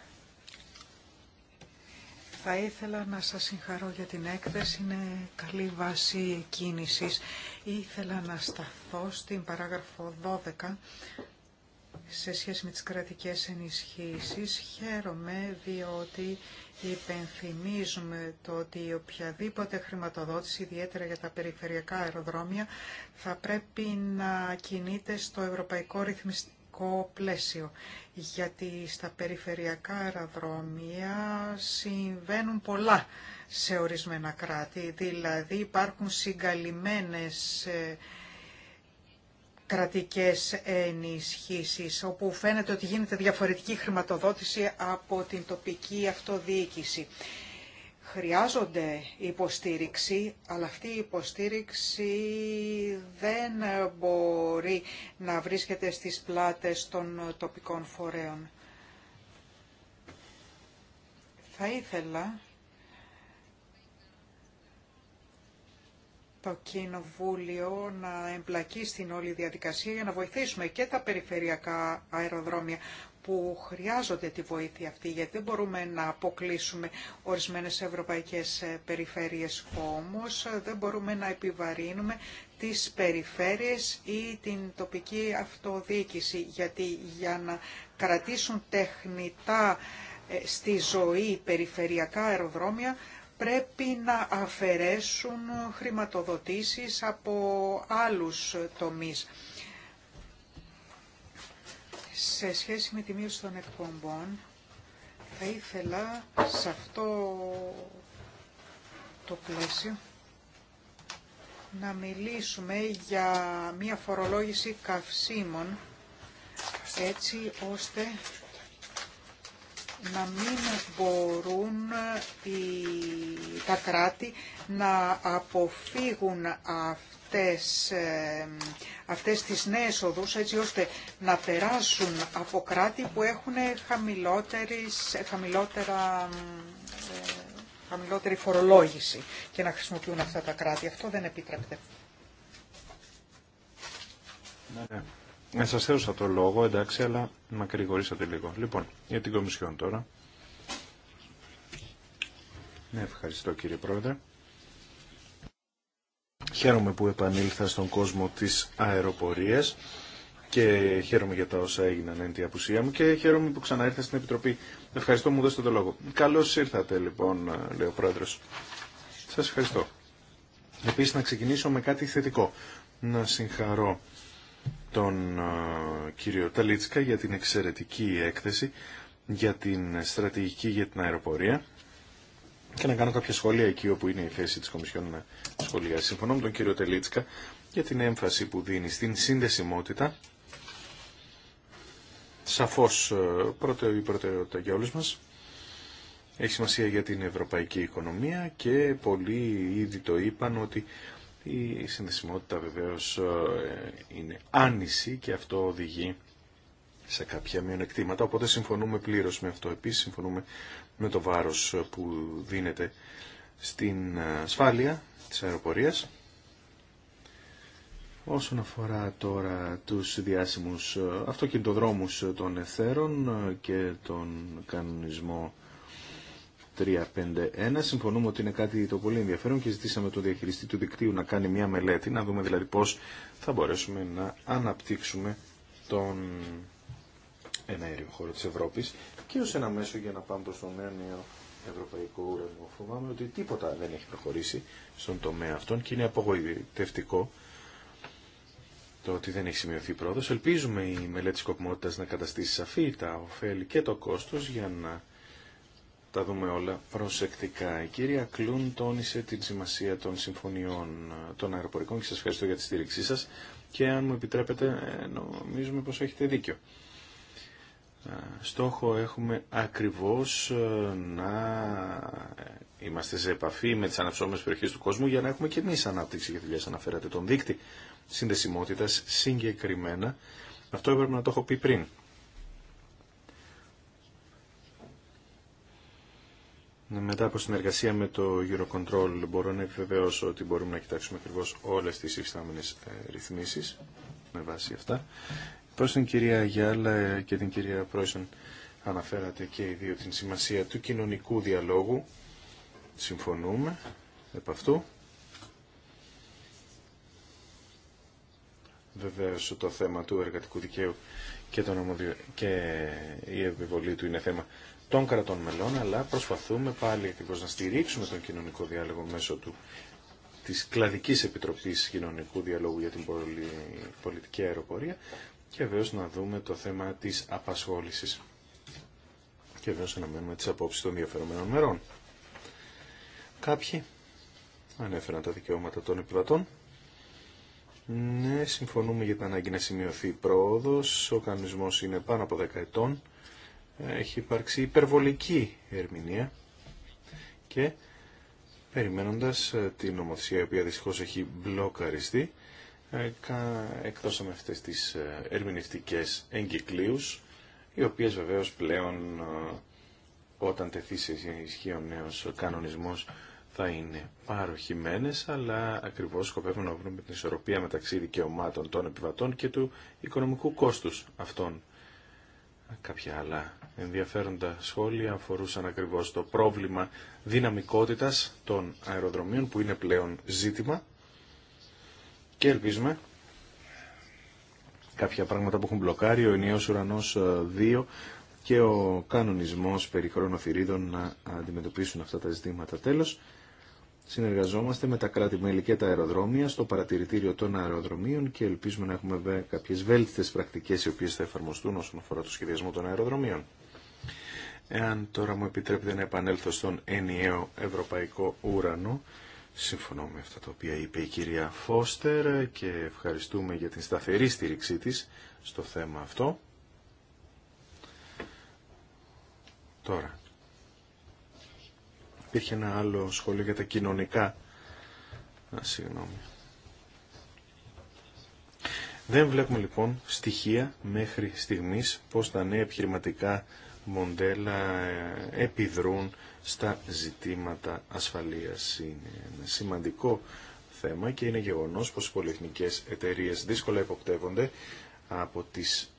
Θα ήθελα να σας συγχαρώ για την έκθεση, είναι καλή βάση κίνησης. Ήθελα να σταθώ στην παράγραφο 12 σε σχέση με τις κρατικές ενισχύσεις. Χαίρομαι διότι υπενθυμίζουμε το ότι οποιαδήποτε χρηματοδότηση, ιδιαίτερα για τα περιφερειακά αεροδρόμια, θα πρέπει να κινείται στο Ευρωπαϊκό πλαίσιο. Γιατί στα περιφερειακά αεροδρόμια συμβαίνουν πολλά σε ορισμένα κράτη. Δηλαδή υπάρχουν συγκαλυμμένες ε, κρατικές ενισχύσεις, όπου φαίνεται ότι γίνεται διαφορετική χρηματοδότηση από την τοπική αυτοδιοίκηση χρειάζονται υποστήριξη, αλλά αυτή η υποστήριξη δεν μπορεί να βρίσκεται στις πλάτες των τοπικών φορέων. Θα ήθελα το Κοινοβούλιο να εμπλακεί στην όλη διαδικασία για να βοηθήσουμε και τα περιφερειακά αεροδρόμια που χρειάζονται τη βοήθεια αυτή, γιατί δεν μπορούμε να αποκλείσουμε ορισμένες ευρωπαϊκές ε, περιφέρειες όμως, ε, δεν μπορούμε να επιβαρύνουμε τις περιφέρειες ή την τοπική αυτοδιοίκηση, γιατί για να κρατήσουν τεχνητά ε, στη ζωή περιφερειακά αεροδρόμια, πρέπει να αφαιρέσουν χρηματοδοτήσεις από άλλους τομείς σε σχέση με τη μείωση των εκπομπών, θα ήθελα σε αυτό το πλαίσιο να μιλήσουμε για μία φορολόγηση καυσίμων έτσι ώστε να μην μπορούν οι, τα κράτη να αποφύγουν αυτό αυτές, ε, αυτές τις νέες οδούς έτσι ώστε να περάσουν από κράτη που έχουν χαμηλότερα, ε, χαμηλότερη φορολόγηση και να χρησιμοποιούν αυτά τα κράτη. Αυτό δεν επιτρέπεται. Ναι. ναι. Ε, σας θέωσα το λόγο, εντάξει, αλλά μακρηγορήσατε λίγο. Λοιπόν, για την Κομισιόν τώρα. Ναι, ευχαριστώ κύριε Πρόεδρε. Χαίρομαι που επανήλθα στον κόσμο της αεροπορίας και χαίρομαι για τα όσα έγιναν εν τη απουσία μου και χαίρομαι που ξανά ήρθα στην Επιτροπή. Ευχαριστώ μου δώστε το λόγο. Καλώς ήρθατε λοιπόν, λέει ο Πρόεδρος. Σας ευχαριστώ. Επίσης να ξεκινήσω με κάτι θετικό. Να συγχαρώ τον κύριο Ταλίτσκα για την εξαιρετική έκθεση για την στρατηγική για την αεροπορία και να κάνω κάποια σχόλια εκεί όπου είναι η θέση της Κομισιόν να Συμφωνώ με τον κύριο Τελίτσκα για την έμφαση που δίνει στην συνδεσιμότητα. Σαφώς ε, πρώτε, η προτεραιότητα για όλους μας. Έχει σημασία για την ευρωπαϊκή οικονομία και πολλοί ήδη το είπαν ότι η συνδεσιμότητα βεβαίως ε, είναι άνηση και αυτό οδηγεί σε κάποια μειονεκτήματα. Οπότε συμφωνούμε πλήρως με αυτό. Επίσης συμφωνούμε με το βάρος που δίνεται στην ασφάλεια της αεροπορίας. Όσον αφορά τώρα τους διάσημους αυτοκινητοδρόμους των εθέρων και τον κανονισμό 351, συμφωνούμε ότι είναι κάτι το πολύ ενδιαφέρον και ζητήσαμε τον διαχειριστή του δικτύου να κάνει μια μελέτη, να δούμε δηλαδή πώς θα μπορέσουμε να αναπτύξουμε τον εναέριο χώρο της Ευρώπης και ένα μέσο για να πάμε προς το νέο ευρωπαϊκό ουρανό. Φοβάμαι ότι τίποτα δεν έχει προχωρήσει στον τομέα αυτόν και είναι απογοητευτικό το ότι δεν έχει σημειωθεί πρόοδο. Ελπίζουμε η μελέτη σκοπιμότητας να καταστήσει σαφή τα ωφέλη και το κόστο για να τα δούμε όλα προσεκτικά. Η κυρία Κλούν τόνισε την σημασία των συμφωνιών των αεροπορικών και σα ευχαριστώ για τη στήριξή σα. Και αν μου επιτρέπετε, ε, νομίζουμε πω έχετε δίκιο στόχο έχουμε ακριβώς ε, να είμαστε σε επαφή με τις αναψώμενες περιοχές του κόσμου για να έχουμε και εμείς ανάπτυξη για δουλειές αναφέρατε τον δείκτη συνδεσιμότητας συγκεκριμένα. Αυτό έπρεπε να το έχω πει πριν. Μετά από συνεργασία με το Eurocontrol μπορώ να επιβεβαιώσω ότι μπορούμε να κοιτάξουμε ακριβώς όλες τις υφιστάμενες ε, ρυθμίσεις με βάση αυτά Προς την κυρία Γιάλα και την κυρία Πρόισον αναφέρατε και οι δύο την σημασία του κοινωνικού διαλόγου. Συμφωνούμε επ' αυτού. Βεβαίω το θέμα του εργατικού δικαίου και, και η επιβολή του είναι θέμα των κρατών μελών, αλλά προσπαθούμε πάλι ακριβώ να στηρίξουμε τον κοινωνικό διάλογο μέσω του της Κλαδικής Επιτροπής Κοινωνικού Διαλόγου για την Πολιτική Αεροπορία, και βέβαια να δούμε το θέμα της απασχόλησης και βέβαια να μένουμε τις απόψεις των ενδιαφερομένων μερών. Κάποιοι ανέφεραν τα δικαιώματα των επιβατών. Ναι, συμφωνούμε για την ανάγκη να σημειωθεί πρόοδος. Ο κανονισμός είναι πάνω από 10 ετών. Έχει υπάρξει υπερβολική ερμηνεία και περιμένοντας την νομοθεσία η οποία δυστυχώς έχει μπλοκαριστεί εκδώσαμε αυτές τις ε, ερμηνευτικές εγκυκλίους, οι οποίες βεβαίως πλέον ε, όταν τεθεί σε ισχύ ο νέος κανονισμός θα είναι παροχημένες, αλλά ακριβώς σκοπεύουμε να βρούμε την ισορροπία μεταξύ δικαιωμάτων των επιβατών και του οικονομικού κόστους αυτών. Κάποια άλλα ενδιαφέροντα σχόλια αφορούσαν ακριβώς το πρόβλημα δυναμικότητας των αεροδρομίων που είναι πλέον ζήτημα και ελπίζουμε κάποια πράγματα που έχουν μπλοκάρει, ο ενιαίος ουρανός 2 ε, και ο κανονισμός περί χρονοθυρίδων να αντιμετωπίσουν αυτά τα ζητήματα. Τέλος, συνεργαζόμαστε με τα κράτη-μέλη και τα αεροδρόμια στο παρατηρητήριο των αεροδρομίων και ελπίζουμε να έχουμε κάποιες βέλτιστες πρακτικές οι οποίες θα εφαρμοστούν όσον αφορά το σχεδιασμό των αεροδρομίων. Εάν τώρα μου επιτρέπετε να επανέλθω στον ενιαίο ευρωπαϊκό ουρανό, Συμφωνώ με αυτά τα οποία είπε η κυρία Φώστερ και ευχαριστούμε για την σταθερή στήριξή της στο θέμα αυτό. Τώρα, υπήρχε ένα άλλο σχόλιο για τα κοινωνικά. Α, συγγνώμη. Δεν βλέπουμε λοιπόν στοιχεία μέχρι στιγμής πως τα νέα επιχειρηματικά μοντέλα ε, επιδρούν στα ζητήματα ασφαλείας. Είναι ένα σημαντικό θέμα και είναι γεγονός πως οι πολυεθνικές εταιρείες δύσκολα υποπτεύονται από τις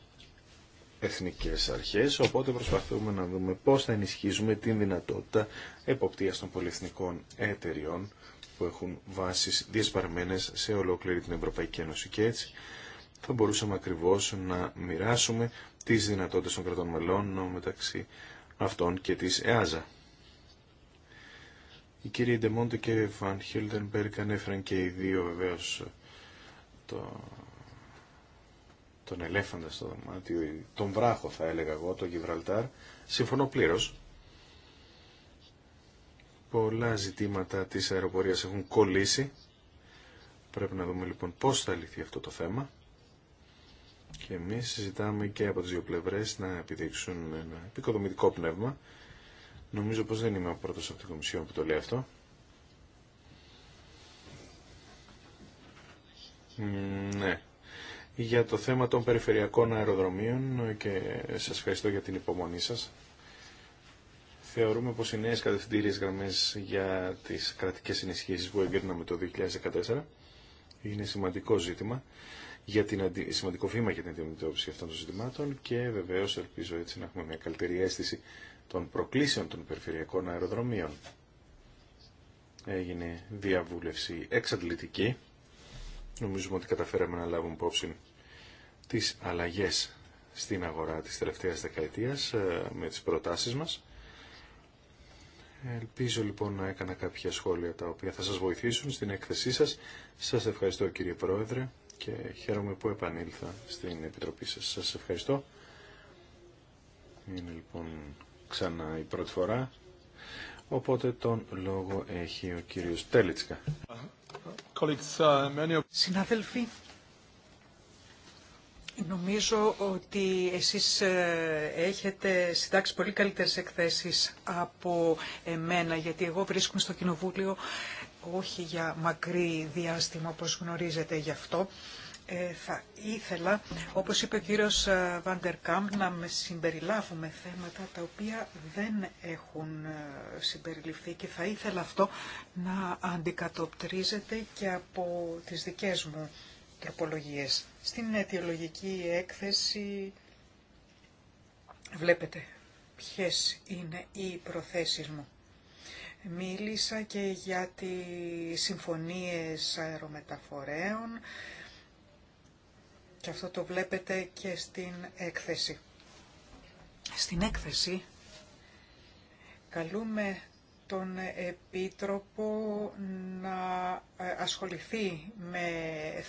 εθνικές αρχές, οπότε προσπαθούμε να δούμε πώς θα ενισχύσουμε την δυνατότητα εποπτείας των πολυεθνικών εταιριών που έχουν βάσεις διασπαρμένες σε ολόκληρη την Ευρωπαϊκή Ένωση και έτσι θα μπορούσαμε ακριβώς να μοιράσουμε τις δυνατότητες των κρατών μελών μεταξύ αυτών και της ΕΑΖΑ. Οι κύριοι Ντεμόντε και Βαν Χίλτενμπεργκ ανέφεραν και οι δύο βεβαίω ε, το... τον ελέφαντα στο δωμάτιο, τον βράχο θα έλεγα εγώ, το Γιβραλτάρ. Συμφωνώ πλήρω. Πολλά ζητήματα τη αεροπορία έχουν κολλήσει. Πρέπει να δούμε λοιπόν πώς θα λυθεί αυτό το θέμα. Και εμεί συζητάμε και από τι δύο πλευρές να επιδείξουν ένα επικοδομητικό πνεύμα Νομίζω πως δεν είμαι ο πρώτος από την Κομισιόν που το λέει αυτό. Ναι. Για το θέμα των περιφερειακών αεροδρομίων και σας ευχαριστώ για την υπομονή σας. Θεωρούμε πως οι νέες κατευθυντήριες γραμμές για τις κρατικές ενισχύσεις που εγκρίναμε το 2014 είναι σημαντικό ζήτημα για την σημαντικό βήμα για την αντιμετώπιση αυτών των ζητημάτων και βεβαίως ελπίζω έτσι να έχουμε μια καλύτερη αίσθηση των προκλήσεων των περιφερειακών αεροδρομίων. Έγινε διαβούλευση εξαντλητική. Νομίζουμε ότι καταφέραμε να λάβουμε υπόψη τις αλλαγές στην αγορά της τελευταίας δεκαετίας ε, με τις προτάσεις μας. Ελπίζω λοιπόν να έκανα κάποια σχόλια τα οποία θα σας βοηθήσουν στην έκθεσή σας. Σας ευχαριστώ κύριε Πρόεδρε και χαίρομαι που επανήλθα στην Επιτροπή σας. Σας ευχαριστώ. Είναι λοιπόν ξανά η πρώτη φορά. Οπότε τον λόγο έχει ο κύριος Τέλιτσκα. Uh, Συνάδελφοι, νομίζω ότι εσείς ε, έχετε συντάξει πολύ καλύτερες εκθέσεις από εμένα, γιατί εγώ βρίσκομαι στο Κοινοβούλιο όχι για μακρύ διάστημα όπως γνωρίζετε γι' αυτό. Ε, θα ήθελα, όπως είπε ο κύριος Βαντερκάμπ, να με συμπεριλάβουμε θέματα τα οποία δεν έχουν ε, συμπεριληφθεί και θα ήθελα αυτό να αντικατοπτρίζεται και από τις δικές μου τροπολογίες. Στην αιτιολογική έκθεση βλέπετε ποιες είναι οι προθέσεις μου. Μίλησα και για τις συμφωνίες αερομεταφορέων, και αυτό το βλέπετε και στην έκθεση. Στην έκθεση καλούμε τον Επίτροπο να ε, ασχοληθεί με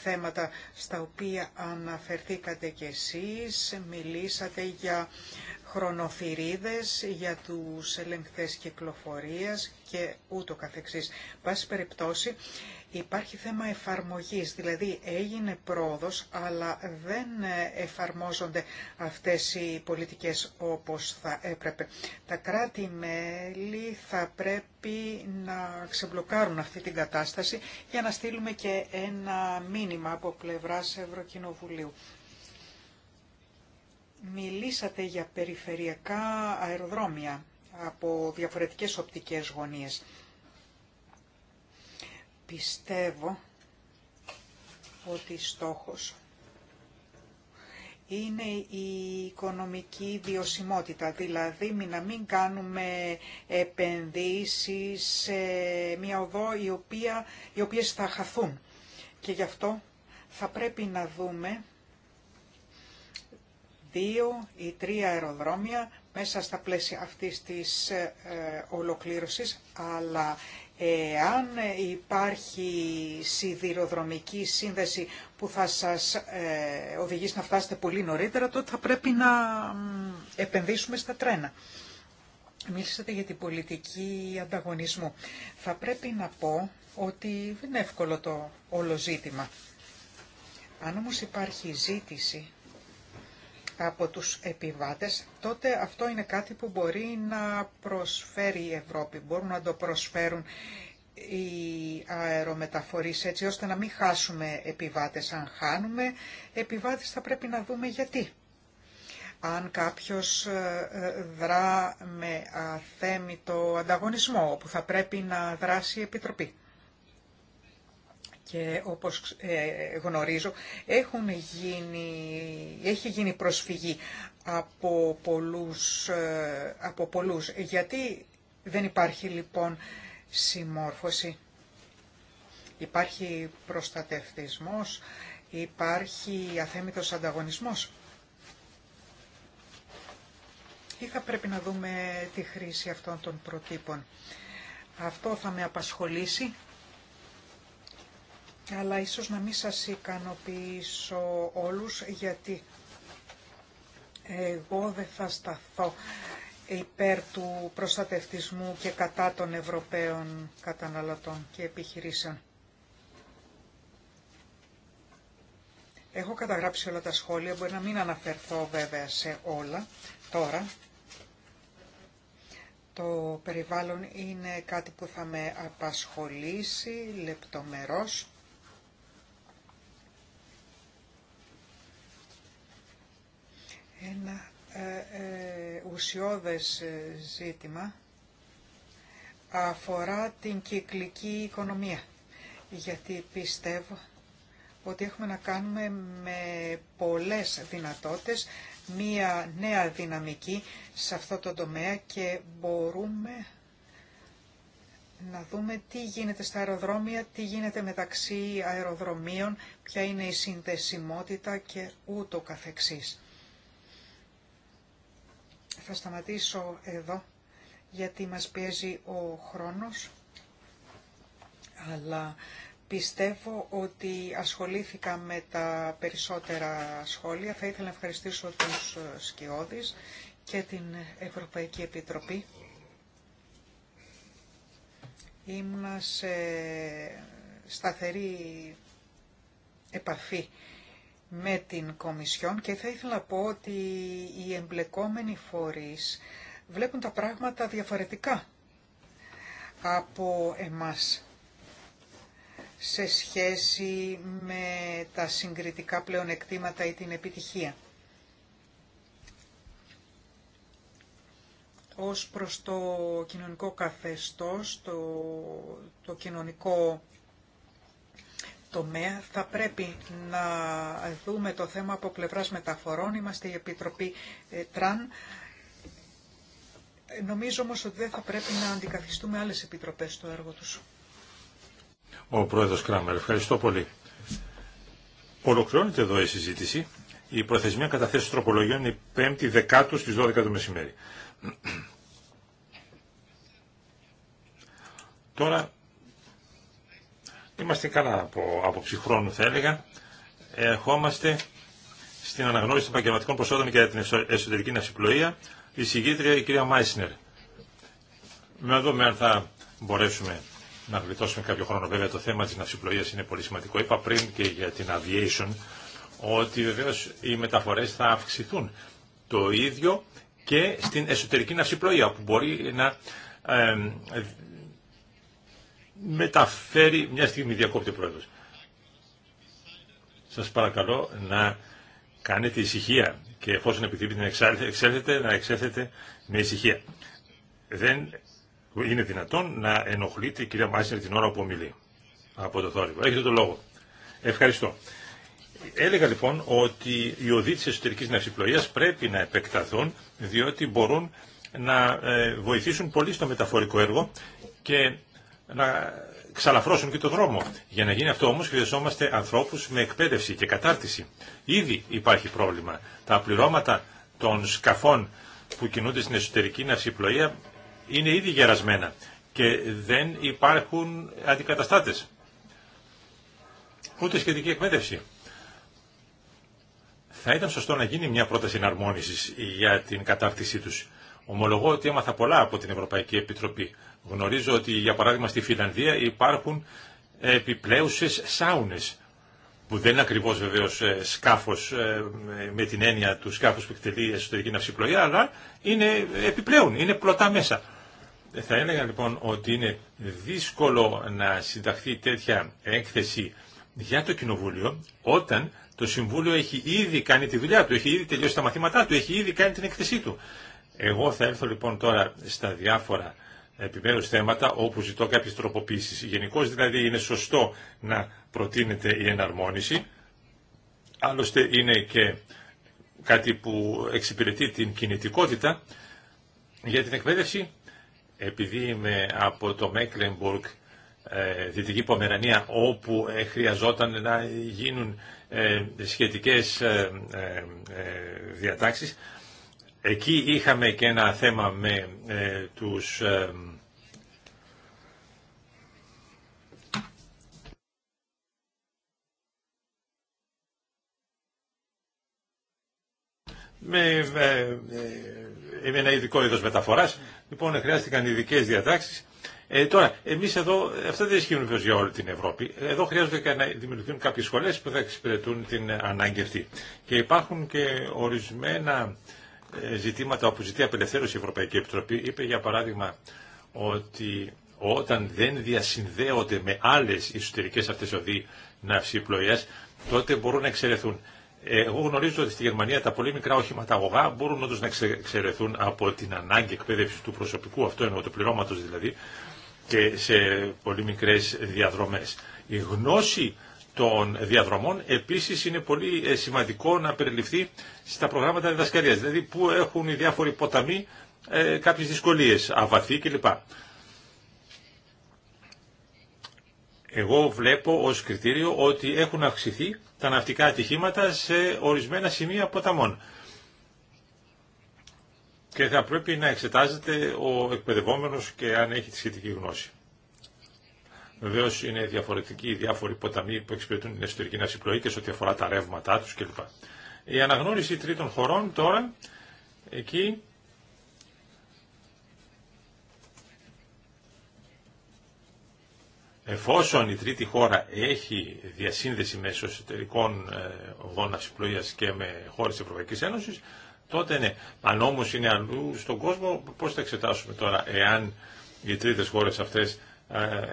θέματα στα οποία αναφερθήκατε κι εσείς, μιλήσατε για χρονοθυρίδες, για τους ελεγκτές κυκλοφορίας και ούτω καθεξής. Πάση περιπτώσει, Υπάρχει θέμα εφαρμογής, δηλαδή έγινε πρόοδος, αλλά δεν ε, εφαρμόζονται αυτές οι πολιτικές όπως θα έπρεπε. Τα κράτη-μέλη θα πρέπει να ξεμπλοκάρουν αυτή την κατάσταση για να στείλουμε και ένα μήνυμα από πλευράς Ευρωκοινοβουλίου. Μιλήσατε για περιφερειακά αεροδρόμια από διαφορετικές οπτικές γωνίες. Πιστεύω ότι στόχος είναι η οικονομική βιωσιμότητα, δηλαδή να μην κάνουμε επενδύσεις σε μια οδό η οποία, οι οποίες θα χαθούν. Και γι' αυτό θα πρέπει να δούμε δύο ή τρία αεροδρόμια μέσα στα πλαίσια αυτής της ε, ολοκλήρωσης, αλλά αν υπάρχει σιδηροδρομική σύνδεση που θα σας ε, οδηγήσει να φτάσετε πολύ νωρίτερα, τότε θα πρέπει να επενδύσουμε στα τρένα. Μίλησατε για την πολιτική ανταγωνισμού. Θα πρέπει να πω ότι δεν είναι εύκολο το όλο ζήτημα. Αν όμως υπάρχει ζήτηση από τους επιβάτες, τότε αυτό είναι κάτι που μπορεί να προσφέρει η Ευρώπη. Μπορούν να το προσφέρουν οι αερομεταφορείς έτσι ώστε να μην χάσουμε επιβάτες. Αν χάνουμε επιβάτες θα πρέπει να δούμε γιατί. Αν κάποιος ε, ε, δρά με αθέμητο ανταγωνισμό, που θα πρέπει να δράσει η Επιτροπή και όπως ε, γνωρίζω έχουν γίνει, έχει γίνει προσφυγή από πολλούς, ε, από πολλούς. Γιατί δεν υπάρχει λοιπόν συμμόρφωση. Υπάρχει προστατευτισμός, υπάρχει αθέμητος ανταγωνισμός. Ή θα πρέπει να δούμε τη χρήση αυτών των προτύπων. Αυτό θα με απασχολήσει αλλά ίσως να μην σας ικανοποιήσω όλους γιατί εγώ δεν θα σταθώ υπέρ του προστατευτισμού και κατά των Ευρωπαίων καταναλωτών και επιχειρήσεων. Έχω καταγράψει όλα τα σχόλια, μπορεί να μην αναφερθώ βέβαια σε όλα τώρα. Το περιβάλλον είναι κάτι που θα με απασχολήσει λεπτομερώς ένα ε, ε, ε, ζήτημα αφορά την κυκλική οικονομία. Γιατί πιστεύω ότι έχουμε να κάνουμε με πολλές δυνατότητες, μία νέα δυναμική σε αυτό το τομέα και μπορούμε να δούμε τι γίνεται στα αεροδρόμια, τι γίνεται μεταξύ αεροδρομίων, ποια είναι η συνδεσιμότητα και ούτω καθεξής. Θα σταματήσω εδώ γιατί μας πιέζει ο χρόνος, αλλά πιστεύω ότι ασχολήθηκα με τα περισσότερα σχόλια. Θα ήθελα να ευχαριστήσω τους ε, Σκιώδης και την Ευρωπαϊκή Επιτροπή. Ήμουνα σε σταθερή επαφή με την Κομισιόν και θα ήθελα να πω ότι οι εμπλεκόμενοι φορείς βλέπουν τα πράγματα διαφορετικά από εμάς σε σχέση με τα συγκριτικά πλεονεκτήματα ή την επιτυχία. Ως προς το κοινωνικό καθεστώς, το, το κοινωνικό τομέα θα πρέπει να δούμε το θέμα από πλευράς μεταφορών. Είμαστε η Επιτροπή ε, Τραν. Ε, νομίζω όμως ότι δεν θα πρέπει να αντικαθιστούμε άλλες επιτροπές στο έργο τους. Ο Πρόεδρος Κράμερ, ευχαριστώ πολύ. Ολοκληρώνεται εδώ η συζήτηση. Η προθεσμία καταθέσεως τροπολογιών είναι 5η δεκάτου στις 12 το μεσημέρι. Τώρα Είμαστε καλά από, από ψυχρόνου θα έλεγα. Ερχόμαστε στην αναγνώριση των επαγγελματικών προσόντων για την εσωτερική ναυσιπλοεία. Η συγκήτρια η κυρία Μάισνερ. Να δούμε αν θα μπορέσουμε να γλιτώσουμε κάποιο χρόνο. Βέβαια το θέμα της ναυσιπλοείας είναι πολύ σημαντικό. Είπα πριν και για την aviation ότι βεβαίω οι μεταφορές θα αυξηθούν. Το ίδιο και στην εσωτερική ναυσιπλοεία που μπορεί να ε, μεταφέρει μια στιγμή διακόπτη πρόεδρος. Σας παρακαλώ να κάνετε ησυχία και εφόσον επιθυμείτε να εξέλθετε, να εξέλθετε με ησυχία. Δεν είναι δυνατόν να ενοχλείτε, η κυρία Μάσινερ την ώρα που ομιλεί από το θόρυβο. Έχετε το λόγο. Ευχαριστώ. Έλεγα λοιπόν ότι οι οδοί της εσωτερικής ναυσιπλοείας πρέπει να επεκταθούν διότι μπορούν να ε, βοηθήσουν πολύ στο μεταφορικό έργο και να ξαλαφρώσουν και το δρόμο. Για να γίνει αυτό όμως χρειαζόμαστε ανθρώπους με εκπαίδευση και κατάρτιση. Ήδη υπάρχει πρόβλημα. Τα πληρώματα των σκαφών που κινούνται στην εσωτερική ναυσιπλοεία είναι ήδη γερασμένα και δεν υπάρχουν αντικαταστάτες. Ούτε σχετική εκπαίδευση. Θα ήταν σωστό να γίνει μια πρόταση εναρμόνισης για την κατάρτισή τους. Ομολογώ ότι έμαθα πολλά από την Ευρωπαϊκή Επιτροπή. Γνωρίζω ότι για παράδειγμα στη Φιλανδία υπάρχουν επιπλέουσες σάουνες που δεν είναι ακριβώς βεβαίως ε, σκάφος ε, με την έννοια του σκάφους που εκτελεί εσωτερική ναυσιπλοεία αλλά είναι ε, επιπλέον, είναι πλωτά μέσα. Θα έλεγα λοιπόν ότι είναι δύσκολο να συνταχθεί τέτοια έκθεση για το Κοινοβούλιο όταν το Συμβούλιο έχει ήδη κάνει τη δουλειά του, έχει ήδη τελειώσει τα μαθήματά του, έχει ήδη κάνει την εκθεσή του. Εγώ θα έρθω λοιπόν τώρα στα διάφορα επιμέρους θέματα όπου ζητώ κάποιες τροποποίησεις. Γενικώ δηλαδή είναι σωστό να προτείνεται η εναρμόνιση. Άλλωστε είναι και κάτι που εξυπηρετεί την κινητικότητα για την εκπαίδευση. Επειδή είμαι από το Μέκλεμπουργκ, ε, Δυτική Πομερανία, όπου ε, χρειαζόταν να γίνουν ε, σχετικές διατάξεις, Εκεί είχαμε και ένα θέμα με ε, τους... Ε, με ε, ε, ένα ειδικό είδος μεταφοράς. Λοιπόν, χρειάστηκαν ειδικέ διατάξεις. Ε, τώρα, εμείς εδώ, αυτά δεν ισχύουν βέβαια για όλη την Ευρώπη. Εδώ χρειάζονται και να δημιουργηθούν κάποιες σχολές που θα εξυπηρετούν την ανάγκη αυτή. Και υπάρχουν και ορισμένα ε, ζητήματα όπου ζητεί απελευθέρωση η Ευρωπαϊκή Επιτροπή. Είπε για παράδειγμα ότι όταν δεν διασυνδέονται με άλλες εσωτερικέ αυτές οδοί ναυσιπλοείας, τότε μπορούν να εξαιρεθούν. Ε, εγώ γνωρίζω ότι στη Γερμανία τα πολύ μικρά οχήματα αγωγά μπορούν όντω να εξαιρεθούν από την ανάγκη εκπαίδευση του προσωπικού, αυτό εννοώ του πληρώματο δηλαδή, και σε πολύ μικρέ διαδρομέ. Η γνώση των διαδρομών επίσης είναι πολύ ε, σημαντικό να περιληφθεί στα προγράμματα διδασκαλίας, δηλαδή που έχουν οι διάφοροι ποταμοί ε, κάποιες δυσκολίες, αβαθή κλπ. Εγώ βλέπω ως κριτήριο ότι έχουν αυξηθεί τα ναυτικά ατυχήματα σε ορισμένα σημεία ποταμών. Και θα πρέπει να εξετάζεται ο εκπαιδευόμενος και αν έχει τη σχετική γνώση. Βεβαίω είναι διαφορετικοί οι διάφοροι ποταμοί που εξυπηρετούν την εσωτερική ναυσιπλοή και σε ό,τι αφορά τα ρεύματά του κλπ. Η αναγνώριση τρίτων χωρών τώρα εκεί εφόσον η τρίτη χώρα έχει διασύνδεση με εσωτερικών ε, οδών ναυσιπλοείας και με χώρε τη Ευρωπαϊκής Ένωσης τότε ναι. Αν όμω είναι αλλού στον κόσμο πώ θα εξετάσουμε τώρα εάν οι τρίτε χώρε αυτέ. Ε,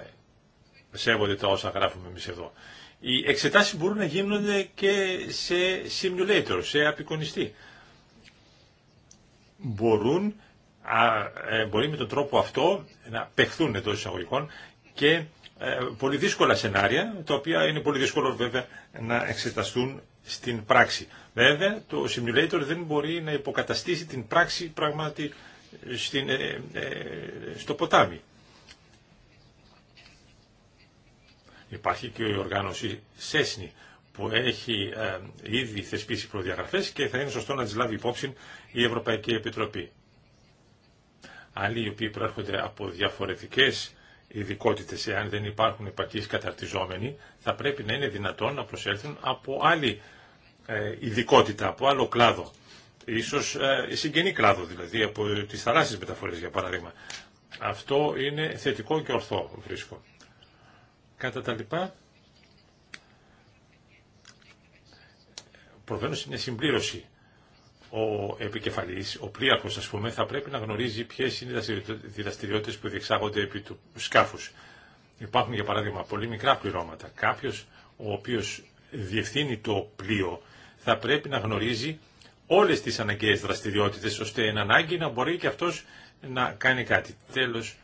σέβονται τα όσα γράφουμε εμείς εδώ. Οι εξετάσεις μπορούν να γίνονται και σε simulator, σε απεικονιστή. Μπορούν, α, ε, μπορεί με τον τρόπο αυτό να παιχθούν εντό εισαγωγικών και ε, πολύ δύσκολα σενάρια, τα οποία είναι πολύ δύσκολο βέβαια να εξεταστούν στην πράξη. Βέβαια, το simulator δεν μπορεί να υποκαταστήσει την πράξη πράγματι ε, ε, στο ποτάμι. Υπάρχει και η οργάνωση ΣΕΣΝΗ που έχει ε, ήδη θεσπίσει προδιαγραφές και θα είναι σωστό να τις λάβει υπόψη η Ευρωπαϊκή Επιτροπή. Άλλοι οι οποίοι προέρχονται από διαφορετικές ειδικότητες, εάν δεν υπάρχουν επαρκείς καταρτιζόμενοι, θα πρέπει να είναι δυνατόν να προσέλθουν από άλλη ε, ειδικότητα, από άλλο κλάδο. Ίσως ε, συγγενή κλάδο δηλαδή, από τις θαλάσσιες μεταφορές για παράδειγμα. Αυτό είναι θετικό και ορθό βρίσκω κατά τα λοιπά, προβαίνω σε συμπλήρωση. Ο επικεφαλής, ο πλοίαρχος ας πούμε, θα πρέπει να γνωρίζει ποιες είναι οι δραστηριότητες που διεξάγονται επί του σκάφους. Υπάρχουν για παράδειγμα πολύ μικρά πληρώματα. Κάποιο ο οποίος διευθύνει το πλοίο θα πρέπει να γνωρίζει όλες τις αναγκαίες δραστηριότητες ώστε εν ανάγκη να μπορεί και αυτός να κάνει κάτι. Τέλος,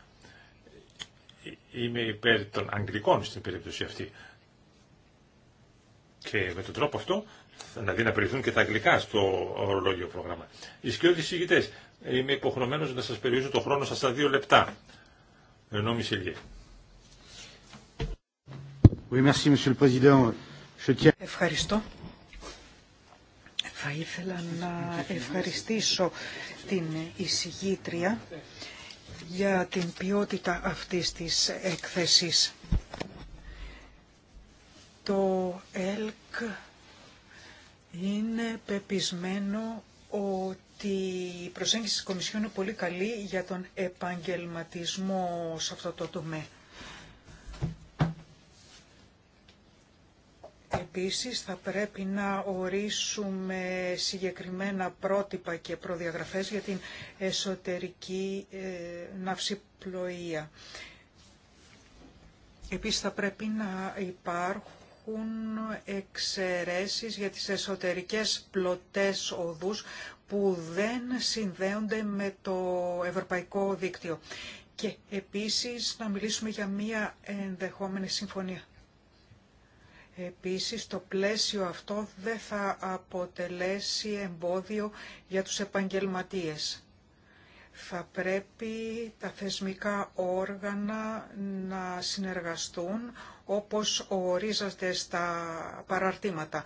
είμαι υπέρ των Αγγλικών στην περίπτωση αυτή. Και με τον τρόπο αυτό θα δει να περιθούν και τα αγγλικά στο ορολόγιο πρόγραμμα. Οι σκιώδεις είμαι υποχρεωμένος να σας περιορίζω το χρόνο σας στα δύο λεπτά. Ενώ Ευχαριστώ. Θα ήθελα να ευχαριστήσω την εισηγήτρια για την ποιότητα αυτής της έκθεσης. Το ΕΛΚ είναι πεπισμένο ότι η προσέγγιση της Κομισιόν είναι πολύ καλή για τον επαγγελματισμό σε αυτό το τομέα. Επίσης θα πρέπει να ορίσουμε συγκεκριμένα πρότυπα και προδιαγραφές για την εσωτερική ε, ναυσιπλοεία. Επίσης θα πρέπει να υπάρχουν εξαιρέσεις για τις εσωτερικές πλωτές οδούς που δεν συνδέονται με το ευρωπαϊκό δίκτυο. Και επίσης να μιλήσουμε για μία ενδεχόμενη συμφωνία Επίσης, το πλαίσιο αυτό δεν θα αποτελέσει εμπόδιο για τους επαγγελματίες. Θα πρέπει τα θεσμικά όργανα να συνεργαστούν όπως ορίζονται στα παραρτήματα.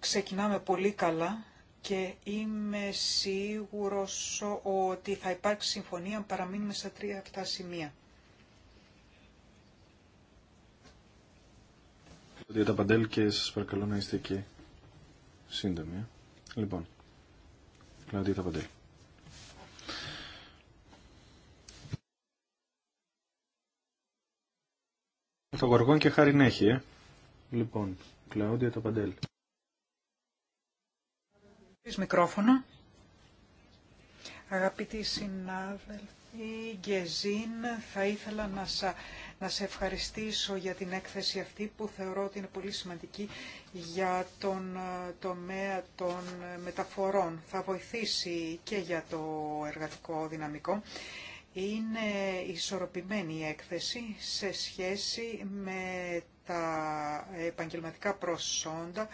Ξεκινάμε πολύ καλά και είμαι σίγουρος ότι θα υπάρξει συμφωνία αν παραμείνουμε στα τρία αυτά σημεία. τα Ταπαντέλ και σας παρακαλώ να είστε και σύντομοι. Λοιπόν, τα Ταπαντέλ. Το γοργόν και να έχει, ε. Λοιπόν, ε. λοιπόν Κλαούντια Ταπαντέλ μικρόφωνο. Αγαπητοί συνάδελφοι, Γκεζίν, θα ήθελα να, σα, να σε ευχαριστήσω για την έκθεση αυτή που θεωρώ ότι είναι πολύ σημαντική για τον ε, τομέα των ε, μεταφορών. Θα βοηθήσει και για το εργατικό δυναμικό. Είναι ισορροπημένη η έκθεση σε σχέση με τα επαγγελματικά προσόντα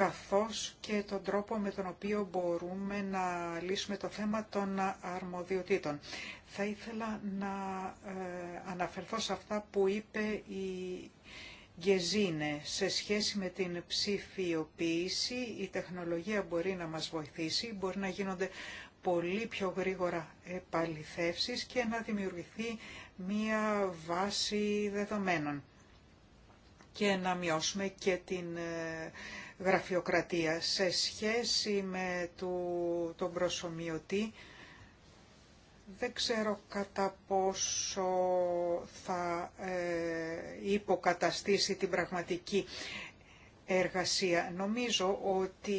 καθώς και τον τρόπο με τον οποίο μπορούμε να λύσουμε το θέμα των αρμοδιοτήτων. Θα ήθελα να ε, αναφερθώ σε αυτά που είπε η Γκεζίνε. Σε σχέση με την ψηφιοποίηση, η τεχνολογία μπορεί να μας βοηθήσει, μπορεί να γίνονται πολύ πιο γρήγορα επαληθεύσεις και να δημιουργηθεί μία βάση δεδομένων και να μειώσουμε και την ε, γραφειοκρατία σε σχέση με το, τον προσωμιωτή. Δεν ξέρω κατά πόσο θα ε, υποκαταστήσει την πραγματική εργασία. Νομίζω ότι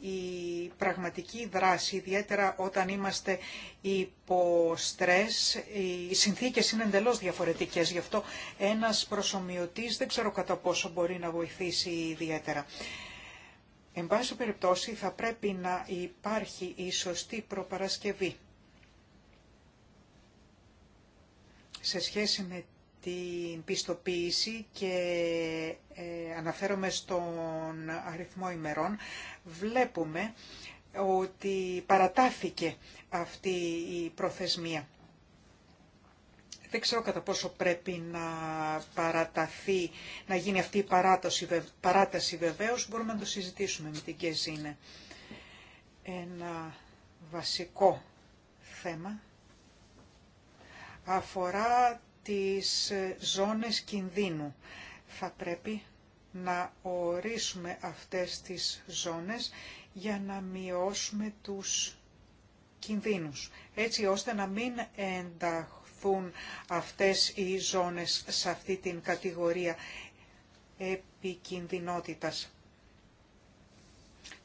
η πραγματική δράση, ιδιαίτερα όταν είμαστε υπό στρες, οι συνθήκες είναι εντελώς διαφορετικές. Γι' αυτό ένας προσωμιωτής δεν ξέρω κατά πόσο μπορεί να βοηθήσει ιδιαίτερα. Εν πάση περιπτώσει θα πρέπει να υπάρχει η σωστή προπαρασκευή σε σχέση με την πιστοποίηση και ε, αναφέρομαι στον αριθμό ημερών, βλέπουμε ότι παρατάθηκε αυτή η προθεσμία. Δεν ξέρω κατά πόσο πρέπει να παραταθεί, να γίνει αυτή η παράταση, παράταση βεβαίως. Μπορούμε να το συζητήσουμε με την Κεζίνε. Ένα βασικό θέμα αφορά τις ζώνες κινδύνου. Θα πρέπει να ορίσουμε αυτές τις ζώνες για να μειώσουμε τους κινδύνους, έτσι ώστε να μην ενταχθούν βρεθούν αυτές οι ζώνες σε αυτή την κατηγορία επικινδυνότητας.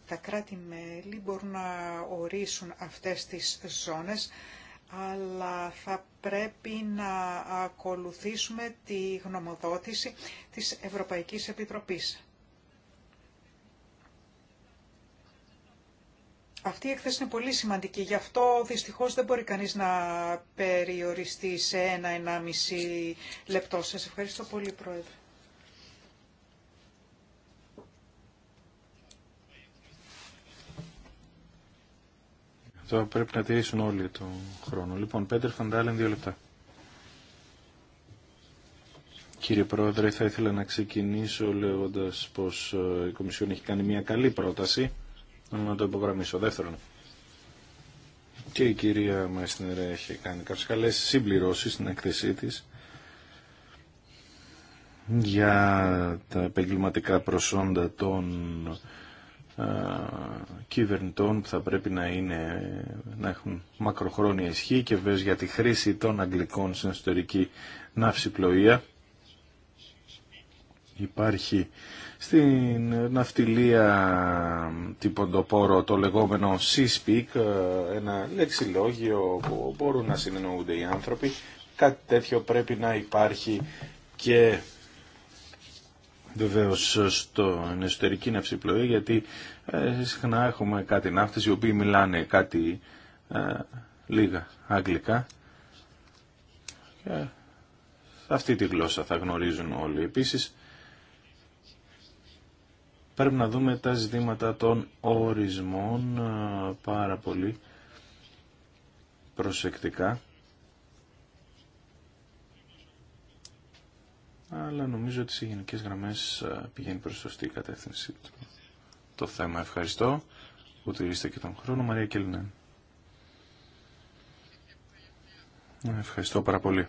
Τα κράτη-μέλη μπορούν να ορίσουν αυτές τις ζώνες, αλλά θα πρέπει να ακολουθήσουμε τη γνωμοδότηση της Ευρωπαϊκής Επιτροπής. Αυτή η έκθεση είναι πολύ σημαντική, γι' αυτό δυστυχώς δεν μπορεί κανείς να περιοριστεί σε ένα-ενάμιση λεπτό. Σας ευχαριστώ πολύ, Πρόεδρε. Αυτό πρέπει να τηρήσουν όλοι τον χρόνο. Λοιπόν, Πέντερ Φαντάλεν, δύο λεπτά. Κύριε Πρόεδρε, θα ήθελα να ξεκινήσω λέγοντας πως ε, η Κομισιόν έχει κάνει μια καλή πρόταση να το υπογραμμίσω. Δεύτερον, και η κυρία Μαϊστινέρε έχει κάνει κάποιες καλές συμπληρώσεις στην εκθεσή της για τα επεγγελματικά προσόντα των κυβερνητών που θα πρέπει να, είναι, να έχουν μακροχρόνια ισχύ και βέβαια για τη χρήση των αγγλικών στην ιστορική ναυσιπλοεία. Υπάρχει στην ναυτιλία την πόρο το λεγόμενο c Speak, ε, ένα λεξιλόγιο που μπορούν να συνεννοούνται οι άνθρωποι. Κάτι τέτοιο πρέπει να υπάρχει και Βεβαίω στην εσωτερική ναυσιπλοή, γιατί ε, συχνά έχουμε κάτι ναύτες οι οποίοι μιλάνε κάτι ε, λίγα αγγλικά και αυτή τη γλώσσα θα γνωρίζουν όλοι. Επίσης Πρέπει να δούμε τα ζητήματα των ορισμών ε, πάρα πολύ προσεκτικά. Αλλά νομίζω ότι σε γενικές γραμμές ε, πηγαίνει προς σωστή κατεύθυνση το θέμα. Ευχαριστώ που τηρήσετε και τον χρόνο. Μαρία Κελνέν. Ευχαριστώ πάρα πολύ.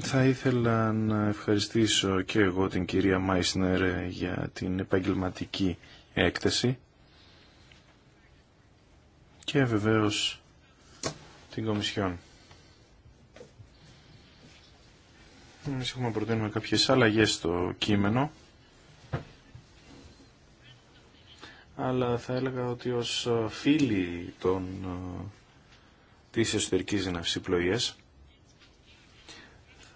Θα ήθελα να ευχαριστήσω και εγώ την κυρία Μάισνερ για την επαγγελματική έκθεση και βεβαίως την Κομισιόν. Εμείς έχουμε προτείνουμε κάποιες αλλαγές στο κείμενο αλλά θα έλεγα ότι ως φίλοι των, ε, της εσωτερικής ναυσιπλοείας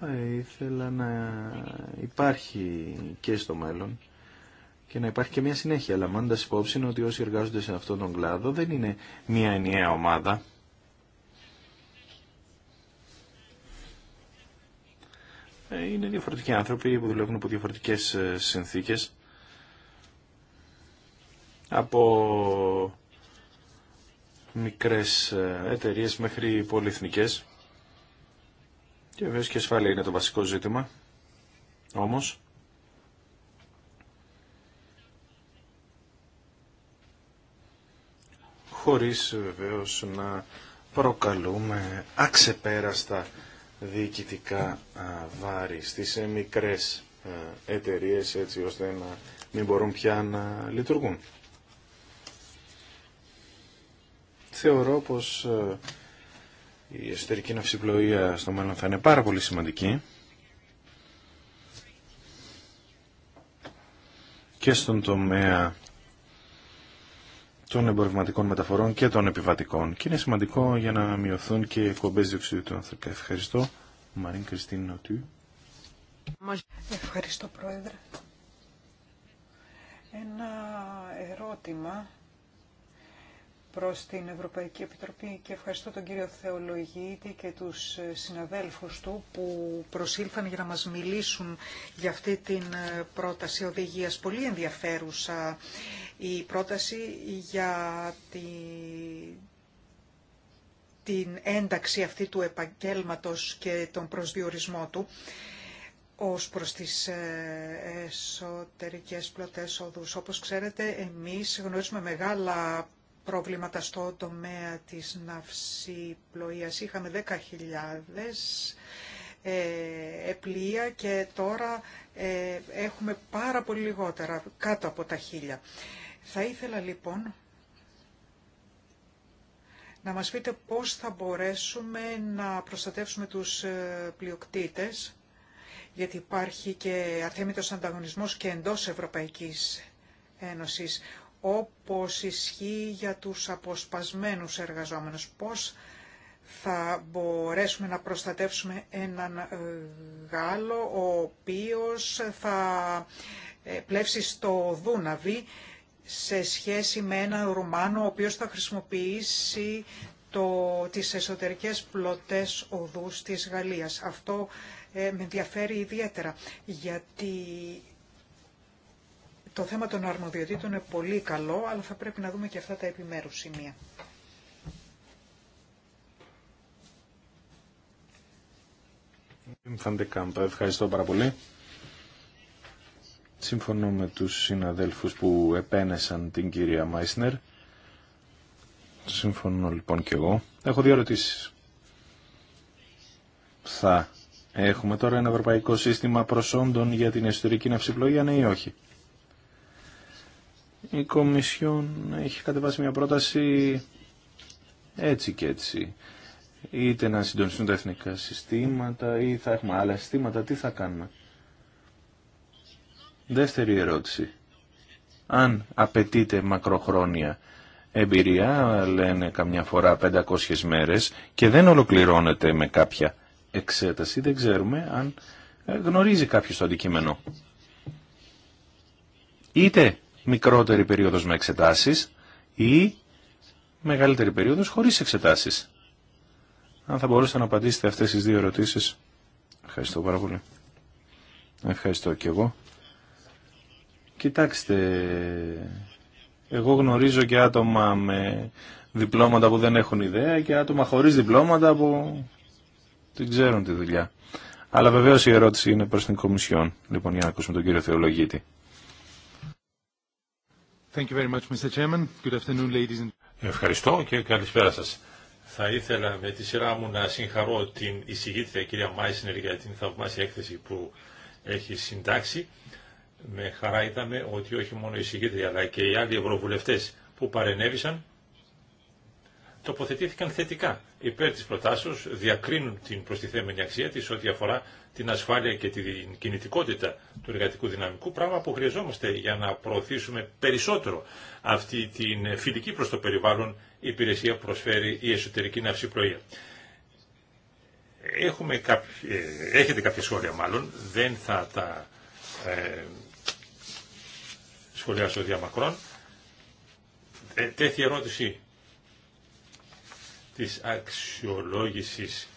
θα ήθελα να υπάρχει και στο μέλλον και να υπάρχει και μια συνέχεια, λαμβάνοντα υπόψη ότι όσοι εργάζονται σε αυτόν τον κλάδο δεν είναι μια ενιαία ομάδα. Ε, είναι διαφορετικοί άνθρωποι που δουλεύουν από διαφορετικές ε, συνθήκες από μικρές ε, εταιρείες μέχρι πολυεθνικές και βέβαια και ασφάλεια είναι το βασικό ζήτημα. Όμως, χωρίς βεβαίως να προκαλούμε αξεπέραστα διοικητικά βάρη στις ε, μικρές εταιρείες έτσι ώστε να μην μπορούν πια να λειτουργούν. Θεωρώ πως η εσωτερική ναυσιπλοεία στο μέλλον θα είναι πάρα πολύ σημαντική και στον τομέα των εμπορευματικών μεταφορών και των επιβατικών και είναι σημαντικό για να μειωθούν και οι κομπές διοξιδίου του άνθρακα. Ευχαριστώ. Μαρίν Κριστίν Νοτιού. Ευχαριστώ Πρόεδρε. Ένα ερώτημα προς την Ευρωπαϊκή Επιτροπή και ευχαριστώ τον κύριο Θεολογίτη και τους συναδέλφους του που προσήλθαν για να μας μιλήσουν για αυτή την πρόταση οδηγίας. Πολύ ενδιαφέρουσα η πρόταση για τη... την ένταξη αυτή του επαγγέλματος και τον προσδιορισμό του ως προς τις ε, εσωτερικές πλωτές οδούς. Όπως ξέρετε, εμείς γνωρίζουμε μεγάλα προβλήματα στο τομέα της ναυσιπλοείας. Είχαμε 10.000 ε, επλοία και τώρα ε, έχουμε πάρα πολύ λιγότερα, κάτω από τα χίλια. Θα ήθελα λοιπόν να μας πείτε πώς θα μπορέσουμε να προστατεύσουμε τους ε, πλειοκτήτες, γιατί υπάρχει και αθέμητος ανταγωνισμός και εντός Ευρωπαϊκής Ένωσης όπως ισχύει για τους αποσπασμένους εργαζόμενους. Πώς θα μπορέσουμε να προστατεύσουμε έναν Γάλλο ο οποίος θα ε, πλέψει στο Δούναβι σε σχέση με έναν Ρουμάνο ο οποίος θα χρησιμοποιήσει το, τις εσωτερικές πλωτές οδούς της Γαλλίας. Αυτό ε, με ενδιαφέρει ιδιαίτερα γιατί το θέμα των αρμοδιοτήτων είναι πολύ καλό, αλλά θα πρέπει να δούμε και αυτά τα επιμέρους σημεία. Ευχαριστώ πάρα πολύ. Συμφωνώ με τους συναδέλφους που επένεσαν την κυρία Μάισνερ. Συμφωνώ λοιπόν και εγώ. Έχω δύο ερωτήσεις. Θα έχουμε τώρα ένα ευρωπαϊκό σύστημα προσόντων για την εσωτερική ναυσιπλογία, ναι ή όχι η Κομισιόν έχει κατεβάσει μια πρόταση έτσι και έτσι. Είτε να συντονιστούν τα εθνικά συστήματα ή θα έχουμε άλλα συστήματα. Τι θα κάνουμε. Δεύτερη ερώτηση. Αν απαιτείται μακροχρόνια εμπειρία, λένε καμιά φορά 500 μέρες και δεν ολοκληρώνεται με κάποια εξέταση, δεν ξέρουμε αν ε, γνωρίζει κάποιος το αντικείμενο. Είτε μικρότερη περίοδος με εξετάσεις ή μεγαλύτερη περίοδος χωρίς εξετάσεις. Αν θα μπορούσατε να απαντήσετε αυτές τις δύο ερωτήσεις. Ευχαριστώ πάρα πολύ. Ευχαριστώ και εγώ. Κοιτάξτε, εγώ γνωρίζω και άτομα με διπλώματα που δεν έχουν ιδέα και άτομα χωρίς διπλώματα που δεν ξέρουν τη δουλειά. Αλλά βεβαίως η ερώτηση είναι προς την Κομισιόν. Λοιπόν, για να ακούσουμε τον κύριο Θεολογίτη. Ευχαριστώ και καλησπέρα σας. Θα ήθελα με τη σειρά μου να συγχαρώ την εισηγήτρια κυρία Μάισνερ για την θαυμάσια έκθεση που έχει συντάξει. Με χαρά είδαμε ότι όχι μόνο η εισηγήτρια αλλά και οι άλλοι ευρωβουλευτές που παρενέβησαν τοποθετήθηκαν θετικά υπέρ της προτάσεως, διακρίνουν την προστιθέμενη αξία της ό,τι αφορά την ασφάλεια και την κινητικότητα του εργατικού δυναμικού, πράγμα που χρειαζόμαστε για να προωθήσουμε περισσότερο αυτή την φιλική προς το περιβάλλον υπηρεσία που προσφέρει η εσωτερική ναυσιπλοεία. Έχουμε κάποι... Ε, έχετε κάποια σχόλια μάλλον, δεν θα τα ε, σχολιάσω διαμακρών. Ε, ερώτηση της αξιολόγησης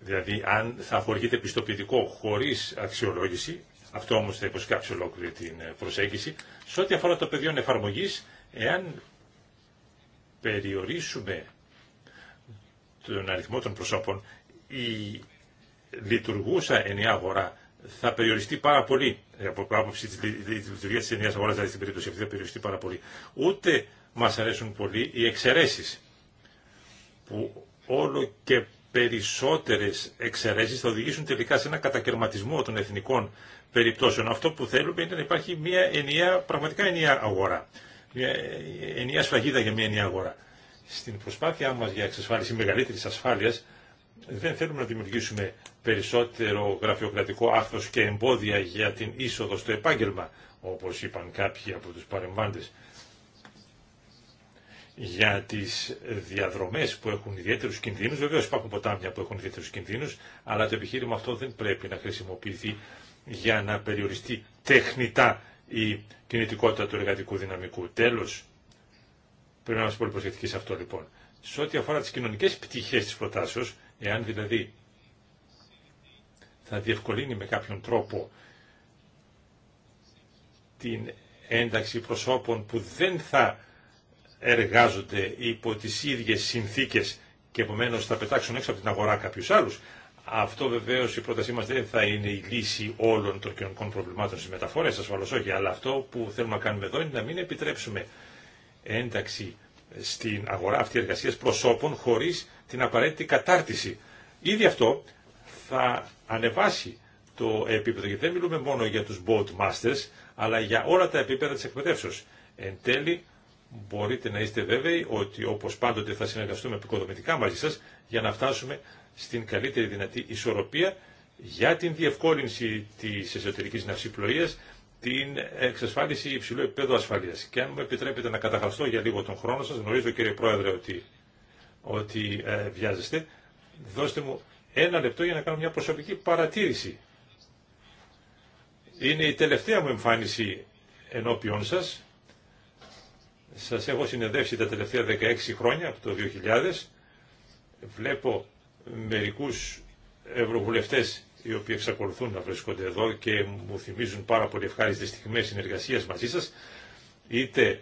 Δηλαδή, αν θα αφοργείται πιστοποιητικό χωρίς αξιολόγηση, αυτό όμως θα υποσκάψει ολόκληρη την ε, προσέγγιση. Σε ό,τι αφορά το πεδίο εφαρμογή, εάν περιορίσουμε τον αριθμό των προσώπων, η λειτουργούσα ενιαία αγορά θα περιοριστεί πάρα πολύ. Ε, από άποψη τη λειτουργία της ενιαίας αγοράς δηλαδή στην περίπτωση αυτή, θα περιοριστεί πάρα πολύ. Ούτε μας αρέσουν πολύ οι εξαιρέσει που όλο και περισσότερες εξαιρέσει θα οδηγήσουν τελικά σε ένα κατακαιρματισμό των εθνικών περιπτώσεων. Αυτό που θέλουμε είναι να υπάρχει μια ενιαία, πραγματικά ενιαία αγορά. Μια ενιαία σφραγίδα για μια ενιαία αγορά. Στην προσπάθειά μας για εξασφάλιση μεγαλύτερης ασφάλειας δεν θέλουμε να δημιουργήσουμε περισσότερο γραφειοκρατικό άχθος και εμπόδια για την είσοδο στο επάγγελμα, όπως είπαν κάποιοι από τους παρεμβάντες για τις διαδρομές που έχουν ιδιαίτερους κινδύνους. Βεβαίως υπάρχουν ποτάμια που έχουν ιδιαίτερους κινδύνους, αλλά το επιχείρημα αυτό δεν πρέπει να χρησιμοποιηθεί για να περιοριστεί τεχνητά η κινητικότητα του εργατικού δυναμικού. Τέλος, πρέπει να είμαστε πολύ προσεκτικοί σε αυτό λοιπόν. Σε ό,τι αφορά τις κοινωνικές πτυχές της προτάσεως, εάν δηλαδή θα διευκολύνει με κάποιον τρόπο την ένταξη προσώπων που δεν θα εργάζονται υπό τις ίδιες συνθήκες και επομένω θα πετάξουν έξω από την αγορά κάποιους άλλους. Αυτό βεβαίω η πρότασή μα δεν θα είναι η λύση όλων των κοινωνικών προβλημάτων στι μεταφορέ, ασφαλώ όχι, αλλά αυτό που θέλουμε να κάνουμε εδώ είναι να μην επιτρέψουμε ένταξη στην αγορά αυτή εργασία προσώπων χωρί την απαραίτητη κατάρτιση. Ήδη αυτό θα ανεβάσει το επίπεδο, γιατί δεν μιλούμε μόνο για του boat masters, αλλά για όλα τα επίπεδα τη εκπαιδεύσεω. Εν τέλει, μπορείτε να είστε βέβαιοι ότι όπως πάντοτε θα συνεργαστούμε επικοδομητικά μαζί σας για να φτάσουμε στην καλύτερη δυνατή ισορροπία για την διευκόλυνση της εσωτερικής ναυσιπλοείας, την εξασφάλιση υψηλού επίπεδου ασφαλείας. Και αν μου επιτρέπετε να καταχαστώ για λίγο τον χρόνο σας, γνωρίζω κύριε Πρόεδρε ότι, ότι ε, βιάζεστε, δώστε μου ένα λεπτό για να κάνω μια προσωπική παρατήρηση. Είναι η τελευταία μου εμφάνιση ενώπιον σας σας έχω συνεδεύσει τα τελευταία 16 χρόνια, από το 2000. Βλέπω μερικούς ευρωβουλευτές οι οποίοι εξακολουθούν να βρίσκονται εδώ και μου θυμίζουν πάρα πολύ ευχάριστη στιγμές συνεργασίας μαζί σας, είτε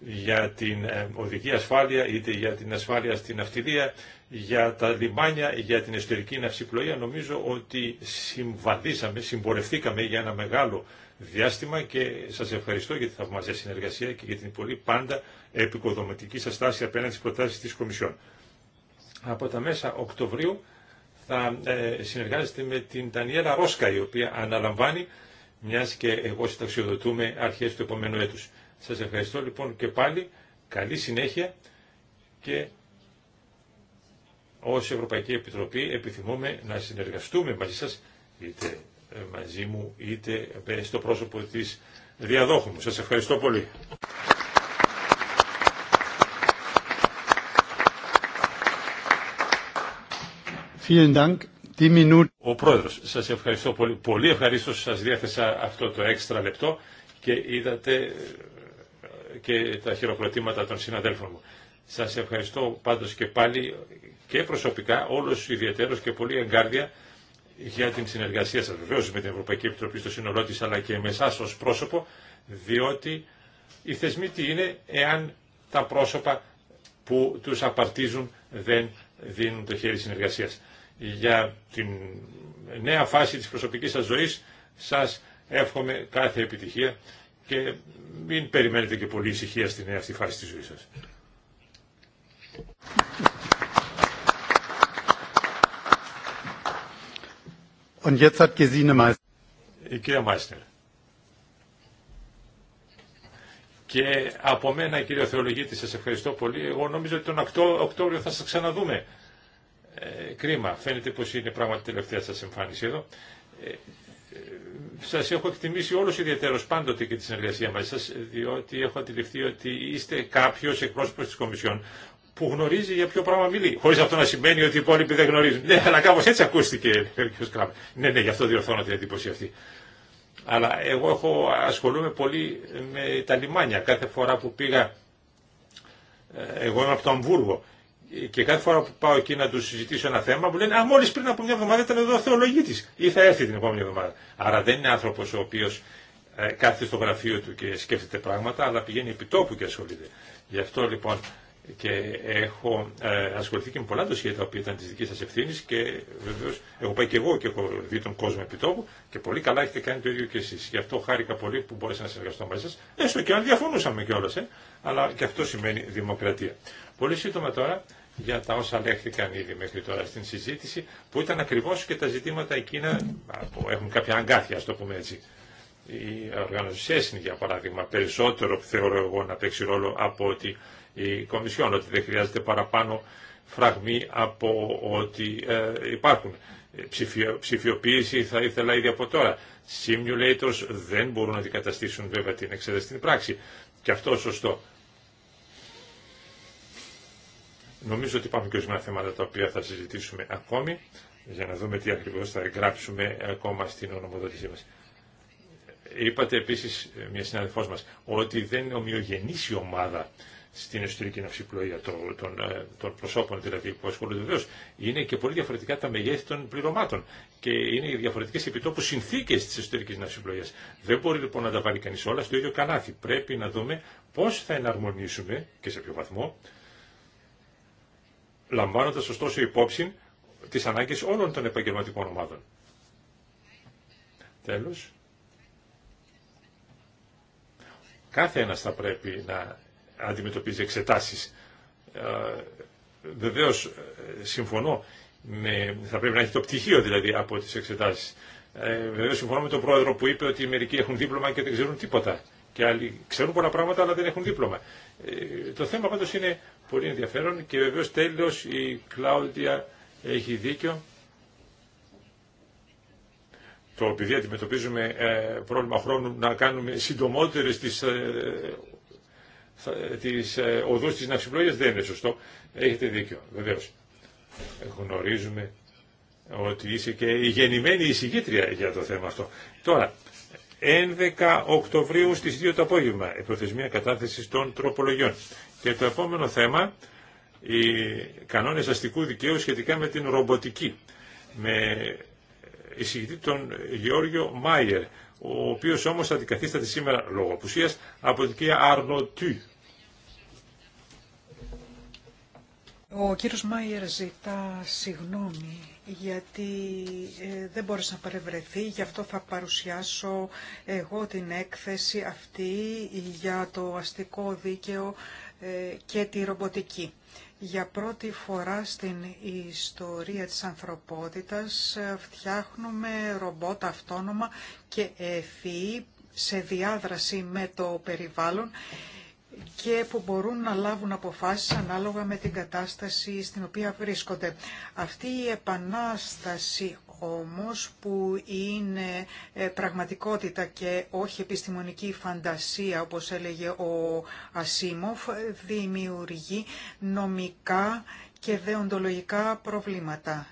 για την ε, οδική ασφάλεια, είτε για την ασφάλεια στην αυτιλία, για τα λιμάνια, για την εσωτερική ναυσιπλοεία. Νομίζω ότι συμβαδίσαμε, συμπορευθήκαμε για ένα μεγάλο διάστημα και σας ευχαριστώ για τη θαυμασία συνεργασία και για την πολύ πάντα επικοδομητική σας στάση απέναντι στις προτάσεις της Κομισιόν. Από τα μέσα Οκτωβρίου θα ε, συνεργάζεται με την Τανιέλα Ρόσκα, η οποία αναλαμβάνει, μιας και εγώ συνταξιοδοτούμε αρχές του επόμενου έτους. Σας ευχαριστώ λοιπόν και πάλι, καλή συνέχεια και ως Ευρωπαϊκή Επιτροπή επιθυμούμε να συνεργαστούμε μαζί σας, μαζί μου είτε στο πρόσωπο της διαδόχου μου. Σας ευχαριστώ πολύ. Ο Πρόεδρος, σας ευχαριστώ πολύ. Πολύ ευχαριστώ σας δίαθεσα αυτό το έξτρα λεπτό και είδατε και τα χειροκροτήματα των συναδέλφων μου. Σας ευχαριστώ πάντως και πάλι και προσωπικά όλους ιδιαίτερος και πολύ εγκάρδια για την συνεργασία σας βεβαίως με την Ευρωπαϊκή Επιτροπή στο σύνολό της αλλά και με εσάς ως πρόσωπο διότι οι θεσμοί τι είναι εάν τα πρόσωπα που τους απαρτίζουν δεν δίνουν το χέρι συνεργασίας. Για την νέα φάση της προσωπικής σας ζωής σας εύχομαι κάθε επιτυχία και μην περιμένετε και πολύ ησυχία στη νέα αυτή φάση της ζωής σας. Και από μένα, κύριε Θεολογίτη, σας ευχαριστώ πολύ. Εγώ νομίζω ότι τον Οκτώβριο θα σας ξαναδούμε. Ε, κρίμα. Φαίνεται πως είναι πράγματι τελευταία σας εμφάνιση εδώ. Ε, ε, σας έχω εκτιμήσει όλους ιδιαίτερος πάντοτε και τη συνεργασία μαζί σας, διότι έχω αντιληφθεί ότι είστε κάποιος εκπρόσωπος της Κομισιόν που γνωρίζει για ποιο πράγμα μιλεί. Χωρί αυτό να σημαίνει ότι οι υπόλοιποι δεν γνωρίζουν. Ναι, αλλά κάπω έτσι ακούστηκε. Ναι, ναι, γι' αυτό διορθώνω την εντύπωση αυτή. Αλλά εγώ έχω, ασχολούμαι πολύ με τα λιμάνια. Κάθε φορά που πήγα, ε, εγώ είμαι από το Αμβούργο, και κάθε φορά που πάω εκεί να του συζητήσω ένα θέμα, μου λένε Α, μόλι πριν από μια εβδομάδα ήταν εδώ ο θεολογήτη ή θα έρθει την επόμενη εβδομάδα. Άρα δεν είναι άνθρωπο ο οποίο ε, κάθεται στο γραφείο του και σκέφτεται πράγματα, αλλά πηγαίνει επιτόπου και ασχολείται. Γι' αυτό λοιπόν και έχω ε, ασχοληθεί και με πολλά δοσία τα οποία ήταν τη δική σα ευθύνη και βεβαίω έχω πάει και εγώ και έχω δει τον κόσμο επί τόπου και πολύ καλά έχετε κάνει το ίδιο και εσεί. Γι' αυτό χάρηκα πολύ που μπόρεσα να συνεργαστώ μαζί σα, έστω και αν διαφωνούσαμε κιόλα, ε, αλλά και αυτό σημαίνει δημοκρατία. Πολύ σύντομα τώρα για τα όσα λέχθηκαν ήδη μέχρι τώρα στην συζήτηση, που ήταν ακριβώ και τα ζητήματα εκείνα που έχουν κάποια αγκάθια, α το πούμε έτσι. Η οργανωσία για παράδειγμα, περισσότερο θεωρώ εγώ να παίξει ρόλο από ότι η Κομισιόν, ότι δεν χρειάζεται παραπάνω φραγμή από ότι ε, υπάρχουν. Ψηφιο, ψηφιοποίηση θα ήθελα ήδη από τώρα. Simulators δεν μπορούν να αντικαταστήσουν βέβαια την εξέταση στην πράξη. Και αυτό σωστό. Νομίζω ότι υπάρχουν και ορισμένα θέματα τα οποία θα συζητήσουμε ακόμη για να δούμε τι ακριβώς θα εγγράψουμε ακόμα στην ονομοδότησή μας. Είπατε επίσης, ε, μια συνάδελφός μας, ότι δεν είναι ομοιογενής η ομάδα στην εσωτερική ναυσιπλοεία των, των, ε, των προσώπων δηλαδή που ασχολούνται βεβαίω. Είναι και πολύ διαφορετικά τα μεγέθη των πληρωμάτων και είναι οι διαφορετικέ επιτόπου συνθήκε τη εσωτερική ναυσιπλοεία. Δεν μπορεί λοιπόν να τα βάλει κανεί όλα στο ίδιο κανάθι. Πρέπει να δούμε πώ θα εναρμονίσουμε και σε ποιο βαθμό, λαμβάνοντα ωστόσο υπόψη τι ανάγκε όλων των επαγγελματικών ομάδων. Τέλο. κάθε ένας θα πρέπει να αντιμετωπίζει εξετάσεις. Ε, βεβαίως ε, συμφωνώ, με, θα πρέπει να έχει το πτυχίο δηλαδή από τις εξετάσεις. Ε, βεβαίως συμφωνώ με τον πρόεδρο που είπε ότι μερικοί έχουν δίπλωμα και δεν ξέρουν τίποτα. Και άλλοι ξέρουν πολλά πράγματα αλλά δεν έχουν δίπλωμα. Το θέμα πάντως είναι πολύ ενδιαφέρον και βεβαίως τέλος η Κλάουδια έχει δίκιο το επειδή αντιμετωπίζουμε πρόβλημα χρόνου να κάνουμε συντομότερες τις Τη ε, οδούς της Ναυσιπλόγια δεν είναι σωστό. Έχετε δίκιο, βεβαίως. Γνωρίζουμε ότι είσαι και η γεννημένη εισηγήτρια για το θέμα αυτό. Τώρα, 11 Οκτωβρίου στις 2 το απόγευμα, η προθεσμία κατάθεσης των τροπολογιών. Και το επόμενο θέμα, οι κανόνες αστικού δικαίου σχετικά με την ρομποτική. Με εισηγητή τον Γεώργιο Μάιερ, ο οποίος όμως αντικαθίσταται σήμερα λόγω απουσίας από την κυρία Αρνοτού. Ο κύριος Μάιερ ζητά συγγνώμη γιατί ε, δεν μπόρεσε να παρευρεθεί, γι' αυτό θα παρουσιάσω εγώ την έκθεση αυτή για το αστικό δίκαιο ε, και τη ρομποτική. Για πρώτη φορά στην ιστορία της ανθρωπότητας ε, φτιάχνουμε ρομπότ αυτόνομα και ευφυή σε διάδραση με το περιβάλλον και που μπορούν να λάβουν αποφάσεις ανάλογα με την κατάσταση στην οποία βρίσκονται. Αυτή η επανάσταση όμως που είναι ε, πραγματικότητα και όχι επιστημονική φαντασία όπως έλεγε ο Ασίμοφ δημιουργεί νομικά και δεοντολογικά προβλήματα.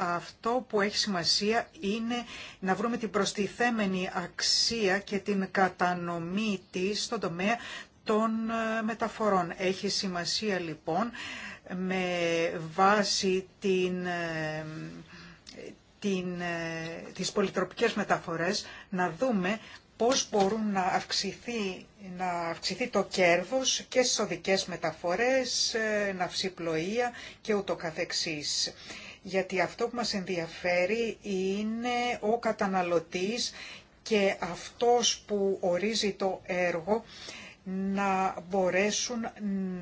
Αυτό που έχει σημασία είναι να βρούμε την προστιθέμενη αξία και την κατανομή της στον τομέα των ε, μεταφορών. Έχει σημασία λοιπόν με βάση την, ε, την, ε, τις πολυτροπικές μεταφορές να δούμε πώς μπορούν να αυξηθεί, να αυξηθεί το κέρδος και στις οδικές μεταφορές, ναυσιπλοεία και ούτω καθεξής. Γιατί αυτό που μας ενδιαφέρει είναι ο καταναλωτής και αυτός που ορίζει το έργο να μπορέσουν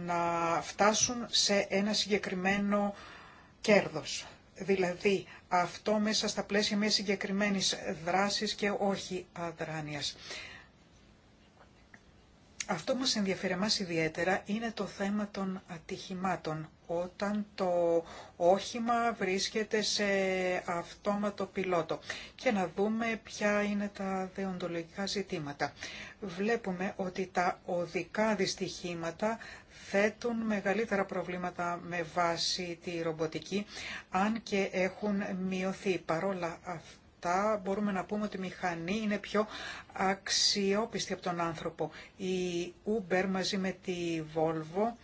να φτάσουν σε ένα συγκεκριμένο κέρδος. Δηλαδή αυτό μέσα στα πλαίσια μια συγκεκριμένης δράσης και όχι αδράνειας. Αυτό μας ενδιαφέρει εμάς ιδιαίτερα είναι το θέμα των ατυχημάτων. Όταν το όχημα βρίσκεται σε αυτόματο πιλότο και να δούμε ποια είναι τα δεοντολογικά ζητήματα. Βλέπουμε ότι τα οδικά δυστυχήματα θέτουν μεγαλύτερα προβλήματα με βάση τη ρομποτική, αν και έχουν μειωθεί. Παρόλα αυτά, μπορούμε να πούμε ότι η μηχανή είναι πιο αξιόπιστη από τον άνθρωπο. Η Uber μαζί με τη Volvo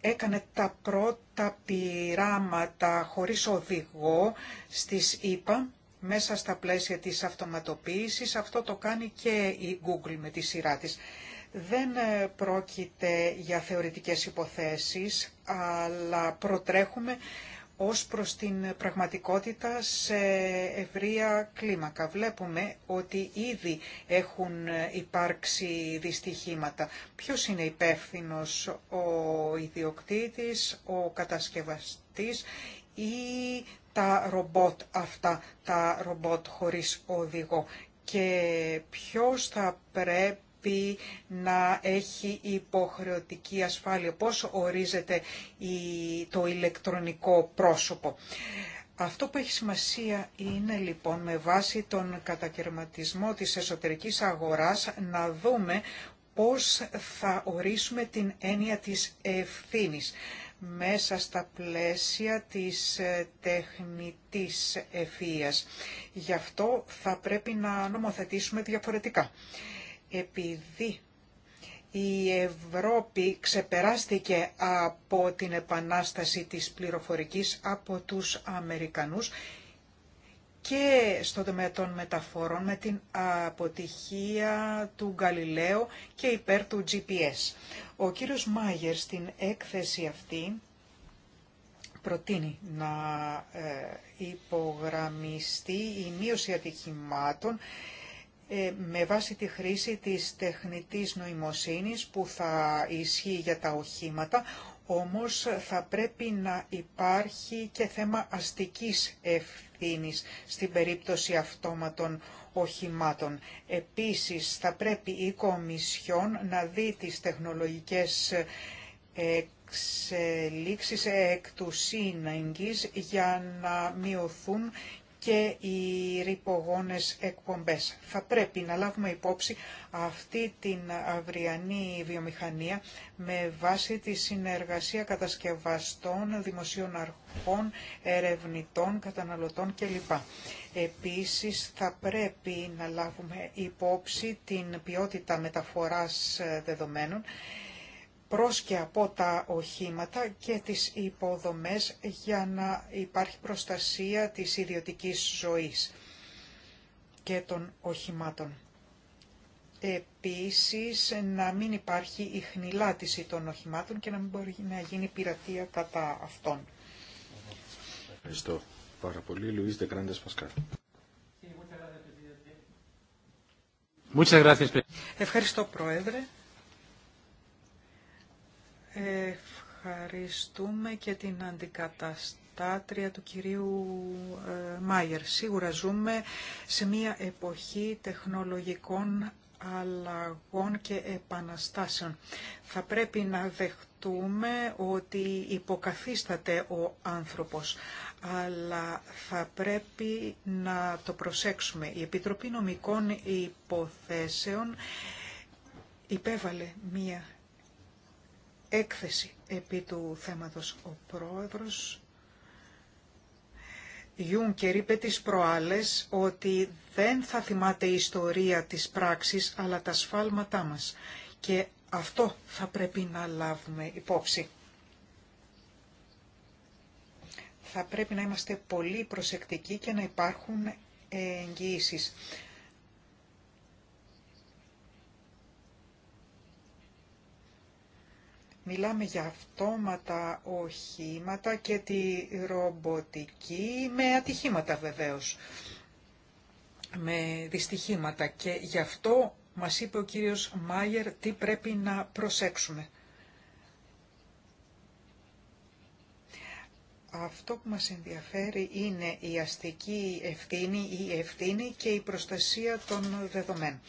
έκανε τα πρώτα πειράματα χωρίς οδηγό στις ΗΠΑ μέσα στα πλαίσια της αυτοματοποίησης. Αυτό το κάνει και η Google με τη σειρά της. Δεν ε, πρόκειται για θεωρητικές υποθέσεις, αλλά προτρέχουμε ως προς την πραγματικότητα σε ευρεία κλίμακα. Βλέπουμε ότι ήδη έχουν υπάρξει δυστυχήματα. Ποιος είναι υπεύθυνο ο ιδιοκτήτης, ο κατασκευαστής ή τα ρομπότ αυτά, τα ρομπότ χωρίς οδηγό και ποιος θα πρέπει να έχει υποχρεωτική ασφάλεια. Πώς ορίζεται το ηλεκτρονικό πρόσωπο. Αυτό που έχει σημασία είναι λοιπόν με βάση τον κατακαιρματισμό της εσωτερικής αγοράς να δούμε πώς θα ορίσουμε την έννοια της ευθύνης μέσα στα πλαίσια της ε, τεχνητής ευθείας Γι' αυτό θα πρέπει να νομοθετήσουμε διαφορετικά επειδή η Ευρώπη ξεπεράστηκε από την επανάσταση της πληροφορικής από τους Αμερικανούς και στον τομέα των μεταφορών με την αποτυχία του Γκαλιλαίου και υπέρ του GPS. Ο κύριος Μάγερ στην έκθεση αυτή προτείνει να ε, υπογραμμιστεί η μείωση ατυχημάτων ε, με βάση τη χρήση της τεχνητής νοημοσύνης που θα ισχύει για τα οχήματα, όμως θα πρέπει να υπάρχει και θέμα αστικής ευθύνης στην περίπτωση αυτόματων οχημάτων. Επίσης θα πρέπει η Κομισιόν να δει τις τεχνολογικές εξελίξεις εκ του για να μειωθούν και οι ρηπογόνες εκπομπές. Θα πρέπει να λάβουμε υπόψη αυτή την αυριανή βιομηχανία με βάση τη συνεργασία κατασκευαστών, δημοσίων αρχών, ερευνητών, καταναλωτών κλπ. Επίσης θα πρέπει να λάβουμε υπόψη την ποιότητα μεταφοράς δεδομένων προς και από τα οχήματα και τις υποδομές για να υπάρχει προστασία της ιδιωτικής ζωής και των οχημάτων. Επίσης, να μην υπάρχει η χνηλάτιση των οχημάτων και να μην μπορεί να γίνει πειρατεία κατά αυτών. Ευχαριστώ πάρα πολύ. Λουίς Δεκράντες Πασκάλ. Ευχαριστώ, Πρόεδρε. Ευχαριστούμε και την αντικαταστάτρια του κυρίου ε, Μάιερ. Σίγουρα ζούμε σε μια εποχή τεχνολογικών αλλαγών και επαναστάσεων. Θα πρέπει να δεχτούμε ότι υποκαθίσταται ο άνθρωπος, αλλά θα πρέπει να το προσέξουμε. Η Επιτροπή Νομικών Υποθέσεων υπέβαλε μία έκθεση επί του θέματος. Ο πρόεδρος Γιούνκερ είπε τις προάλλες ότι δεν θα θυμάται η ιστορία της πράξης αλλά τα σφάλματά μας και αυτό θα πρέπει να λάβουμε υπόψη. Θα πρέπει να είμαστε πολύ προσεκτικοί και να υπάρχουν εγγυήσεις. Μιλάμε για αυτόματα οχήματα και τη ρομποτική, με ατυχήματα βεβαίως, με δυστυχήματα. Και γι' αυτό μας είπε ο κύριος Μάιερ τι πρέπει να προσέξουμε. Αυτό που μας ενδιαφέρει είναι η αστική ευθύνη, η ευθύνη και η προστασία των δεδομένων.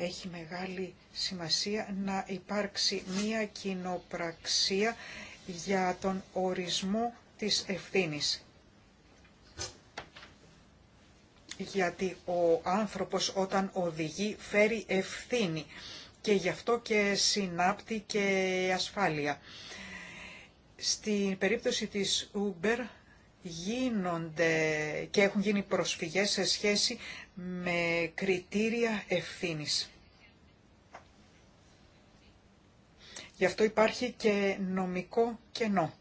Έχει μεγάλη σημασία να υπάρξει μία κοινοπραξία για τον ορισμό της ευθύνης. Γιατί ο άνθρωπος όταν οδηγεί φέρει ευθύνη και γι' αυτό και συνάπτει και ασφάλεια. Στην περίπτωση της Uber γίνονται και έχουν γίνει προσφυγές σε σχέση με κριτήρια ευθύνης. Γι' αυτό υπάρχει και νομικό κενό.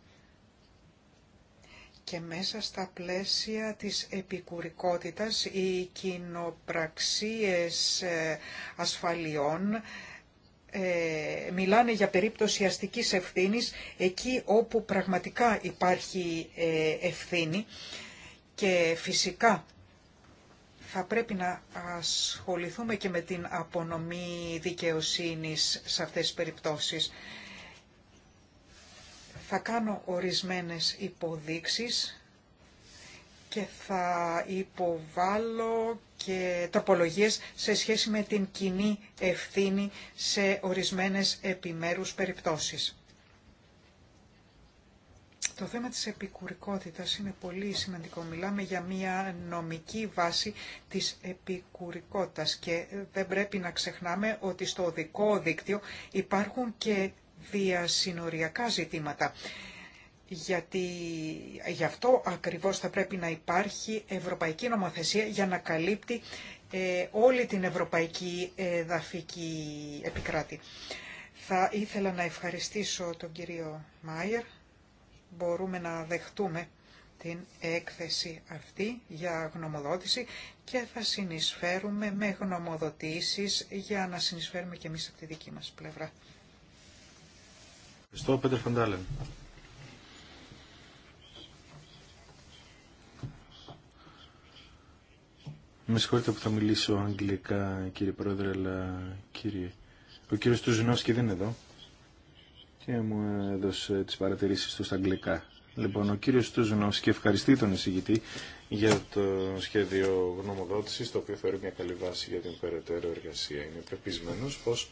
Και μέσα στα πλαίσια της επικουρικότητας οι κοινοπραξίες ε, ασφαλιών ε, μιλάνε για περίπτωση αστικής ευθύνης εκεί όπου πραγματικά υπάρχει ε, ευθύνη και φυσικά θα πρέπει να ασχοληθούμε και με την απονομή δικαιοσύνης σε αυτές τις περιπτώσεις. Θα κάνω ορισμένες υποδείξεις και θα υποβάλω και τροπολογίες σε σχέση με την κοινή ευθύνη σε ορισμένες επιμέρους περιπτώσεις. Το θέμα της επικουρικότητας είναι πολύ σημαντικό. Μιλάμε για μια νομική βάση της επικουρικότητας και δεν πρέπει να ξεχνάμε ότι στο δικό δίκτυο υπάρχουν και διασυνοριακά ζητήματα. Γιατί γι' αυτό ακριβώς θα πρέπει να υπάρχει ευρωπαϊκή νομοθεσία για να καλύπτει ε, όλη την ευρωπαϊκή δαφική επικράτη. Θα ήθελα να ευχαριστήσω τον κύριο Μάιερ μπορούμε να δεχτούμε την έκθεση αυτή για γνωμοδότηση και θα συνεισφέρουμε με γνωμοδοτήσεις για να συνεισφέρουμε και εμείς από τη δική μας πλευρά. Ευχαριστώ, Πέτερ Φαντάλεν. Με συγχωρείτε που θα μιλήσω αγγλικά, κύριε Πρόεδρε, αλλά κύριε... Ο κύριος Τουζινόσκη δεν είναι εδώ και μου έδωσε τι παρατηρήσεις του στα αγγλικά. Λοιπόν, ο κύριο Τούζουνόφσκι ευχαριστεί τον εισηγητή για το σχέδιο γνωμοδότηση, το οποίο θεωρεί μια καλή βάση για την περαιτέρω εργασία. Είναι πεπισμένο πως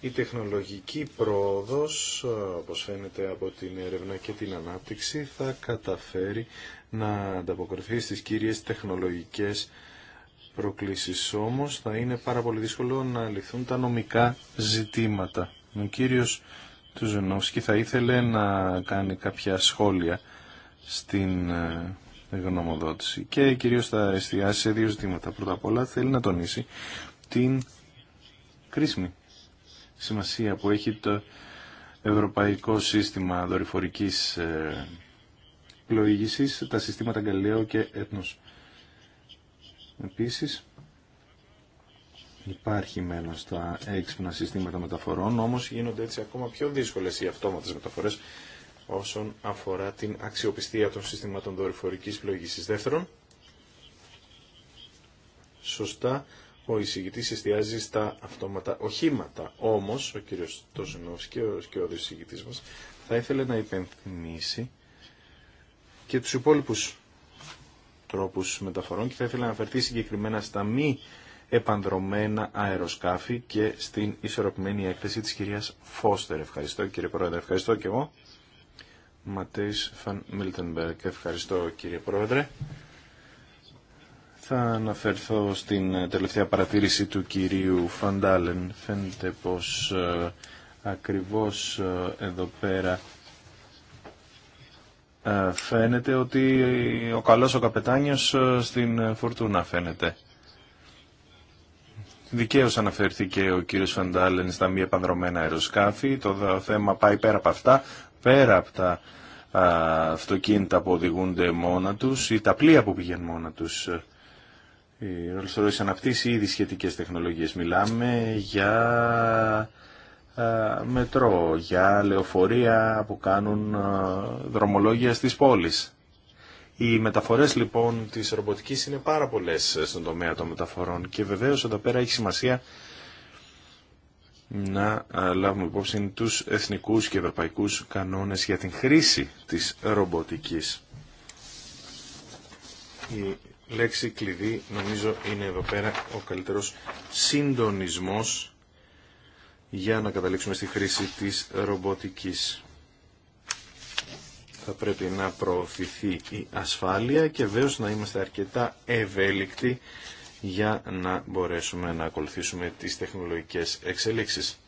η τεχνολογική πρόοδο, όπω φαίνεται από την έρευνα και την ανάπτυξη, θα καταφέρει να ανταποκριθεί στι κύριε τεχνολογικές προκλήσει. Όμω, θα είναι πάρα πολύ δύσκολο να λυθούν τα νομικά ζητήματα. Ο του Ζενόφσκι θα ήθελε να κάνει κάποια σχόλια στην ε, γνωμοδότηση και κυρίως θα εστιάσει σε δύο ζητήματα. Πρώτα απ' όλα θέλει να τονίσει την κρίσιμη σημασία που έχει το Ευρωπαϊκό Σύστημα Δορυφορικής ε, Πλοήγησης, τα συστήματα Γκαλιλαίο και Έθνος. Επίσης, Υπάρχει μέλλον στα έξυπνα συστήματα μεταφορών, όμως γίνονται έτσι ακόμα πιο δύσκολες οι αυτόματες μεταφορές όσον αφορά την αξιοπιστία των συστήματων δορυφορικής πλοήγησης. Δεύτερον, σωστά ο εισηγητής εστιάζει στα αυτόματα οχήματα. Όμως, ο κύριος Τοζουνόφς και ο σκιώδης εισηγητής μας θα ήθελε να υπενθυμίσει και τους υπόλοιπους τρόπους μεταφορών και θα ήθελε να αναφερθεί συγκεκριμένα στα μη επανδρομένα αεροσκάφη και στην ισορροπημένη έκθεση της κυρίας Φώστερ. Ευχαριστώ κύριε Πρόεδρε, ευχαριστώ και εγώ. Ματέις Φαν Μίλτενμπερκ, ευχαριστώ κύριε Πρόεδρε. Θα αναφερθώ στην τελευταία παρατήρηση του κυρίου Φαντάλεν. Φαίνεται πως ε, ακριβώς ε, εδώ πέρα ε, φαίνεται ότι ο καλός ο καπετάνιος ε, στην Φορτούνα φαίνεται. Δικαίως αναφερθήκε ο κύριος Φαντάλεν στα μη επανδρομένα αεροσκάφη. Το θέμα πάει πέρα από αυτά, πέρα από τα αυτοκίνητα που οδηγούνται μόνα του ή τα πλοία που πηγαίνουν μόνα του. Η Rolls αναπτύσσει ήδη σχετικέ τεχνολογίες. Μιλάμε για μετρό, για λεωφορεία που κάνουν δρομολόγια στις πόλεις. Οι μεταφορές λοιπόν τη ρομποτικής είναι πάρα πολλέ ε, στον τομέα των μεταφορών και βεβαίω εδώ πέρα έχει σημασία να ε, λάβουμε υπόψη τους εθνικούς και ευρωπαϊκού κανόνες για την χρήση της ρομποτικής. Η λέξη κλειδί νομίζω είναι εδώ πέρα ο καλύτερος συντονισμός για να καταλήξουμε στη χρήση της ρομποτικής θα πρέπει να προωθηθεί η ασφάλεια και βέβαιως να είμαστε αρκετά ευέλικτοι για να μπορέσουμε να ακολουθήσουμε τις τεχνολογικές εξελίξεις.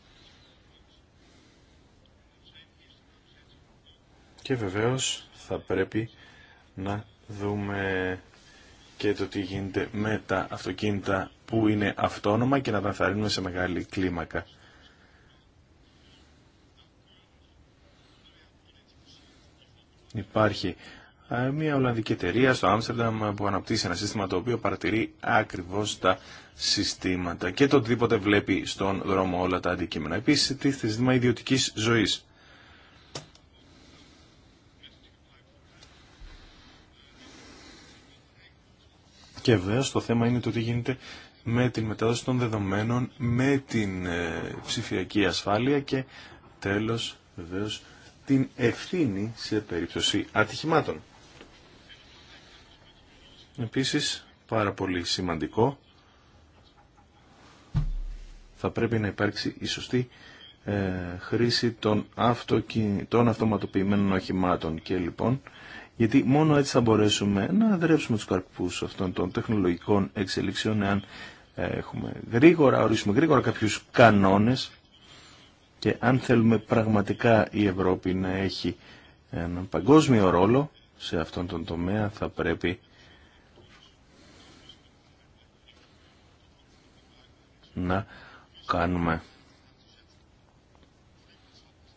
Και βεβαίως θα πρέπει να δούμε και το τι γίνεται με τα αυτοκίνητα που είναι αυτόνομα και να τα σε μεγάλη κλίμακα. Υπάρχει μια Ολλανδική εταιρεία στο Άμστερνταμ που αναπτύσσει ένα σύστημα το οποίο παρατηρεί ακριβώς τα συστήματα και το οτιδήποτε βλέπει στον δρόμο όλα τα αντικείμενα. Επίσης, τι ζήτημα ιδιωτική ζωής. Και βέβαια το θέμα είναι το τι γίνεται με την μετάδοση των δεδομένων, με την ε, ψηφιακή ασφάλεια και τέλος βεβαίως την ευθύνη σε περίπτωση ατυχημάτων. Επίσης, πάρα πολύ σημαντικό, θα πρέπει να υπάρξει η σωστή ε, χρήση των, αυτοκι... των αυτοματοποιημένων οχημάτων και λοιπόν, γιατί μόνο έτσι θα μπορέσουμε να δρέψουμε τους καρπούς αυτών των τεχνολογικών εξελίξεων εάν ε, έχουμε γρήγορα, ορίσουμε γρήγορα κάποιους κανόνες και αν θέλουμε πραγματικά η Ευρώπη να έχει έναν παγκόσμιο ρόλο σε αυτόν τον τομέα θα πρέπει να κάνουμε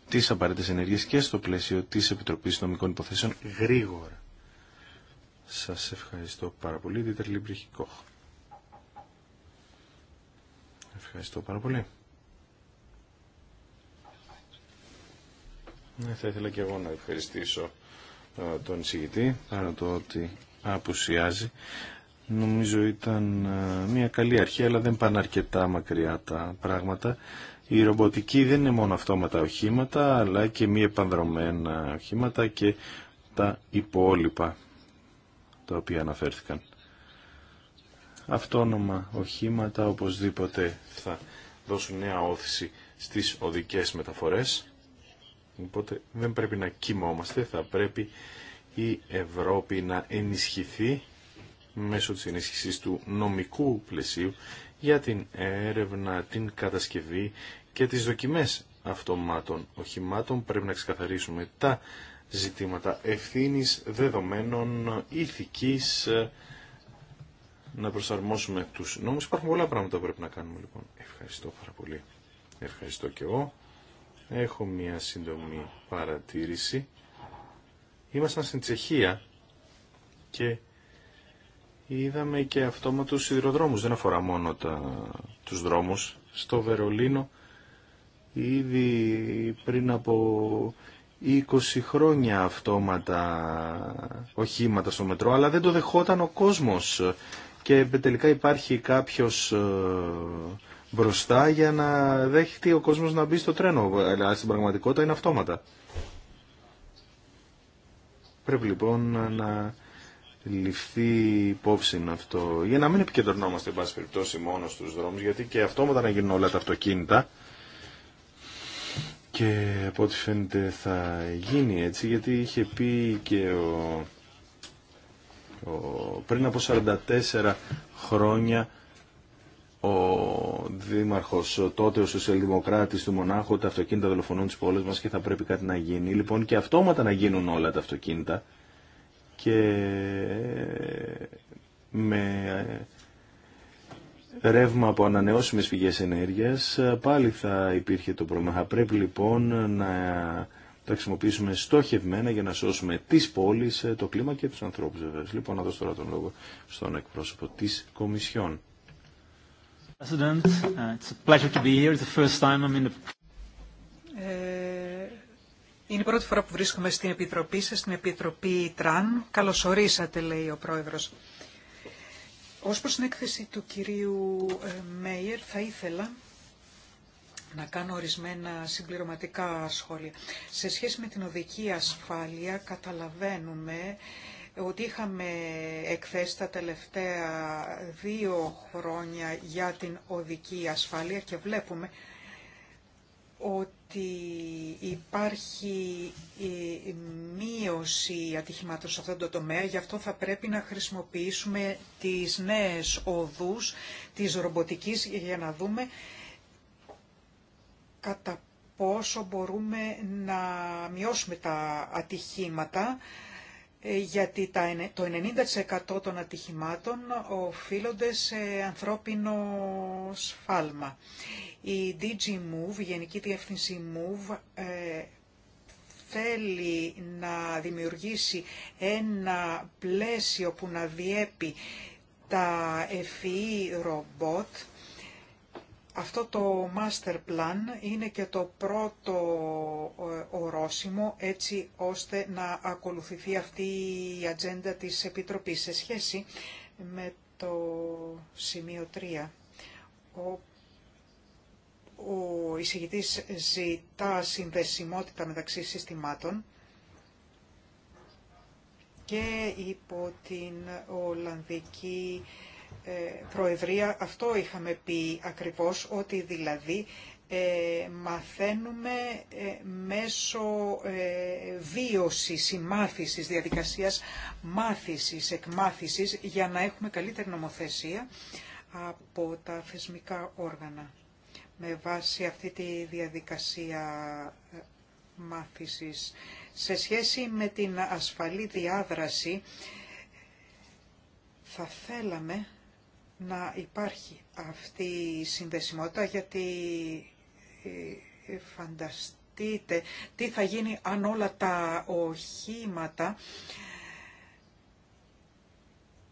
τις απαραίτητες ενέργειες και στο πλαίσιο της Επιτροπής Νομικών Υποθέσεων γρήγορα. Σας ευχαριστώ πάρα πολύ, Δίτερ Λίμπρη Ευχαριστώ πάρα πολύ. Ναι, θα ήθελα και εγώ να ευχαριστήσω ε, τον εισηγητή, παρά το ότι απουσιάζει. Νομίζω ήταν ε, μια καλή αρχή, αλλά δεν πάνε αρκετά μακριά τα πράγματα. Η ρομποτική δεν είναι μόνο αυτόματα οχήματα, αλλά και μη επανδρομένα οχήματα και τα υπόλοιπα τα οποία αναφέρθηκαν. Αυτόνομα οχήματα οπωσδήποτε θα δώσουν νέα όθηση στις οδικές μεταφορές Οπότε δεν πρέπει να κοιμόμαστε, θα πρέπει η Ευρώπη να ενισχυθεί μέσω της ενίσχυσης του νομικού πλαισίου για την έρευνα, την κατασκευή και τις δοκιμές αυτομάτων οχημάτων. Πρέπει να ξεκαθαρίσουμε τα ζητήματα ευθύνης δεδομένων ηθικής να προσαρμόσουμε τους νόμους. Υπάρχουν πολλά πράγματα που πρέπει να κάνουμε λοιπόν. Ευχαριστώ πάρα πολύ. Ευχαριστώ και εγώ. Έχω μία σύντομη παρατήρηση. Ήμασταν στην Τσεχία και είδαμε και αυτόματους σιδηροδρόμους. Δεν αφορά μόνο τα, τους δρόμους. Στο Βερολίνο ήδη πριν από 20 χρόνια αυτόματα οχήματα στο μετρό, αλλά δεν το δεχόταν ο κόσμος. Και τελικά υπάρχει κάποιος ε, μπροστά για να δέχεται ο κόσμος να μπει στο τρένο, αλλά στην πραγματικότητα είναι αυτόματα. Πρέπει λοιπόν να ληφθεί υπόψη αυτό, για να μην επικεντρωνόμαστε, εν πάση περιπτώσει, μόνο στους δρόμους, γιατί και αυτόματα να γίνουν όλα τα αυτοκίνητα, και από ό,τι φαίνεται θα γίνει έτσι, γιατί είχε πει και ο, ο πριν από 44 χρόνια ο Δήμαρχο τότε ο Σοσιαλδημοκράτη του Μονάχου τα αυτοκίνητα δολοφονούν τι πόλει μα και θα πρέπει κάτι να γίνει. Λοιπόν και αυτόματα να γίνουν όλα τα αυτοκίνητα και με ρεύμα από ανανεώσιμες πηγές ενέργειας πάλι θα υπήρχε το πρόβλημα. Θα πρέπει λοιπόν να τα χρησιμοποιήσουμε στοχευμένα για να σώσουμε τις πόλεις, το κλίμα και τους ανθρώπους Λοιπόν, να δώσω τώρα τον λόγο στον εκπρόσωπο της Κομισιόν είναι η πρώτη φορά που βρίσκομαι στην Επιτροπή σας, στην Επιτροπή Τραν. Καλωσορίσατε, λέει ο Πρόεδρος. Ως προς την έκθεση του κυρίου ε, Μέιερ θα ήθελα να κάνω ορισμένα συμπληρωματικά σχόλια. Σε σχέση με την οδική ασφάλεια καταλαβαίνουμε ότι είχαμε εκθέσει τα τελευταία δύο χρόνια για την οδική ασφάλεια και βλέπουμε ότι υπάρχει μείωση ατυχημάτων σε αυτό το τομέα, γι' αυτό θα πρέπει να χρησιμοποιήσουμε τις νέες οδούς της ρομποτικής για να δούμε κατά πόσο μπορούμε να μειώσουμε τα ατυχήματα ε, γιατί το 90% των ατυχημάτων οφείλονται σε ανθρώπινο σφάλμα. Η DG Move, η Γενική Διεύθυνση Move, ε, θέλει να δημιουργήσει ένα πλαίσιο που να διέπει τα FEE ρομπότ e αυτό το master plan είναι και το πρώτο ε, ορόσημο έτσι ώστε να ακολουθηθεί αυτή η ατζέντα της Επιτροπής σε σχέση με το σημείο 3. Ο ο εισηγητής ζητά συνδεσιμότητα μεταξύ συστημάτων και υπό την Ολλανδική ε, προεδρία αυτό είχαμε πει ακριβώς, ότι δηλαδή ε, μαθαίνουμε ε, μέσω ε, βίωσης, μάθησης διαδικασίας μάθησης, εκμάθησης για να έχουμε καλύτερη νομοθεσία από τα θεσμικά όργανα. Με βάση αυτή τη διαδικασία μάθησης σε σχέση με την ασφαλή διάδραση θα θέλαμε να υπάρχει αυτή η συνδεσιμότητα γιατί ε, ε, φανταστείτε τι θα γίνει αν όλα τα οχήματα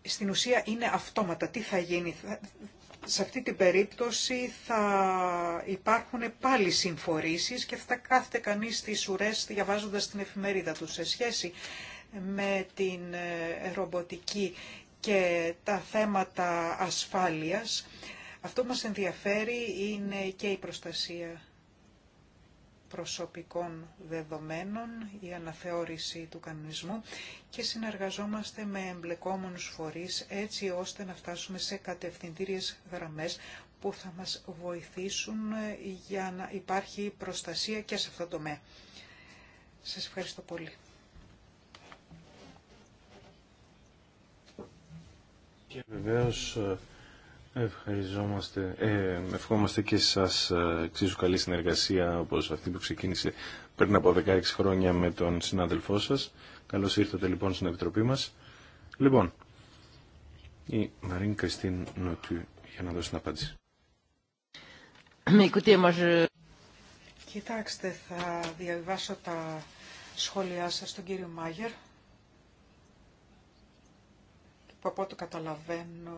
στην ουσία είναι αυτόματα. Τι θα γίνει. Σε αυτή την περίπτωση θα υπάρχουν πάλι συμφορήσεις και θα κάθεται κανείς στις ουρές διαβάζοντας την εφημερίδα του σε σχέση με την ε, ρομποτική και τα θέματα ασφάλειας. Αυτό που μας ενδιαφέρει είναι και η προστασία προσωπικών δεδομένων, η αναθεώρηση του κανονισμού και συνεργαζόμαστε με εμπλεκόμενους φορείς έτσι ώστε να φτάσουμε σε κατευθυντήριες γραμμές που θα μας βοηθήσουν για να υπάρχει προστασία και σε αυτό το τομέα. Σας ευχαριστώ πολύ. Και βεβαίως ευχαριζόμαστε, ε, ευχόμαστε και σας ε, εξίσου καλή συνεργασία όπως αυτή που ξεκίνησε πριν από 16 χρόνια με τον συνάδελφό σας. Καλώς ήρθατε λοιπόν στην Επιτροπή μας. Λοιπόν, η Μαρίν Κριστίν Νοτού για να δώσει την απάντηση. Κοιτάξτε, θα διαβάσω τα σχόλιά σας στον κύριο Μάγερ από ό,τι καταλαβαίνω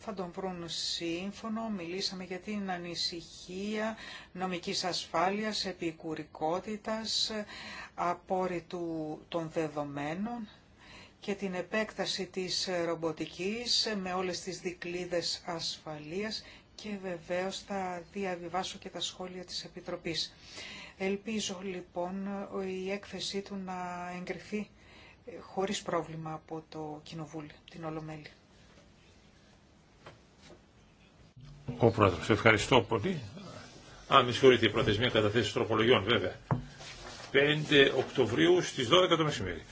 θα τον βρουν σύμφωνο. Μιλήσαμε για την ανησυχία νομικής ασφάλειας, επικουρικότητας, απόρριτου των δεδομένων και την επέκταση της ρομποτικής με όλες τις δικλίδες ασφαλείας και βεβαίως θα διαβιβάσω και τα σχόλια της Επιτροπής. Ελπίζω λοιπόν η έκθεσή του να εγκριθεί ε, χωρίς πρόβλημα από το Κοινοβούλιο, την Ολομέλη. Ο Πρόεδρος, ευχαριστώ πολύ. Α, με συγχωρείτε, η προθεσμία καταθέσεις τροπολογιών, βέβαια. 5 Οκτωβρίου στις 12 το μεσημέρι.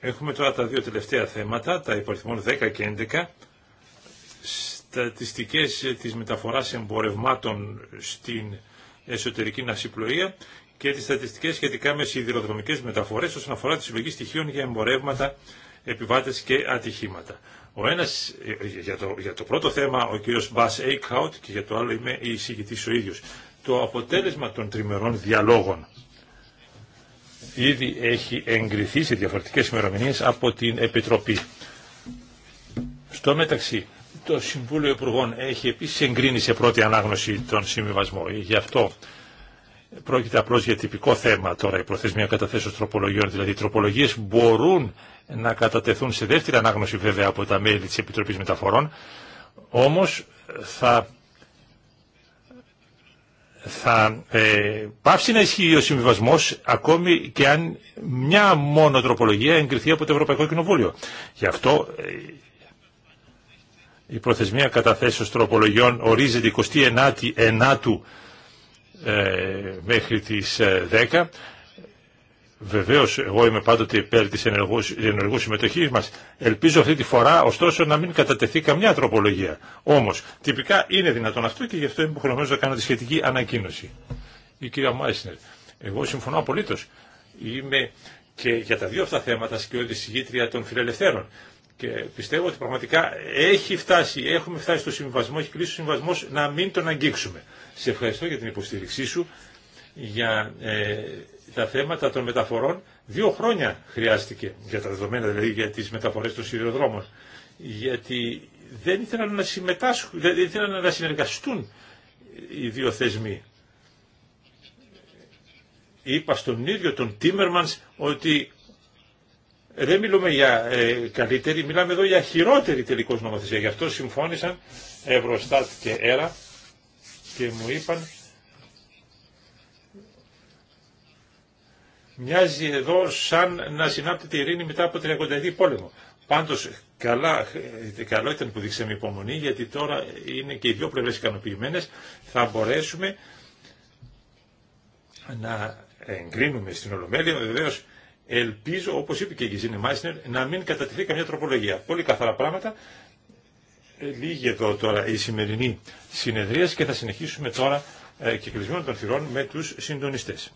Έχουμε τώρα τα δύο τελευταία θέματα, τα υπαριθμών 10 και 11. Στατιστικές της μεταφοράς εμπορευμάτων στην εσωτερική ναυσιπλοεία και τι στατιστικέ σχετικά με σιδηροδρομικέ μεταφορέ όσον αφορά τη συλλογή στοιχείων για εμπορεύματα, επιβάτε και ατυχήματα. Ο ένας, ε, για, το, για το πρώτο θέμα ο κ. Μπα Έικχαουτ και για το άλλο είμαι η εισηγητή ο ίδιο. Το αποτέλεσμα των τριμερών διαλόγων ήδη έχει εγκριθεί σε διαφορετικέ ημερομηνίε από την Επιτροπή. Στο μεταξύ, το Συμβούλιο Υπουργών έχει επίση εγκρίνει σε πρώτη ανάγνωση τον συμβιβασμό. Γι' αυτό Πρόκειται απλώς για τυπικό θέμα τώρα η προθεσμία καταθέσεως τροπολογιών, δηλαδή οι τροπολογίες μπορούν να κατατεθούν σε δεύτερη ανάγνωση βέβαια από τα μέλη της Επιτροπής Μεταφορών, όμως θα, θα ε, πάψει να ισχύει ο συμβιβασμό ακόμη και αν μια μόνο τροπολογία εγκριθεί από το Ευρωπαϊκό Κοινοβούλιο. Γι' αυτό ε, η προθεσμία καταθέσεως τροπολογιών ορίζεται 29η Ενάτου ε, μέχρι τις 10. Ε, Βεβαίως, εγώ είμαι πάντοτε υπέρ της ενεργούς, ενεργούς συμμετοχής μας. Ελπίζω αυτή τη φορά, ωστόσο, να μην κατατεθεί καμιά τροπολογία. Όμως, τυπικά είναι δυνατόν αυτό και γι' αυτό είμαι υποχρεωμένος να κάνω τη σχετική ανακοίνωση. Η κυρία Μάισνερ, εγώ συμφωνώ απολύτως. Είμαι και για τα δύο αυτά θέματα σκιώδη συγγήτρια των φιλελευθέρων. Και πιστεύω ότι πραγματικά έχει φτάσει, έχουμε φτάσει στο συμβασμό, έχει κλείσει ο συμβασμό να μην τον αγγίξουμε. Σε ευχαριστώ για την υποστήριξή σου για ε, τα θέματα των μεταφορών. Δύο χρόνια χρειάστηκε για τα δεδομένα, δηλαδή για τις μεταφορές των σιδηροδρόμων. Γιατί δεν ήθελαν να συμμετάσχουν, δεν ήθελαν να συνεργαστούν οι δύο θεσμοί. Είπα στον ίδιο τον Τίμερμανς ότι δεν μιλούμε για ε, καλύτερη, μιλάμε εδώ για χειρότερη τελικός νομοθεσία. Γι' αυτό συμφώνησαν Ευρωστάτ και ΕΡΑ και μου είπαν μοιάζει εδώ σαν να συνάπτεται η ειρήνη μετά από 30 πόλεμο. Πάντως καλά, καλό ήταν που δείξαμε υπομονή γιατί τώρα είναι και οι δύο πλευρές ικανοποιημένε. Θα μπορέσουμε να εγκρίνουμε στην Ολομέλεια βεβαίω. Ελπίζω, όπως είπε και η Γιζίνη Μάισνερ, να μην κατατηθεί καμιά τροπολογία. Πολύ καθαρά πράγματα. Ε, λίγη εδώ τώρα η σημερινή συνεδρία και θα συνεχίσουμε τώρα ε, κυκλισμένο των θυρών με τους συντονιστές.